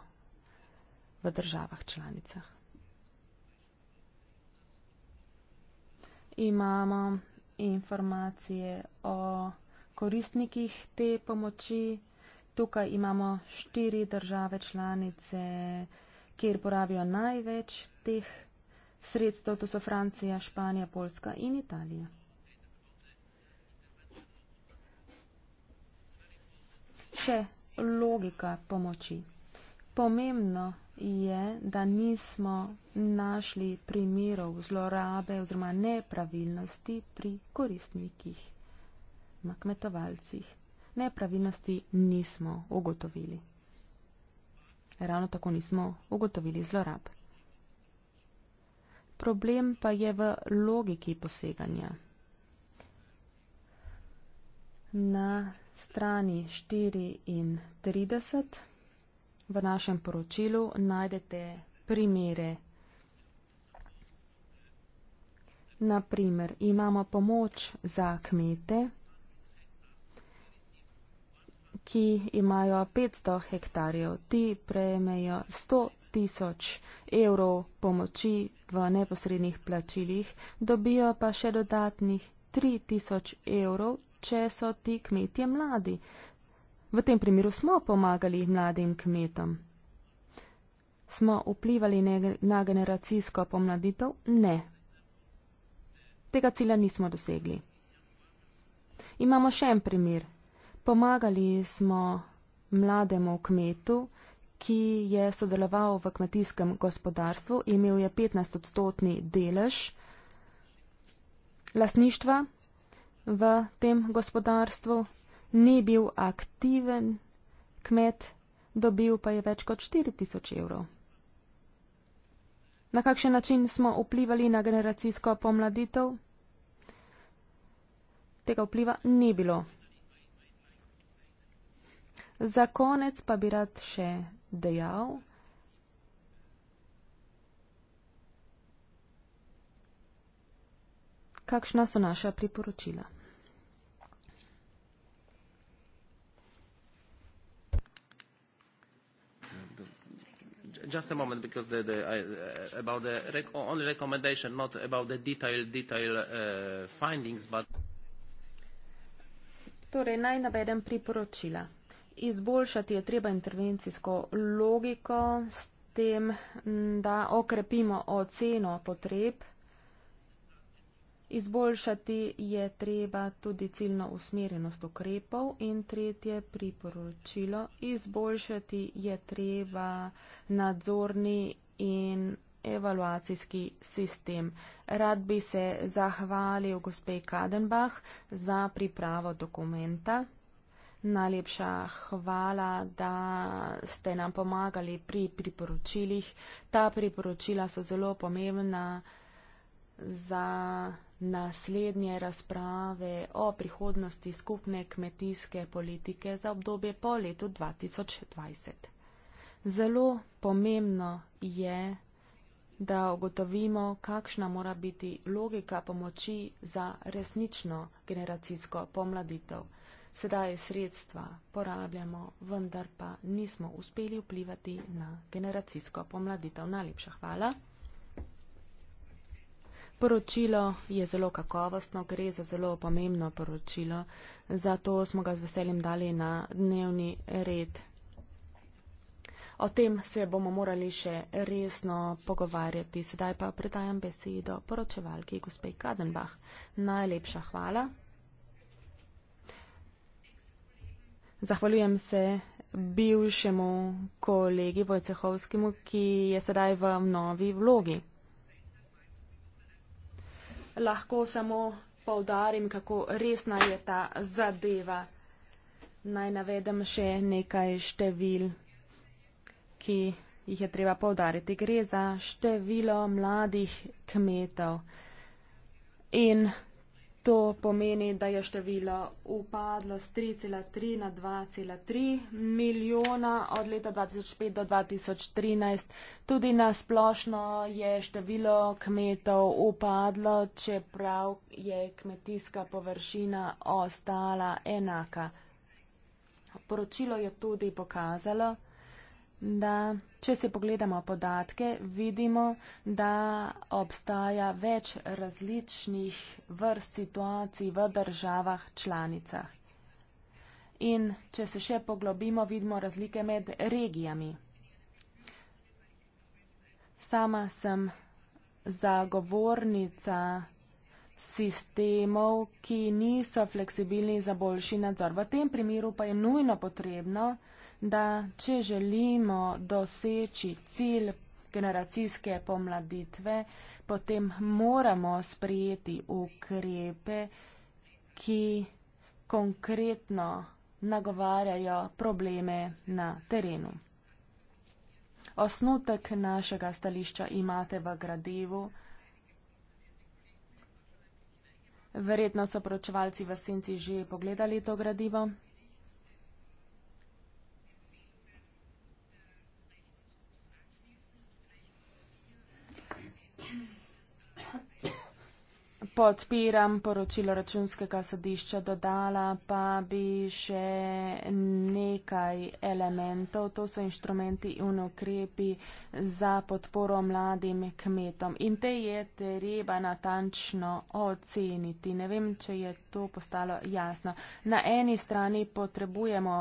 v državah članicah. Imamo informacije o koristnikih te pomoči. Tukaj imamo štiri države članice, kjer porabijo največ teh sredstev. To so Francija, Španija, Poljska in Italija. Še logika pomoči. Pomembno je, da nismo našli primerov zlorabe oziroma nepravilnosti pri koristnikih, na kmetovalcih. Nepravilnosti nismo ugotovili. Ravno tako nismo ugotovili zlorab. Problem pa je v logiki poseganja. Na strani 34 v našem poročilu najdete primere. Naprimer, imamo pomoč za kmete, ki imajo 500 hektarjev. Ti prejmejo 100 tisoč evrov pomoči v neposrednih plačilih, dobijo pa še dodatnih 3 tisoč evrov, če so ti kmetje mladi. V tem primeru smo pomagali mladim kmetom. Smo vplivali na generacijsko pomladitev? Ne. Tega cilja nismo dosegli. Imamo še en primer. Pomagali smo mlademu kmetu, ki je sodeloval v kmetijskem gospodarstvu, imel je 15 odstotni delež lasništva v tem gospodarstvu ni bil aktiven kmet, dobil pa je več kot 4000 evrov. Na kakšen način smo vplivali na generacijsko pomladitev? Tega vpliva ni bilo. Za konec pa bi rad še dejal, kakšna so naša priporočila. just a moment because the, the, uh, about the rec only recommendation, not about the detailed detail, uh, findings, but. Torej, naj navedem priporočila. Izboljšati je treba intervencijsko logiko s tem, da okrepimo oceno potreb Izboljšati je treba tudi ciljno usmerjenost ukrepov in tretje priporočilo. Izboljšati je treba nadzorni in evaluacijski sistem. Rad bi se zahvalil gospe Kadenbach za pripravo dokumenta. Najlepša hvala, da ste nam pomagali pri priporočilih. Ta priporočila so zelo pomembna za naslednje razprave o prihodnosti skupne kmetijske politike za obdobje po letu 2020. Zelo pomembno je, da ugotovimo, kakšna mora biti logika pomoči za resnično generacijsko pomladitev. Sedaj sredstva porabljamo, vendar pa nismo uspeli vplivati na generacijsko pomladitev. Najlepša hvala. Poročilo je zelo kakovostno, gre za zelo pomembno poročilo, zato smo ga z veseljem dali na dnevni red. O tem se bomo morali še resno pogovarjati. Sedaj pa predajam besedo poročevalki gospe Kadenbach. Najlepša hvala. Zahvaljujem se bivšemu kolegi Vojcehovskemu, ki je sedaj v novi vlogi lahko samo povdarim, kako resna je ta zadeva. Naj navedem še nekaj števil, ki jih je treba povdariti. Gre za število mladih kmetov. In To pomeni, da je število upadlo z 3,3 na 2,3 milijona od leta 2005 do 2013. Tudi na splošno je število kmetov upadlo, čeprav je kmetijska površina ostala enaka. Poročilo je tudi pokazalo, da če se pogledamo podatke, vidimo, da obstaja več različnih vrst situacij v državah članicah. In če se še poglobimo, vidimo razlike med regijami. Sama sem zagovornica sistemov, ki niso fleksibilni za boljši nadzor. V tem primeru pa je nujno potrebno, da če želimo doseči cilj generacijske pomladitve, potem moramo sprijeti ukrepe, ki konkretno nagovarjajo probleme na terenu. Osnutek našega stališča imate v gradivu. Verjetno so pročevalci v senci že pogledali to gradivo. Podpiram poročilo računskega sodišča, dodala pa bi še nekaj elementov. To so inštrumenti in ukrepi za podporo mladim kmetom. In te je treba natančno oceniti. Ne vem, če je to postalo jasno. Na eni strani potrebujemo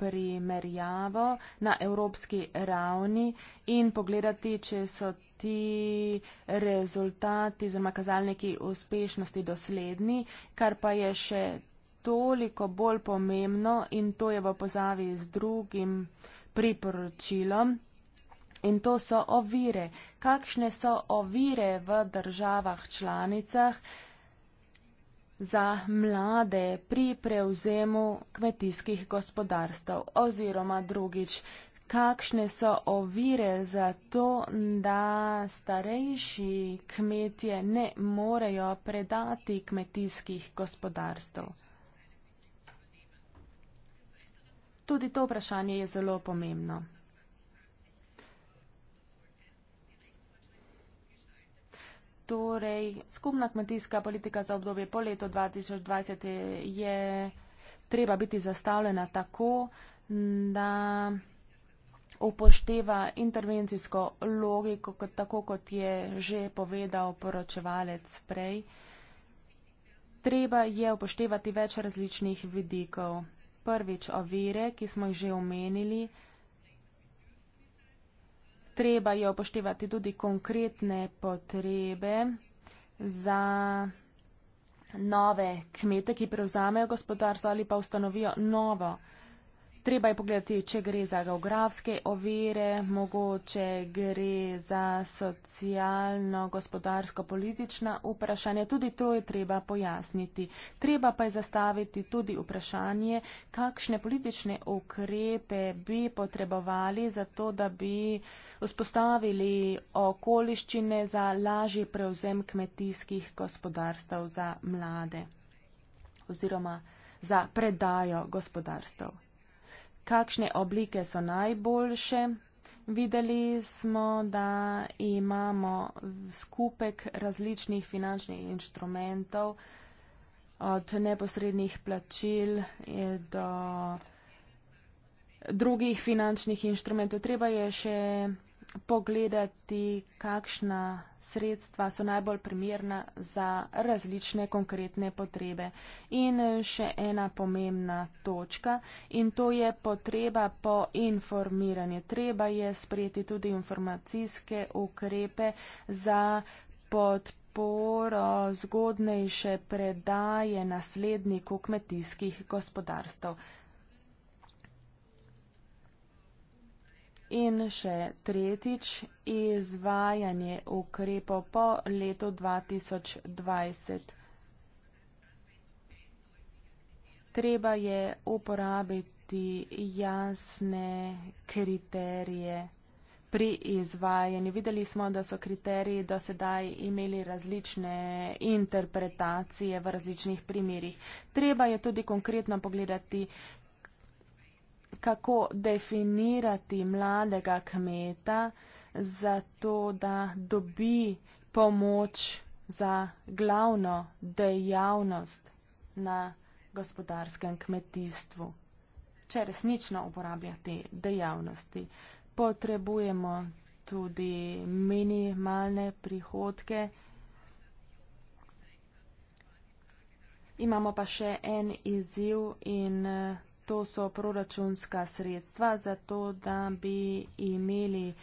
primerjavo na evropski ravni in pogledati, če so biti rezultati oziroma kazalniki uspešnosti dosledni, kar pa je še toliko bolj pomembno in to je v pozavi z drugim priporočilom. In to so ovire. Kakšne so ovire v državah članicah za mlade pri prevzemu kmetijskih gospodarstv? Oziroma drugič, kakšne so ovire za to, da starejši kmetje ne morejo predati kmetijskih gospodarstv. Tudi to vprašanje je zelo pomembno. Torej, skupna kmetijska politika za obdobje po letu 2020 je treba biti zastavljena tako, da upošteva intervencijsko logiko, kot, tako kot je že povedal poročevalec prej. Treba je upoštevati več različnih vidikov. Prvič ovire, ki smo jih že omenili. Treba je upoštevati tudi konkretne potrebe za nove kmete, ki prevzamejo gospodarstvo ali pa ustanovijo novo treba je pogledati, če gre za geografske ovire, mogoče gre za socialno, gospodarsko, politična vprašanja. Tudi to je treba pojasniti. Treba pa je zastaviti tudi vprašanje, kakšne politične ukrepe bi potrebovali za to, da bi vzpostavili okoliščine za lažji prevzem kmetijskih gospodarstv za mlade oziroma za predajo gospodarstv kakšne oblike so najboljše. Videli smo, da imamo skupek različnih finančnih inštrumentov, od neposrednih plačil do drugih finančnih inštrumentov. Treba je še pogledati, kakšna sredstva so najbolj primerna za različne konkretne potrebe. In še ena pomembna točka in to je potreba po informiranju. Treba je sprejeti tudi informacijske ukrepe za podporo zgodnejše predaje nasledniku kmetijskih gospodarstv. In še tretjič, izvajanje ukrepov po letu 2020. Treba je uporabiti jasne kriterije pri izvajanju. Videli smo, da so kriteriji do sedaj imeli različne interpretacije v različnih primerjih. Treba je tudi konkretno pogledati, kako definirati mladega kmeta, zato da dobi pomoč za glavno dejavnost na gospodarskem kmetijstvu. Če resnično uporabljate dejavnosti, potrebujemo tudi minimalne prihodke. Imamo pa še en izziv in eh, to so proračunska sredstva, zato da bi imeli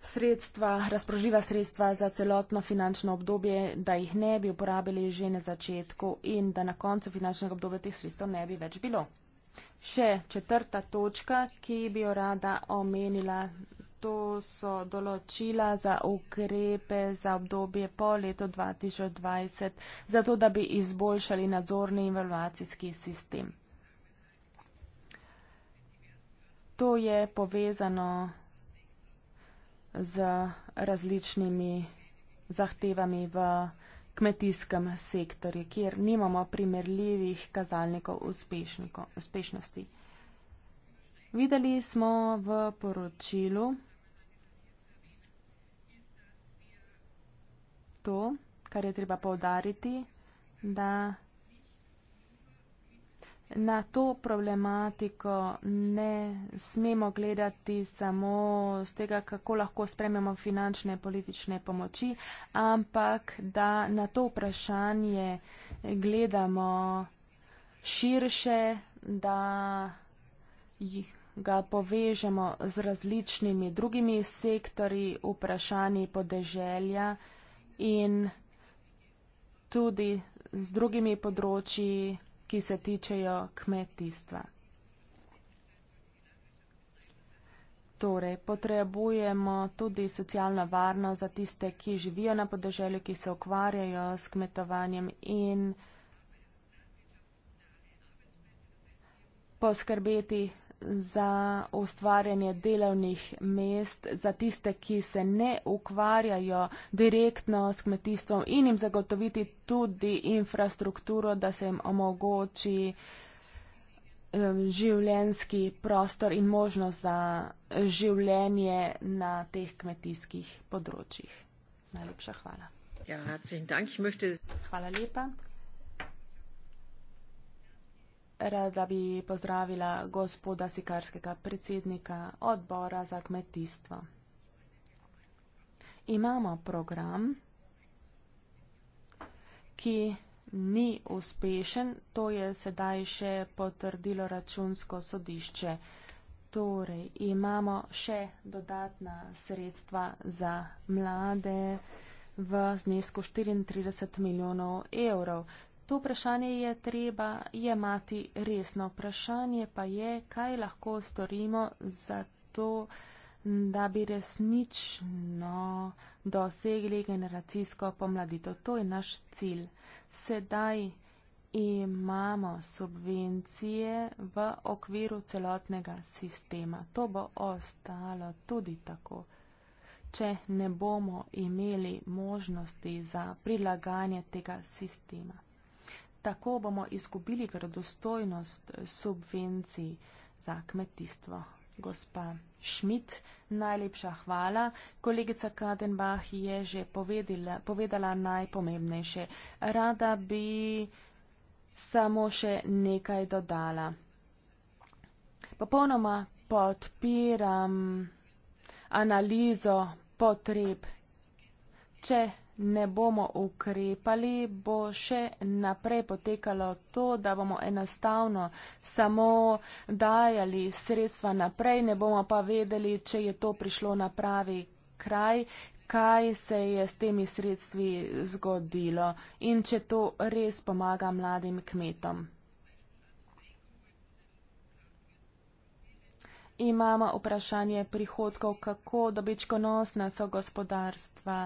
sredstva, razpoživa sredstva za celotno finančno obdobje, da jih ne bi uporabili že na začetku in da na koncu finančnega obdobja teh sredstev ne bi več bilo. Še četrta točka, ki bi jo rada omenila, to so določila za ukrepe za obdobje po letu 2020, zato da bi izboljšali nadzorni evaluacijski sistem. to je povezano z različnimi zahtevami v kmetijskem sektorju, kjer nimamo primerljivih kazalnikov uspešnosti. Videli smo v poročilu to, kar je treba povdariti, da na to problematiko ne smemo gledati samo z tega, kako lahko sprememo finančne in politične pomoči, ampak da na to vprašanje gledamo širše, da ga povežemo z različnimi drugimi sektori, vprašanji podeželja in tudi z drugimi področji ki se tičejo kmetijstva. Torej, potrebujemo tudi socialno varnost za tiste, ki živijo na podeželju, ki se ukvarjajo s kmetovanjem in poskrbeti za ustvarjanje delovnih mest, za tiste, ki se ne ukvarjajo direktno s kmetijstvom in jim zagotoviti tudi infrastrukturo, da se jim omogoči eh, življenski prostor in možnost za življenje na teh kmetijskih področjih. Najlepša hvala. Ja, herzlichen Dank. Ich möchte. Hvala lepa rada bi pozdravila gospoda Sikarskega predsednika odbora za kmetijstvo. Imamo program, ki ni uspešen, to je sedaj še potrdilo računsko sodišče. Torej, imamo še dodatna sredstva za mlade v znesku 34 milijonov evrov. To vprašanje je treba jemati resno. Vprašanje pa je, kaj lahko storimo za to, da bi resnično dosegli generacijsko pomladitev. To je naš cilj. Sedaj imamo subvencije v okviru celotnega sistema. To bo ostalo tudi tako. Če ne bomo imeli možnosti za prilagajanje tega sistema tako bomo izgubili verodostojnost subvencij za kmetijstvo. Gospa Šmit, najlepša hvala. Kolegica Kadenbach je že povedila, povedala najpomembnejše. Rada bi samo še nekaj dodala. Popolnoma podpiram analizo potreb. Če ne bomo ukrepali, bo še naprej potekalo to, da bomo enostavno samo dajali sredstva naprej, ne bomo pa vedeli, če je to prišlo na pravi kraj, kaj se je s temi sredstvi zgodilo in če to res pomaga mladim kmetom. Imamo vprašanje prihodkov, kako dobičkonosna so gospodarstva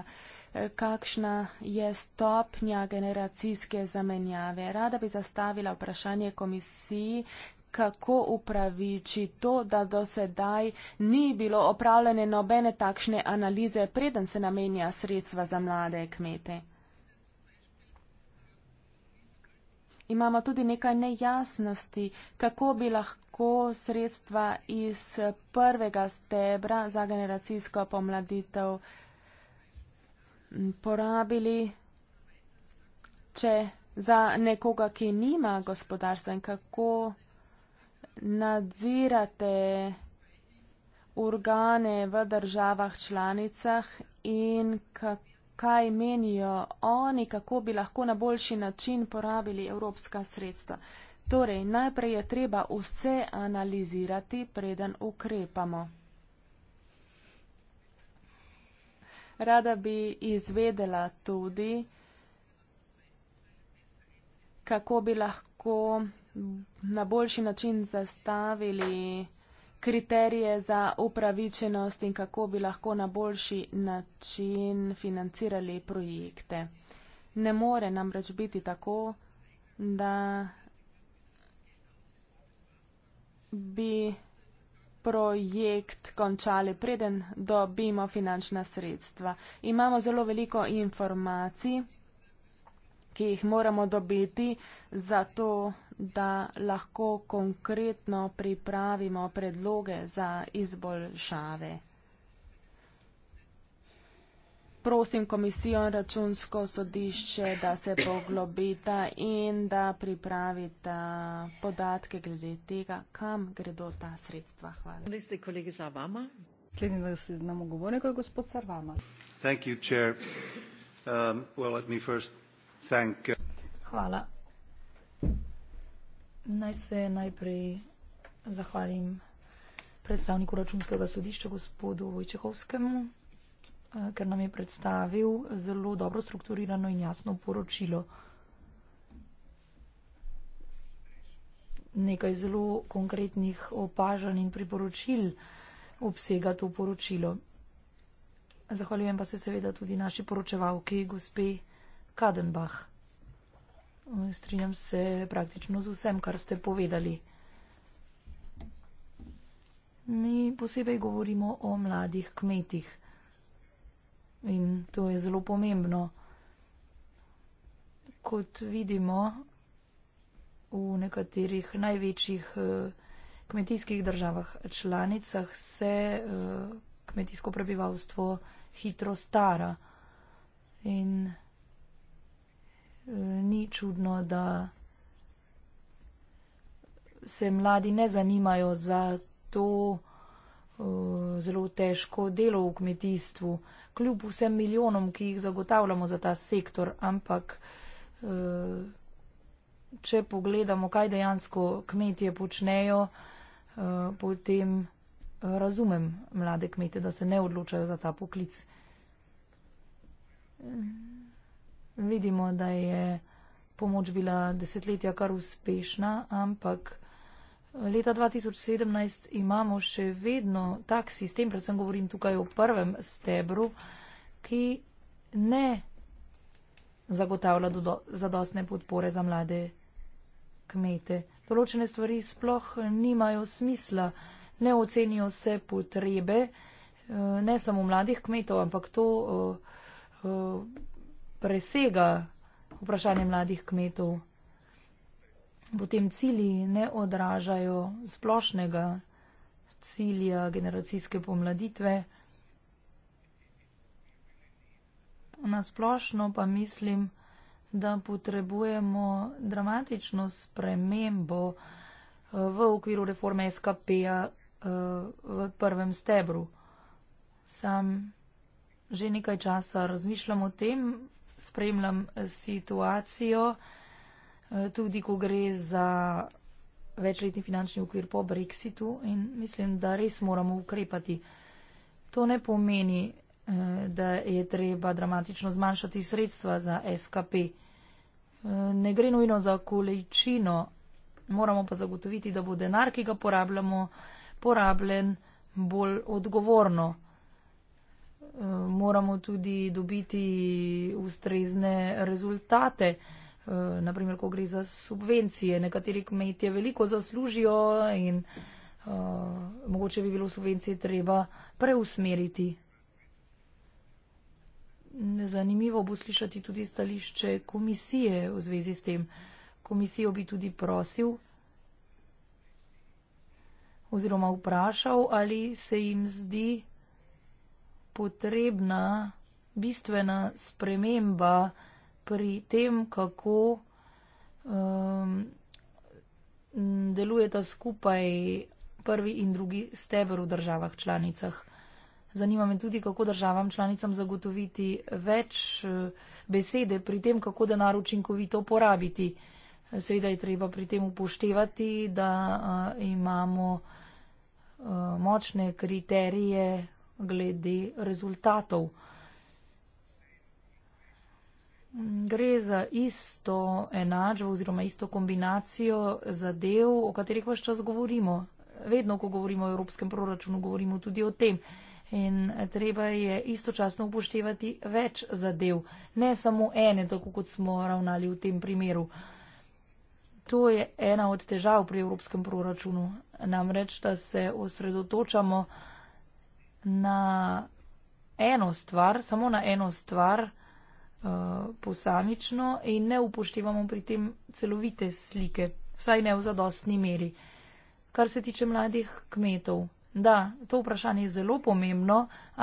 kakšna je stopnja generacijske zamenjave. Rada bi zastavila vprašanje komisiji, kako upraviči to, da do sedaj ni bilo opravljene nobene takšne analize, preden se namenja sredstva za mlade kmete. Imamo tudi nekaj nejasnosti, kako bi lahko sredstva iz prvega stebra za generacijsko pomladitev porabili, če za nekoga, ki nima gospodarstva in kako nadzirate organe v državah članicah in kaj menijo oni, kako bi lahko na boljši način porabili evropska sredstva. Torej, najprej je treba vse analizirati, preden ukrepamo. Rada bi izvedela tudi, kako bi lahko na boljši način zastavili kriterije za upravičenost in kako bi lahko na boljši način financirali projekte. Ne more namreč biti tako, da bi projekt končali, preden dobimo finančna sredstva. Imamo zelo veliko informacij, ki jih moramo dobiti, zato da lahko konkretno pripravimo predloge za izboljšave prosim komisijo in računsko sodišče, da se poglobita in da pripravita podatke glede tega, kam gredo ta sredstva. Hvala. Hvala, kolegi, za vama. Sledi, da se nam govori, kot je gospod Sarvama. Um, uh, Hvala. Naj se najprej zahvalim predstavniku računskega sodišča, gospodu Vojčehovskemu, Eh, ker nam je predstavil zelo dobro strukturirano in jasno poročilo. Nekaj zelo konkretnih opažanj in priporočil obsega to poročilo. Zahvaljujem pa se seveda tudi naši poročevalki, gospe Kadenbach. Eh, strinjam se praktično z vsem, kar ste povedali. Mi posebej govorimo o mladih kmetih. In to je zelo pomembno. Kot vidimo, v nekaterih največjih eh, kmetijskih državah, članicah se eh, kmetijsko prebivalstvo hitro stara. In eh, ni čudno, da se mladi ne zanimajo za to zelo težko delo v kmetijstvu kljub vsem milijonom, ki jih zagotavljamo za ta sektor, ampak eh, če pogledamo, kaj dejansko kmetije počnejo, eh, potem eh, razumem mlade kmete, da se ne odločajo za ta poklic. Vidimo, da je pomoč bila desetletja kar uspešna, ampak Leta 2017 imamo še vedno tak sistem, predvsem govorim tukaj o prvem stebru, ki ne zagotavlja zadostne podpore za mlade kmete. Določene stvari sploh nimajo smisla, ne ocenijo se potrebe, eh, ne samo mladih kmetov, ampak to eh, eh, presega vprašanje mladih kmetov potem cilji ne odražajo splošnega cilja generacijske pomladitve. Na splošno pa mislim, da potrebujemo dramatično spremembo eh, v okviru reforme SKP-ja eh, v prvem stebru. Sam že nekaj časa razmišljam o tem, spremljam situacijo. Eh, tudi ko gre za večletni finančni okvir po Brexitu in mislim, da res moramo ukrepati. To ne pomeni, eh, da je treba dramatično zmanjšati sredstva za SKP. Eh, ne gre nujno za količino, moramo pa zagotoviti, da bo denar, ki ga porabljamo, porabljen bolj odgovorno. Moramo tudi dobiti ustrezne rezultate. Eh, naprimer, ko gre za subvencije. Nekateri kmetje veliko zaslužijo in uh, mogoče bi bilo subvencije treba preusmeriti. Zanimivo bo slišati tudi stališče komisije v zvezi s tem. Komisijo bi tudi prosil oziroma vprašal, ali se jim zdi potrebna bistvena sprememba pri tem, kako um, delujeta skupaj prvi in drugi steber v državah članicah. Zanima me tudi, kako državam članicam zagotoviti več eh, besede pri tem, kako denar učinkovito porabiti. Seveda je treba pri tem upoštevati, da uh, imamo uh, močne kriterije glede rezultatov. Uh, Gre za isto enačbo oziroma isto kombinacijo zadev, o katerih vaš čas govorimo. Vedno, ko govorimo o evropskem proračunu, govorimo tudi o tem. In treba je istočasno upoštevati več zadev, ne samo ene, tako kot smo ravnali v tem primeru. To je ena od težav pri evropskem proračunu. Namreč, da se osredotočamo na eno stvar, samo na eno stvar, Eh, posamično in ne upoštevamo pri tem celovite slike, vsaj ne v zadostni meri. Kar se tiče mladih kmetov, da, to vprašanje je zelo pomembno,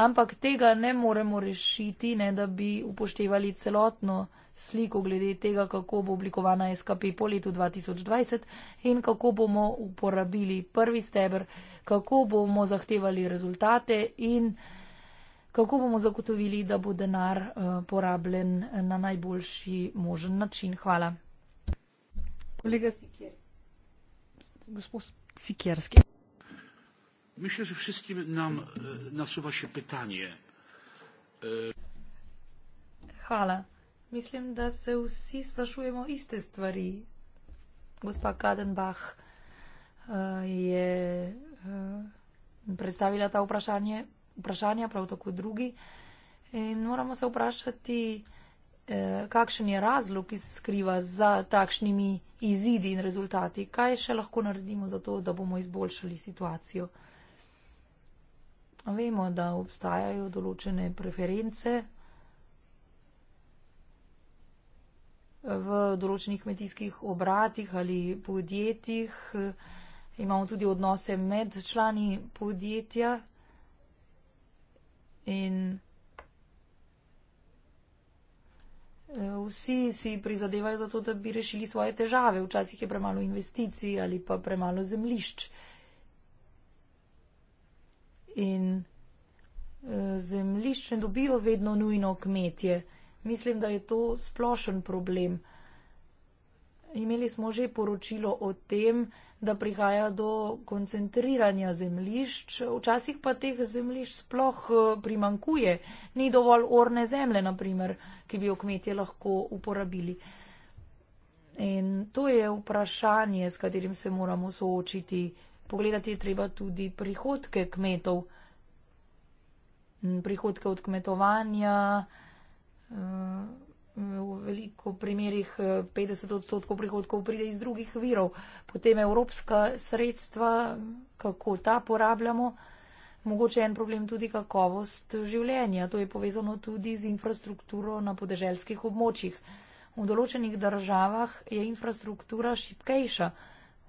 ampak tega ne moremo rešiti, ne da bi upoštevali celotno sliko glede tega, kako bo oblikovana SKP po letu 2020 in kako bomo uporabili prvi stebr, kako bomo zahtevali rezultate in kako bomo zagotovili, da bo denar eh, porabljen eh, na najboljši možen način. Hvala. Kolega Sikir. Gospod Sikirski. Mislim, da vsem nam e, nasuva še pitanje. E, Hvala. Mislim, da se vsi sprašujemo iste stvari. Gospa Kadenbach e, je predstavila ta vprašanje vprašanja, prav tako drugi. In moramo se vprašati, eh, kakšen je razlog, ki se skriva za takšnimi izidi in rezultati, kaj še lahko naredimo za to, da bomo izboljšali situacijo. Vemo, da obstajajo določene preference v določenih kmetijskih obratih ali podjetjih. Imamo tudi odnose med člani podjetja, In eh, vsi si prizadevajo za to, da bi rešili svoje težave. Včasih je premalo investicij ali pa premalo zemlišč. In eh, zemlišč ne dobijo vedno nujno kmetje. Mislim, da je to splošen problem. Imeli smo že poročilo o tem, da prihaja do koncentriranja zemlišč, včasih pa teh zemlišč sploh eh, primankuje. Ni dovolj orne zemlje, naprimer, ki bi jo kmetje lahko uporabili. In to je vprašanje, s katerim se moramo soočiti. Pogledati je treba tudi prihodke kmetov, mm, prihodke od kmetovanja, eh, v veliko primerjih 50 eh, odstotkov prihodkov pride iz drugih virov. Potem evropska sredstva, kako ta porabljamo. Mogoče je en problem tudi kakovost življenja. To je povezano tudi z infrastrukturo na podeželskih območjih. V določenih državah je infrastruktura šipkejša,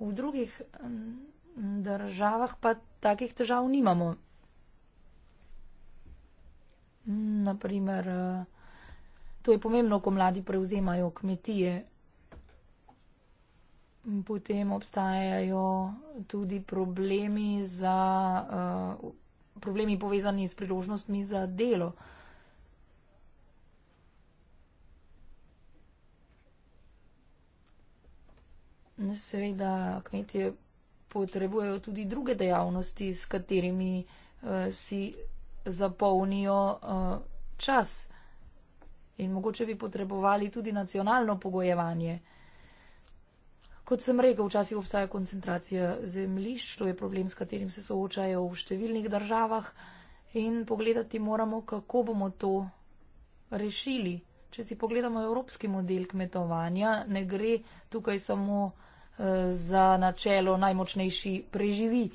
v drugih mm, državah pa takih težav nimamo. Naprimer, eh, To je pomembno, ko mladi prevzemajo kmetije. Potem obstajajo tudi problemi, za, uh, problemi povezani s priložnostmi za delo. Seveda, kmetje potrebujejo tudi druge dejavnosti, s katerimi uh, si zapolnijo uh, čas in mogoče bi potrebovali tudi nacionalno pogojevanje. Kot sem rekel, včasih obstaja koncentracija zemljišč, to je problem, s katerim se soočajo v številnih državah in pogledati moramo, kako bomo to rešili. Če si pogledamo evropski model kmetovanja, ne gre tukaj samo eh, za načelo najmočnejši preživi.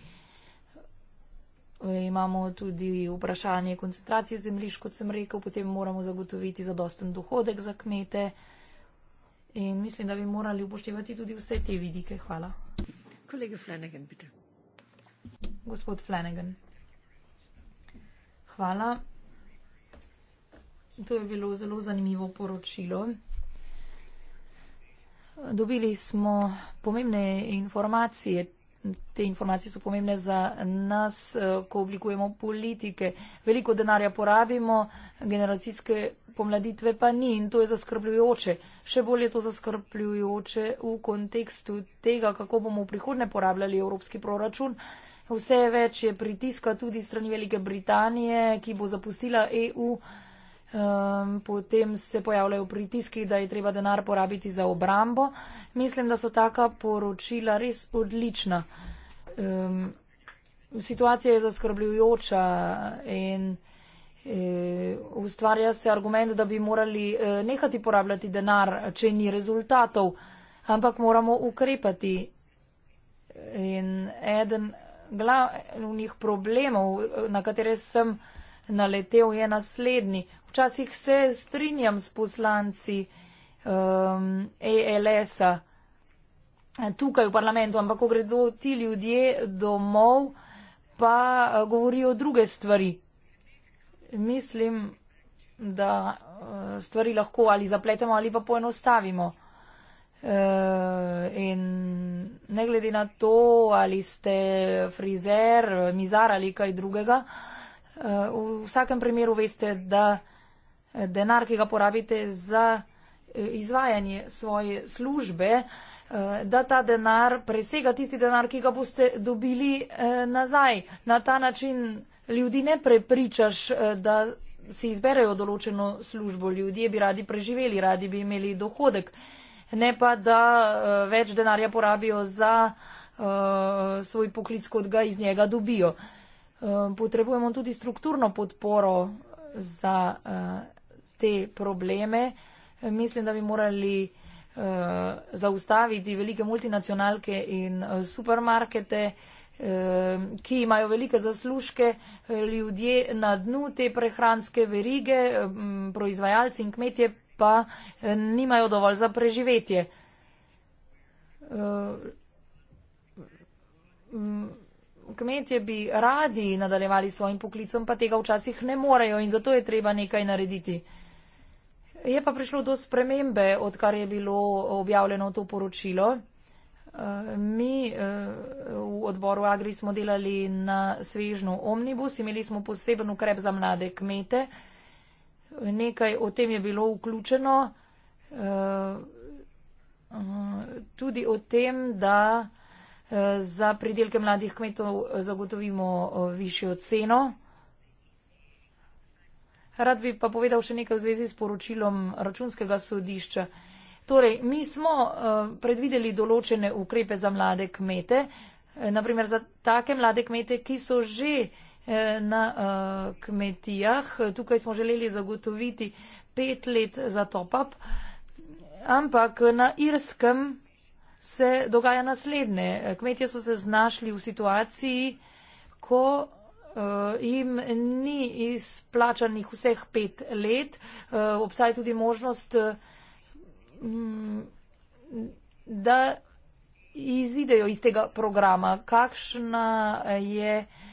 Imamo tudi vprašanje koncentracije zemljišč, kot sem rekel, potem moramo zagotoviti zadosten dohodek za kmete in mislim, da bi morali upoštevati tudi vse te vidike. Hvala. Kolega Flanagan, pite. Gospod Flanagan. Hvala. To je bilo zelo zanimivo poročilo. Dobili smo pomembne informacije Te informacije so pomembne za nas, eh, ko oblikujemo politike. Veliko denarja porabimo, generacijske pomladitve pa ni in to je zaskrbljujoče. Še bolj je to zaskrbljujoče v kontekstu tega, kako bomo v prihodne porabljali evropski proračun. Vse več je pritiska tudi strani Velike Britanije, ki bo zapustila EU. Um, potem se pojavljajo pritiski, da je treba denar porabiti za obrambo. Mislim, da so taka poročila res odlična. Um, situacija je zaskrbljujoča in um, ustvarja se argument, da bi morali um, nehati porabljati denar, če ni rezultatov, ampak moramo ukrepati. In eden glavnih problemov, na katere sem naletel je naslednji. Včasih se strinjam s poslanci um, ELS-a tukaj v parlamentu, ampak ko gredo ti ljudje domov, pa eh, govorijo druge stvari. Mislim, da eh, stvari lahko ali zapletemo ali pa poenostavimo. Eh, in ne glede na to, ali ste frizer, mizar ali kaj drugega, Eh, v vsakem primeru veste, da eh, denar, ki ga porabite za eh, izvajanje svoje službe, da ta denar presega tisti denar, ki ga boste dobili nazaj. Na ta način ljudi ne prepričaš, da si izberejo določeno službo. Ljudje bi radi preživeli, radi bi imeli dohodek, ne pa, da več denarja porabijo za uh, svoj poklic, kot ga iz njega dobijo. Uh, Ehm, potrebujemo tudi strukturno podporo za eh, te probleme. Eh, mislim, da bi morali eh, zaustaviti velike multinacionalke in supermarkete, ehm, ki imajo velike zaslužke ljudje na dnu te prehranske verige, ehm, proizvajalci in kmetje pa nimajo dovolj za preživetje kmetje bi radi nadaljevali svojim poklicom, pa tega včasih ne morejo in zato je treba nekaj narediti. Je pa prišlo do spremembe, odkar je bilo objavljeno to poročilo. Eh, mi eh, v odboru Agri smo delali na svežnu omnibus, imeli smo poseben ukrep za mlade kmete. Nekaj o tem je bilo vključeno. Eh, tudi o tem, da za pridelke mladih kmetov eh, zagotovimo eh, višjo ceno. Rad bi pa povedal še nekaj v zvezi s poročilom računskega sodišča. Torej, mi smo eh, predvideli določene ukrepe za mlade kmete, naprimer za take mlade kmete, ki so že na kmetijah. Tukaj smo želeli zagotoviti pet let za top-up, ampak na Irskem se dogaja naslednje. Kmetje so se znašli v situaciji, ko uh, jim ni izplačanih vseh pet let. Uh, obstaja tudi možnost, uh, da izidejo iz tega programa. Kakšna je uh,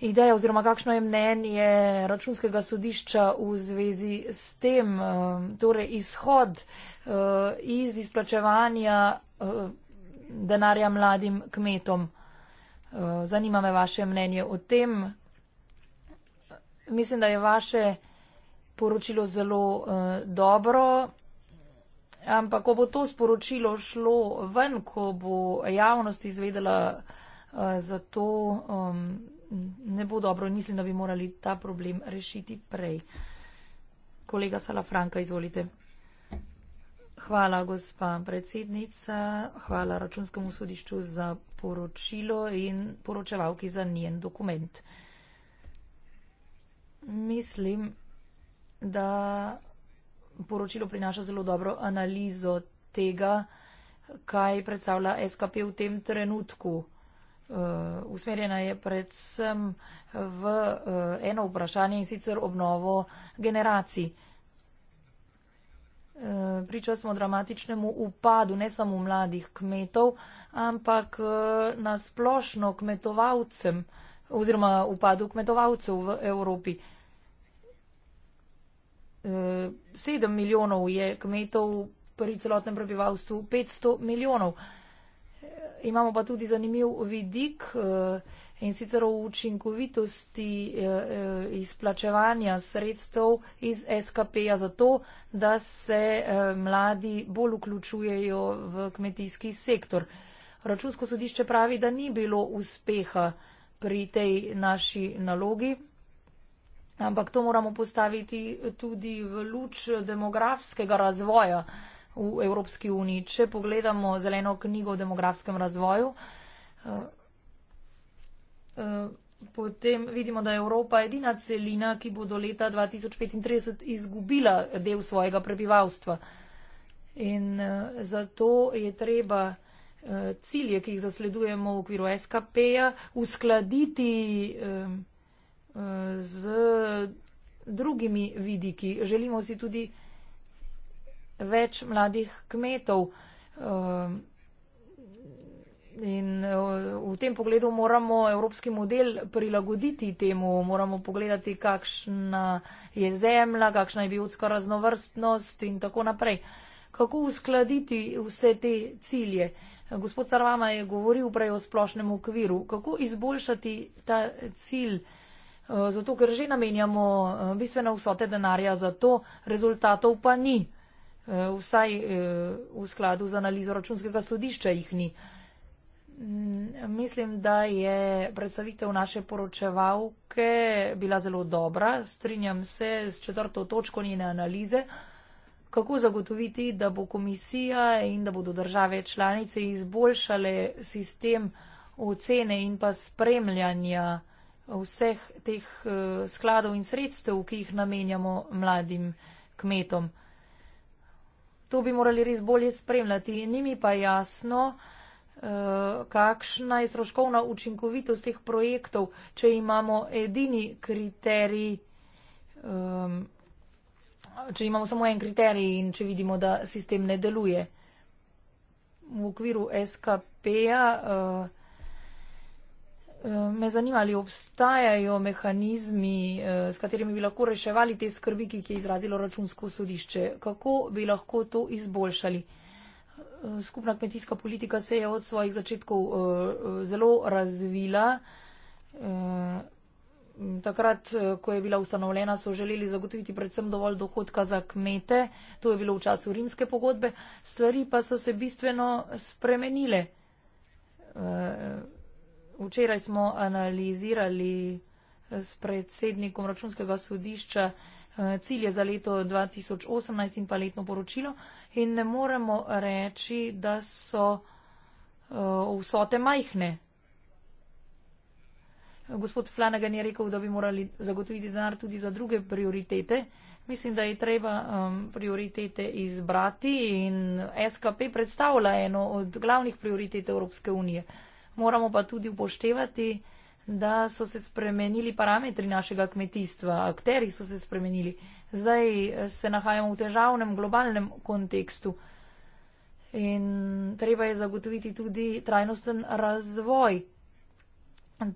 ideja oziroma kakšno je mnenje računskega sodišča v zvezi s tem, eh, torej izhod eh, iz izplačevanja eh, denarja mladim kmetom. Zanima me vaše mnenje o tem. Mislim, da je vaše poročilo zelo dobro. Ampak, ko bo to sporočilo šlo ven, ko bo javnost izvedela uh, za to, um, ne bo dobro in mislim, da bi morali ta problem rešiti prej. Kolega Salafranka, izvolite. Hvala, gospa predsednica. Hvala računskemu sodišču za poročilo in poročevalki za njen dokument. Mislim, da poročilo prinaša zelo dobro analizo tega, kaj predstavlja SKP v tem trenutku. Eh, usmerjena je predvsem v eh, eno vprašanje in sicer obnovo generacij. Eh, priča smo dramatičnemu upadu ne samo mladih kmetov, ampak nasplošno kmetovalcem oziroma upadu kmetovalcev v Evropi. Sedem milijonov je kmetov pri celotnem prebivalstvu, petsto milijonov imamo pa tudi zanimiv vidik eh, in sicer o učinkovitosti eh, eh, izplačevanja sredstev iz SKP-ja za to, da se mladi bolj vključujejo v kmetijski sektor. Računsko sodišče pravi, da ni bilo uspeha pri tej naši nalogi, ampak to moramo postaviti tudi v luč demografskega razvoja v Evropski uniji. Če pogledamo zeleno knjigo o demografskem razvoju, eh, eh, potem vidimo, da je Evropa edina celina, ki bo do leta 2035 izgubila del svojega prebivalstva. In eh, zato je treba cilje, ki jih zasledujemo v okviru SKP-ja, uskladiti z drugimi vidiki. Želimo si tudi več mladih kmetov. Um, in uh, v tem pogledu moramo evropski model prilagoditi temu, moramo pogledati, kakšna je zemlja, kakšna je biotska raznovrstnost in tako naprej. Kako uskladiti vse te cilje? Gospod Sarvama je govoril prej o splošnem okviru. Kako izboljšati ta cilj? Uh, zato, ker že namenjamo uh, bistvene vsote denarja za to, rezultatov pa ni. Eh, vsaj eh, v skladu z analizo računskega sodišča jih ni. Mm, mislim, da je predstavitev naše poročevalke bila zelo dobra. Strinjam se s četrto točko njene analize, kako zagotoviti, da bo komisija in da bodo države članice izboljšale sistem ocene in pa spremljanja vseh teh eh, skladov in sredstev, ki jih namenjamo mladim kmetom to bi morali res bolje spremljati. Ni mi pa jasno, eh, kakšna je stroškovna učinkovitost teh projektov, če imamo edini kriterij, če imamo samo en kriterij in če vidimo, da sistem ne deluje. V okviru SKP-ja. Eh, Eh, me zanima, ali obstajajo mehanizmi, eh, s katerimi bi lahko reševali te skrbi, ki je izrazilo računsko sodišče. Kako bi lahko to izboljšali? Eh, skupna kmetijska politika se je od svojih začetkov zelo razvila. Takrat, ko je bila ustanovljena, so želeli zagotoviti predvsem dovolj dohodka za kmete. To je bilo v času rimske pogodbe. Stvari pa so se bistveno spremenile. Včeraj smo analizirali s predsednikom računskega sodišča eh, cilje za leto 2018 in pa letno poročilo in ne moremo reči, da so eh, vsote majhne. Gospod Flanagan je rekel, da bi morali zagotoviti denar tudi za druge prioritete. Mislim, da je treba um, prioritete izbrati in SKP predstavlja eno od glavnih prioritet Evropske unije. Uh, Moramo pa tudi upoštevati, da so se spremenili parametri našega kmetijstva, akteri so se spremenili. Zdaj se nahajamo v težavnem globalnem kontekstu in treba je zagotoviti tudi trajnosten razvoj.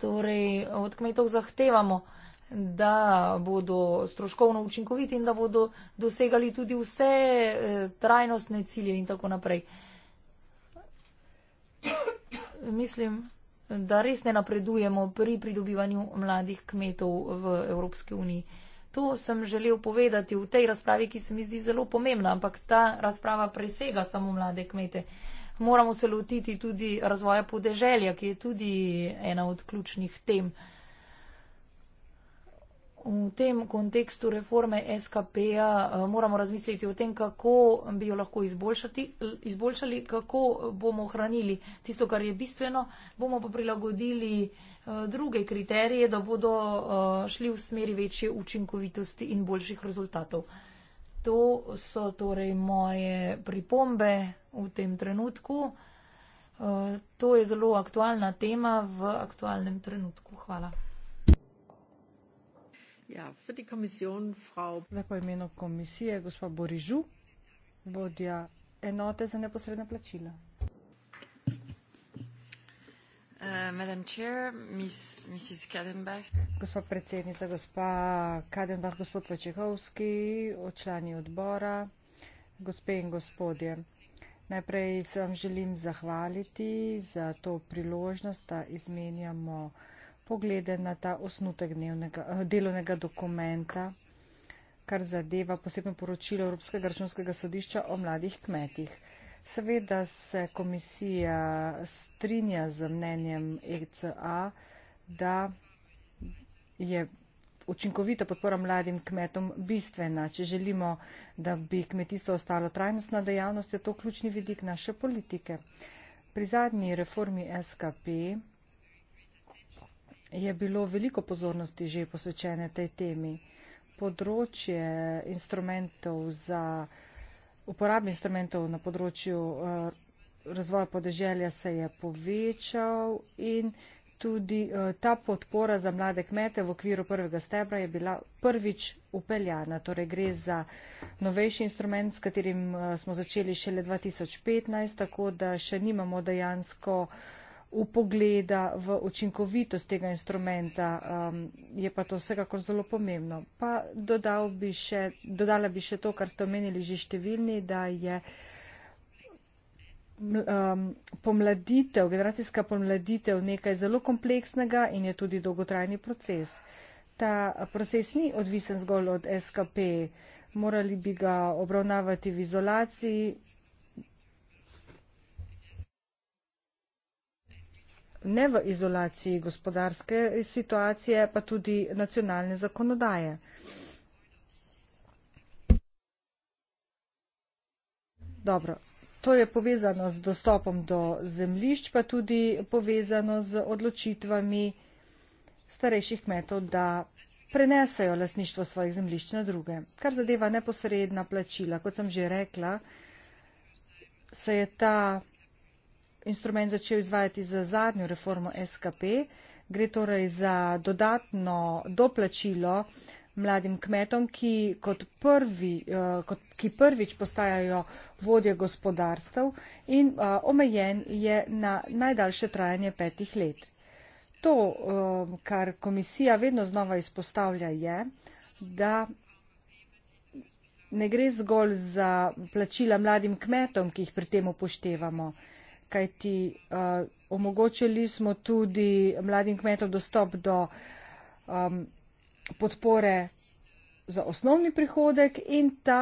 Torej, od kmetov zahtevamo, da bodo stroškovno učinkoviti in da bodo dosegali tudi vse eh, trajnostne cilje in tako naprej mislim, da res ne napredujemo pri pridobivanju mladih kmetov v Evropski uniji. To sem želel povedati v tej razpravi, ki se mi zdi zelo pomembna, ampak ta razprava presega samo mlade kmete. Moramo se lotiti tudi razvoja podeželja, ki je tudi ena od ključnih tem. V tem kontekstu reforme SKP-ja eh, moramo razmisliti o tem, kako bi jo lahko izboljšali, kako bomo ohranili tisto, kar je bistveno, bomo pa prilagodili eh, druge kriterije, da bodo eh, šli v smeri večje učinkovitosti in boljših rezultatov. To so torej moje pripombe v tem trenutku. To je zelo aktualna tema v aktualnem trenutku. Hvala. Ja, für die Kommission Frau. Zdaj po imenu komisije, gospa Borižu, vodja enote za neposredna plačila. Uh, madam Chair, Miss, Mrs. Kadenbach. Gospa predsednica, gospa Kadenbach, gospod Vačehovski, člani odbora, gospe in gospodje. Najprej se vam želim zahvaliti za to priložnost, da izmenjamo uh, poglede na ta osnutek eh, delovnega dokumenta, kar zadeva posebno poročilo Evropskega računskega sodišča o mladih kmetih. Seveda se komisija strinja z mnenjem ECA, da je učinkovita podpora mladim kmetom bistvena. Če želimo, da bi kmetijstvo ostalo trajnostna dejavnost, je to ključni vidik naše politike. Pri zadnji reformi SKP je bilo veliko pozornosti že posvečene tej temi. Področje instrumentov za uporabo instrumentov na področju eh, razvoja podeželja se je povečal in tudi eh, ta podpora za mlade kmete v okviru prvega stebra je bila prvič upeljana. Torej gre za novejši instrument, s katerim eh, smo začeli šele 2015, tako da še nimamo dejansko upogleda v učinkovitost tega instrumenta, um, je pa to vsekakor zelo pomembno. Pa dodal bi še, dodala bi še to, kar ste omenili že številni, da je um, pomladitev, generacijska pomladitev nekaj zelo kompleksnega in je tudi dolgotrajni proces. Ta proces ni odvisen zgolj od SKP, morali bi ga obravnavati v izolaciji, ne v izolaciji gospodarske situacije, pa tudi nacionalne zakonodaje. Dobro, to je povezano z dostopom do zemlišč, pa tudi povezano z odločitvami starejših kmetov, da prenesejo lasništvo svojih zemlišč na druge. Kar zadeva neposredna plačila, kot sem že rekla, se je ta instrument začel izvajati za zadnjo reformo SKP. Gre torej za dodatno doplačilo mladim kmetom, ki, kot prvi, eh, kot, ki prvič postajajo vodje gospodarstv in eh, omejen je na najdaljše trajanje petih let. To, eh, kar komisija vedno znova izpostavlja, je, da ne gre zgolj za plačila mladim kmetom, ki jih pri tem upoštevamo kajti uh, omogočili smo tudi mladim kmetom dostop do um, podpore za osnovni prihodek in ta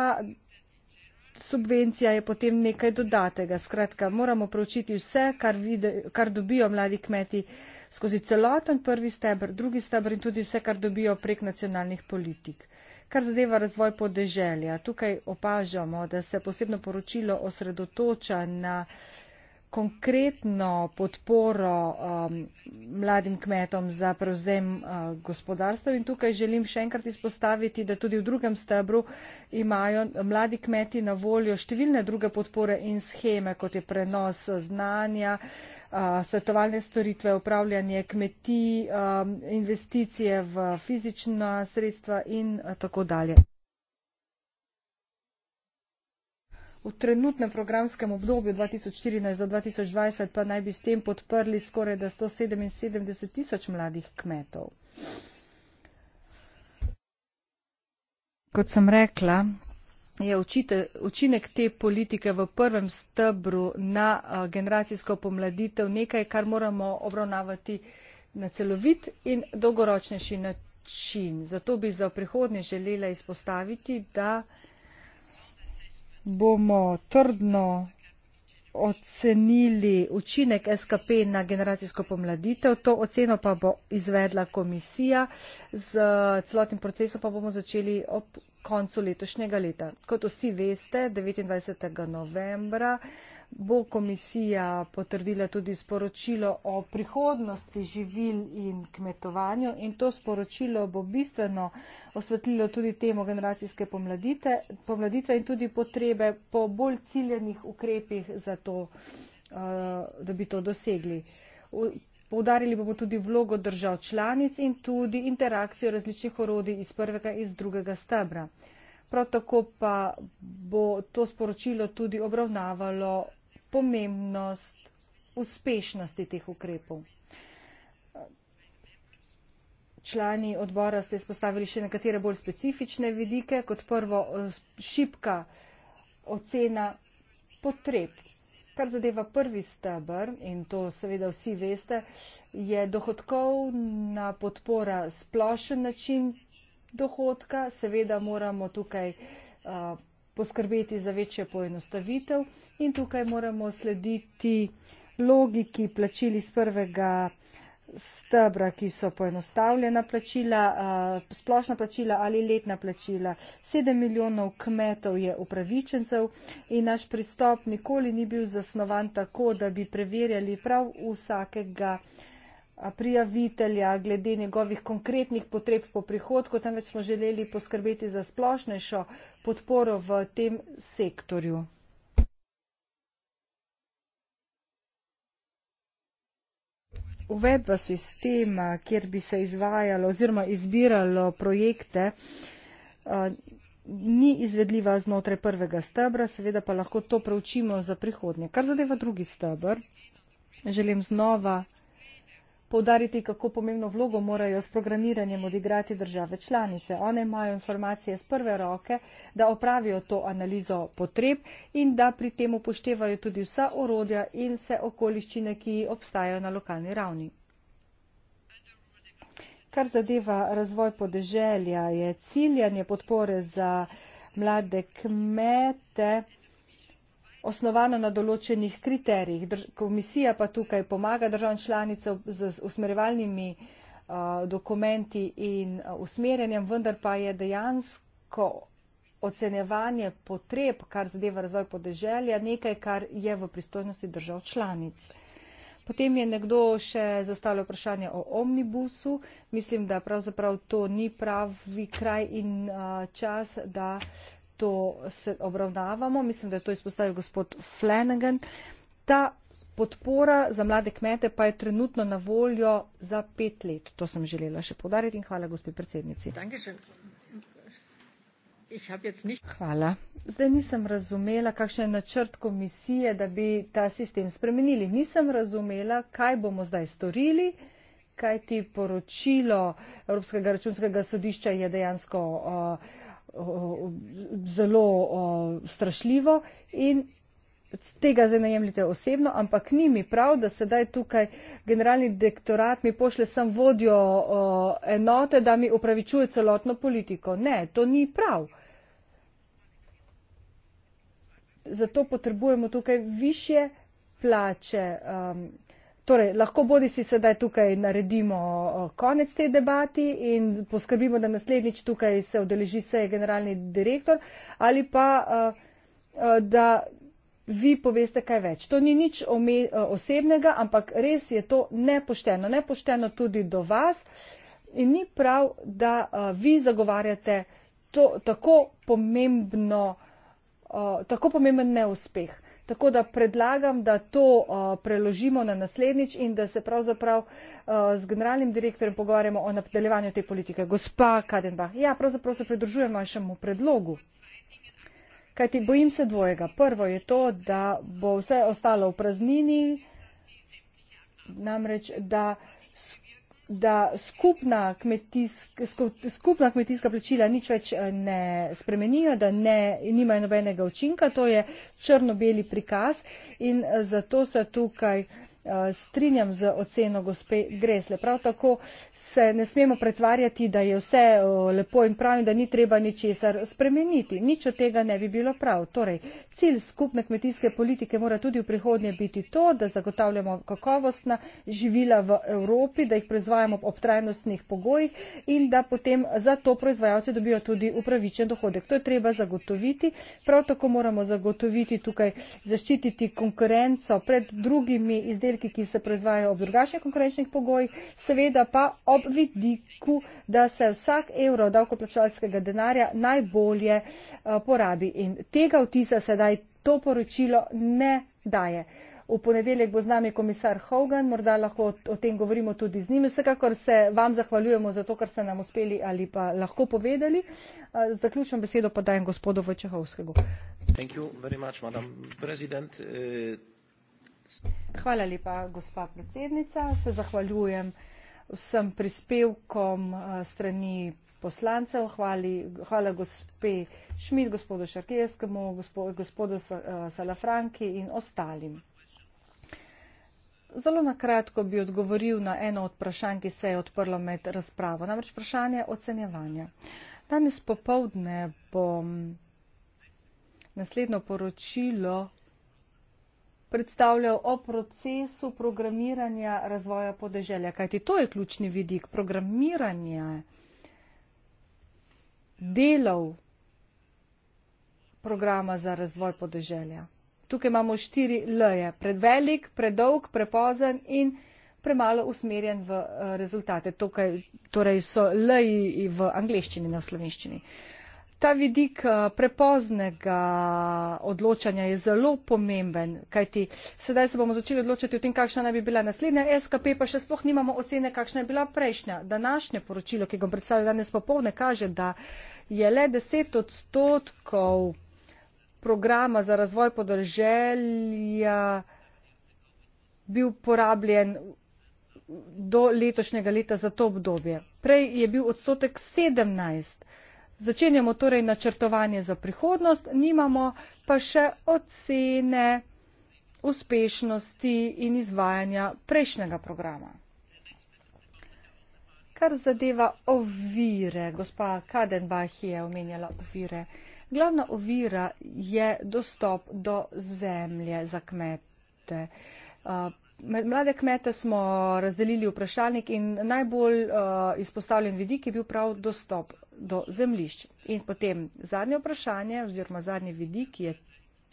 subvencija je potem nekaj dodatega. Skratka, moramo preučiti vse, kar, vide, kar dobijo mladi kmeti skozi celoten prvi stebr, drugi stebr in tudi vse, kar dobijo prek nacionalnih politik. Kar zadeva razvoj podeželja, tukaj opažamo, da se posebno poročilo osredotoča na. Uh, konkretno podporo um, mladim kmetom za prevzem uh, gospodarstva. In tukaj želim še enkrat izpostaviti, da tudi v drugem stebru imajo mladi kmeti na voljo številne druge podpore in scheme, kot je prenos znanja, uh, svetovalne storitve, upravljanje kmetij, um, investicije v fizična sredstva in uh, tako dalje. V trenutnem programskem obdobju 2014 do 2020 pa naj bi s tem podprli skoraj 177 tisoč mladih kmetov. Kot sem rekla, je učite, učinek te politike v prvem stebru na generacijsko pomladitev nekaj, kar moramo obravnavati na celovit in dolgoročnejši način. Zato bi za prihodnje želela izpostaviti, da bomo trdno ocenili učinek SKP na generacijsko pomladitev. To oceno pa bo izvedla komisija. Z celotnim procesom pa bomo začeli ob koncu letošnjega leta. Kot vsi veste, 29. novembra bo komisija potrdila tudi sporočilo o prihodnosti živil in kmetovanju in to sporočilo bo bistveno osvetlilo tudi temo generacijske pomladite, pomladitve in tudi potrebe po bolj ciljenih ukrepih za to, eh, da bi to dosegli. Poudarili bomo tudi vlogo držav članic in tudi interakcijo različnih orodij iz prvega in iz drugega stebra. Prav tako pa bo to sporočilo tudi obravnavalo pomembnost uspešnosti teh ukrepov. Člani odbora ste izpostavili še nekatere bolj specifične vidike. Kot prvo, šipka ocena potreb. Kar zadeva prvi stebr, in to seveda vsi veste, je dohodkovna podpora splošen način dohodka. Seveda moramo tukaj uh, poskrbeti za večjo poenostavitev in tukaj moramo slediti logiki plačil iz prvega stebra, ki so poenostavljena plačila, splošna plačila ali letna plačila. 7 milijonov kmetov je upravičencev in naš pristop nikoli ni bil zasnovan tako, da bi preverjali prav vsakega prijavitelja glede njegovih konkretnih potreb po prihodku, temveč smo želeli poskrbeti za splošnejšo podporo v tem sektorju. Uvedba sistema, kjer bi se izvajalo oziroma izbiralo projekte, eh, ni izvedljiva znotraj prvega stebra, seveda pa lahko to preučimo za prihodnje. Kar zadeva drugi stebr, želim znova izvedljati poudariti, kako pomembno vlogo morajo s programiranjem odigrati države članice. One imajo informacije z prve roke, da opravijo to analizo potreb in da pri tem upoštevajo tudi vsa orodja in vse okoliščine, ki obstajajo na lokalni ravni. Kar zadeva razvoj podeželja, je ciljanje podpore za mlade kmete osnovano na določenih kriterijih. Komisija pa tukaj pomaga državam članicam z usmerjevalnimi uh, dokumenti in uh, usmerjanjem, vendar pa je dejansko ocenjevanje potreb, kar zadeva razvoj podeželja, nekaj, kar je v pristojnosti držav članic. Potem je nekdo še zastavljal vprašanje o omnibusu. Mislim, da pravzaprav to ni pravi kraj in uh, čas, da to se obravnavamo. Mislim, da je to izpostavil gospod Flanagan. Ta podpora za mlade kmete pa je trenutno na voljo za pet let. To sem želela še podariti in hvala, gospod predsednici. Hvala. Zdaj nisem razumela, kakšen je načrt komisije, da bi ta sistem spremenili. Nisem razumela, kaj bomo zdaj storili, kaj ti poročilo Evropskega računskega sodišča je dejansko uh, zelo o, strašljivo in tega zdaj najemljite osebno, ampak ni mi prav, da sedaj tukaj generalni dektorat mi pošle sem vodjo o, enote, da mi upravičuje celotno politiko. Ne, to ni prav. Zato potrebujemo tukaj više plače. Um, Torej, lahko bodi si sedaj tukaj naredimo eh, konec te debati in poskrbimo, da naslednjič tukaj se odeleži se generalni direktor ali pa, eh, eh, da vi poveste kaj več. To ni nič osebnega, ampak res je to nepošteno. Nepošteno tudi do vas in ni prav, da vi zagovarjate to, tako, pomembno, tako pomemben neuspeh. Tako da predlagam, da to uh, preložimo na naslednjič in da se pravzaprav uh, z generalnim direktorjem pogovarjamo o nadaljevanju te politike. Gospa Kadenbach, ja, pravzaprav se pridružujem vašemu predlogu. Kajti bojim se dvojega. Prvo je to, da bo vse ostalo v praznini, namreč da da skupna kmetijska, skupna kmetijska plačila nič več eh, ne spremenijo, da ne, nimajo nobenega učinka. To je črno-beli prikaz in eh, zato se tukaj Eh, strinjam z oceno gospe Gresle. Prav tako se ne smemo pretvarjati, da je vse eh, lepo in prav in da ni treba ničesar spremeniti. Nič od tega ne bi bilo prav. Torej, cilj skupne kmetijske politike mora tudi v prihodnje biti to, da zagotavljamo kakovostna živila v Evropi, da jih proizvajamo ob trajnostnih pogojih in da potem za to proizvajalce dobijo tudi upravičen dohodek. To je treba zagotoviti. Prav tako moramo zagotoviti tukaj zaščititi konkurenco pred drugimi izdelki, izdelki, ki se proizvajajo ob drugačnih konkurenčnih pogojih, seveda pa ob vidiku, da se vsak evro davkoplačevalskega denarja najbolje eh, porabi. In tega vtisa sedaj to poročilo ne daje. V ponedeljek bo z nami komisar Hogan, morda lahko o tem govorimo tudi z njim. Vsekakor se vam zahvaljujemo za to, kar ste nam uspeli ali pa lahko povedali. Eh, zaključno besedo pa dajem gospodu Vojčehovskemu. Hvala lepa, gospa predsednica. Se zahvaljujem vsem prispevkom eh, strani poslancev. Hvali, hvala gospe Šmit, gospodu Šarkijevskemu, gospodu eh, Salafranki in ostalim. Zelo na kratko bi odgovoril na eno od vprašanj, ki se je odprlo med razpravo, namreč vprašanje ocenjevanja. Danes popovdne bom naslednjo poročilo predstavljal o procesu programiranja razvoja podeželja, kajti to je ključni vidik programiranja delov programa za razvoj podeželja. Tukaj imamo štiri L-je. Predvelik, predolg, prepozen in premalo usmerjen v eh, rezultate. Tukaj torej so L-ji v angleščini, ne v slovenščini. Uh, Ta vidik eh, prepoznega odločanja je zelo pomemben, kajti sedaj se bomo začeli odločati o tem, kakšna naj bi bila naslednja SKP, pa še sploh nimamo ocene, kakšna je bila prejšnja. Današnje poročilo, ki ga bom predstavljal danes popovne, kaže, da je le 10 odstotkov programa za razvoj podrželja bil porabljen do letošnjega leta za to obdobje. Prej je bil odstotek 17 odstotkov Začenjamo torej načrtovanje za prihodnost, nimamo pa še ocene uspešnosti in izvajanja prejšnjega programa. Kar zadeva ovire, gospa Kadenbach je omenjala ovire. Glavna ovira je dostop do zemlje za kmete med mlade kmete smo razdelili vprašalnik in najbolj uh, izpostavljen vidik je bil prav dostop do zemljišč. In potem zadnje vprašanje oziroma zadnji vidik je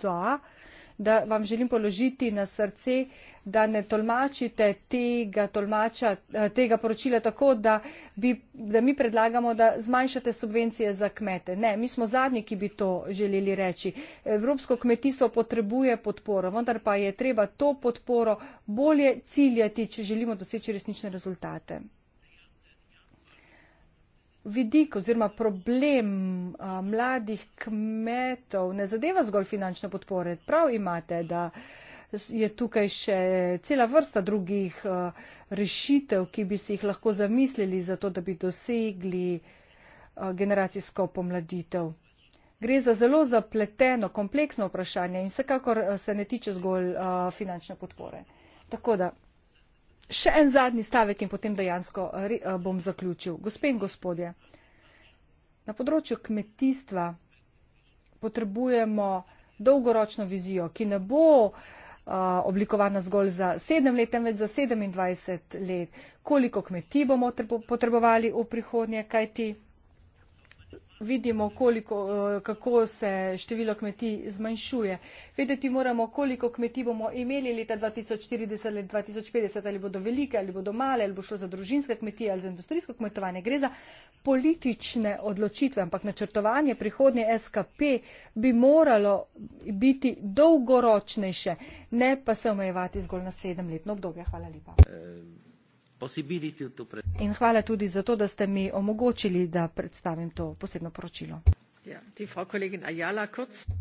ta, uh, da vam želim položiti na srce, da ne tolmačite tega, tolmača, eh, tega poročila tako, da, bi, da mi predlagamo, da zmanjšate subvencije za kmete. Ne, mi smo zadnji, ki bi to želeli reči. Evropsko kmetijstvo potrebuje podporo, vendar pa je treba to podporo bolje ciljati, če želimo doseči resnične rezultate vidik oziroma problem a, mladih kmetov ne zadeva zgolj finančne podpore. Prav imate, da je tukaj še cela vrsta drugih a, rešitev, ki bi si jih lahko zamislili za to, da bi dosegli a, generacijsko pomladitev. Gre za zelo zapleteno, kompleksno vprašanje in vsekakor se ne tiče zgolj a, finančne podpore. Tako da. Še en zadnji stavek in potem dejansko eh, eh, bom zaključil. Gospe in gospodje, na področju kmetijstva potrebujemo dolgoročno vizijo, ki ne bo eh, oblikovana zgolj za 7 let, temveč za 27 let, koliko kmetij bomo potrebovali v prihodnje, kajti vidimo, koliko, eh, kako se število kmetij zmanjšuje. Vedeti moramo, koliko kmetij bomo imeli leta 2040 ali 2050, ali bodo velike, ali bodo male, ali bo šlo za družinske kmetije ali za industrijsko kmetovanje. Gre za politične odločitve, ampak načrtovanje prihodnje SKP bi moralo biti dolgoročnejše, ne pa se omejevati zgolj na sedemletno obdobje. Hvala lepa. E In hvala tudi za to, da ste mi omogočili, da predstavim to posebno poročilo. Ja,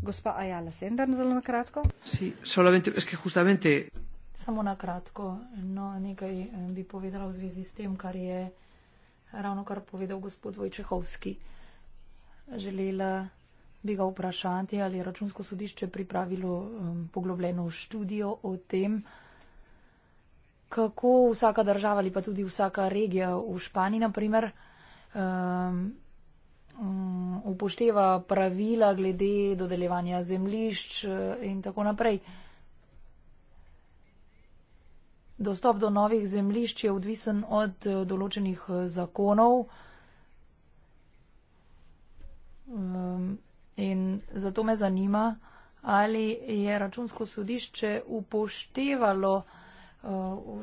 Gospa Ajala Sendar, zelo na kratko. Si, solamente, es que justamente... Samo na kratko. No, nekaj eh, bi povedala v zvezi s tem, kar je ravno kar povedal gospod Vojčehovski. Želela bi ga vprašati, ali je računsko sodišče pripravilo um, poglobljeno študijo o tem, kako vsaka država ali pa tudi vsaka regija v Španiji, naprimer, um, mm, upošteva pravila glede dodeljevanja zemlišč eh, in tako naprej. Dostop do novih zemlišč je odvisen od eh, določenih eh, zakonov. Um, in zato me zanima, ali je računsko sodišče upoštevalo Eh,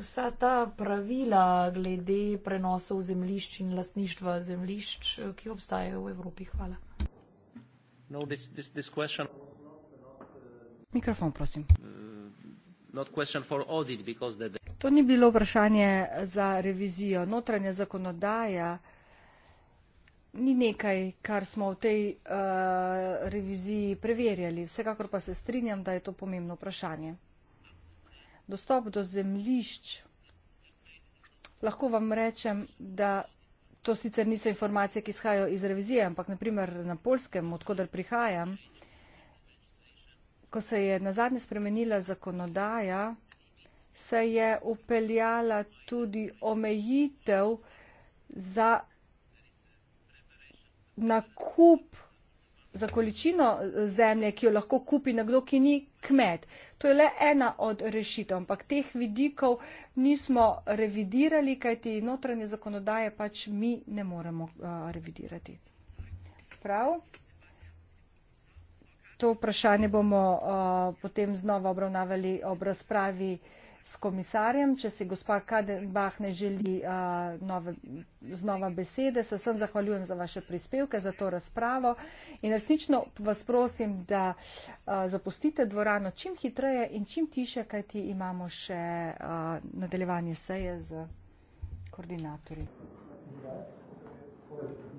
vsa ta pravila glede prenosov zemljišč in lastništva zemljišč, eh, ki obstajajo v Evropi. Hvala. No, this, this, this Mikrofon, prosim. Uh, to ni bilo vprašanje za revizijo. Notranja zakonodaja ni nekaj, kar smo v tej uh, reviziji preverjali. Vsekakor pa se strinjam, da je to pomembno vprašanje dostop do zemljišč. Lahko vam rečem, da to sicer niso informacije, ki izhajajo iz revizije, ampak naprimer na Polskem, odkudar prihajam, ko se je nazadnje spremenila zakonodaja, se je upeljala tudi omejitev za nakup za količino eh, zemlje, ki jo lahko kupi nekdo, ki ni kmet. To je le ena od rešitev, ampak teh vidikov nismo revidirali, kajti notranje zakonodaje pač mi ne moremo eh, revidirati. Prav? To vprašanje bomo eh, potem znova obravnavali ob razpravi vsega s komisarjem, če si gospa Kadenbach ne želi a, nove, znova besede. Se vsem zahvaljujem za vaše prispevke, za to razpravo in resnično vas prosim, da a, zapustite dvorano čim hitreje in čim tiše, kajti imamo še a, nadaljevanje seje z koordinatorji. Yeah.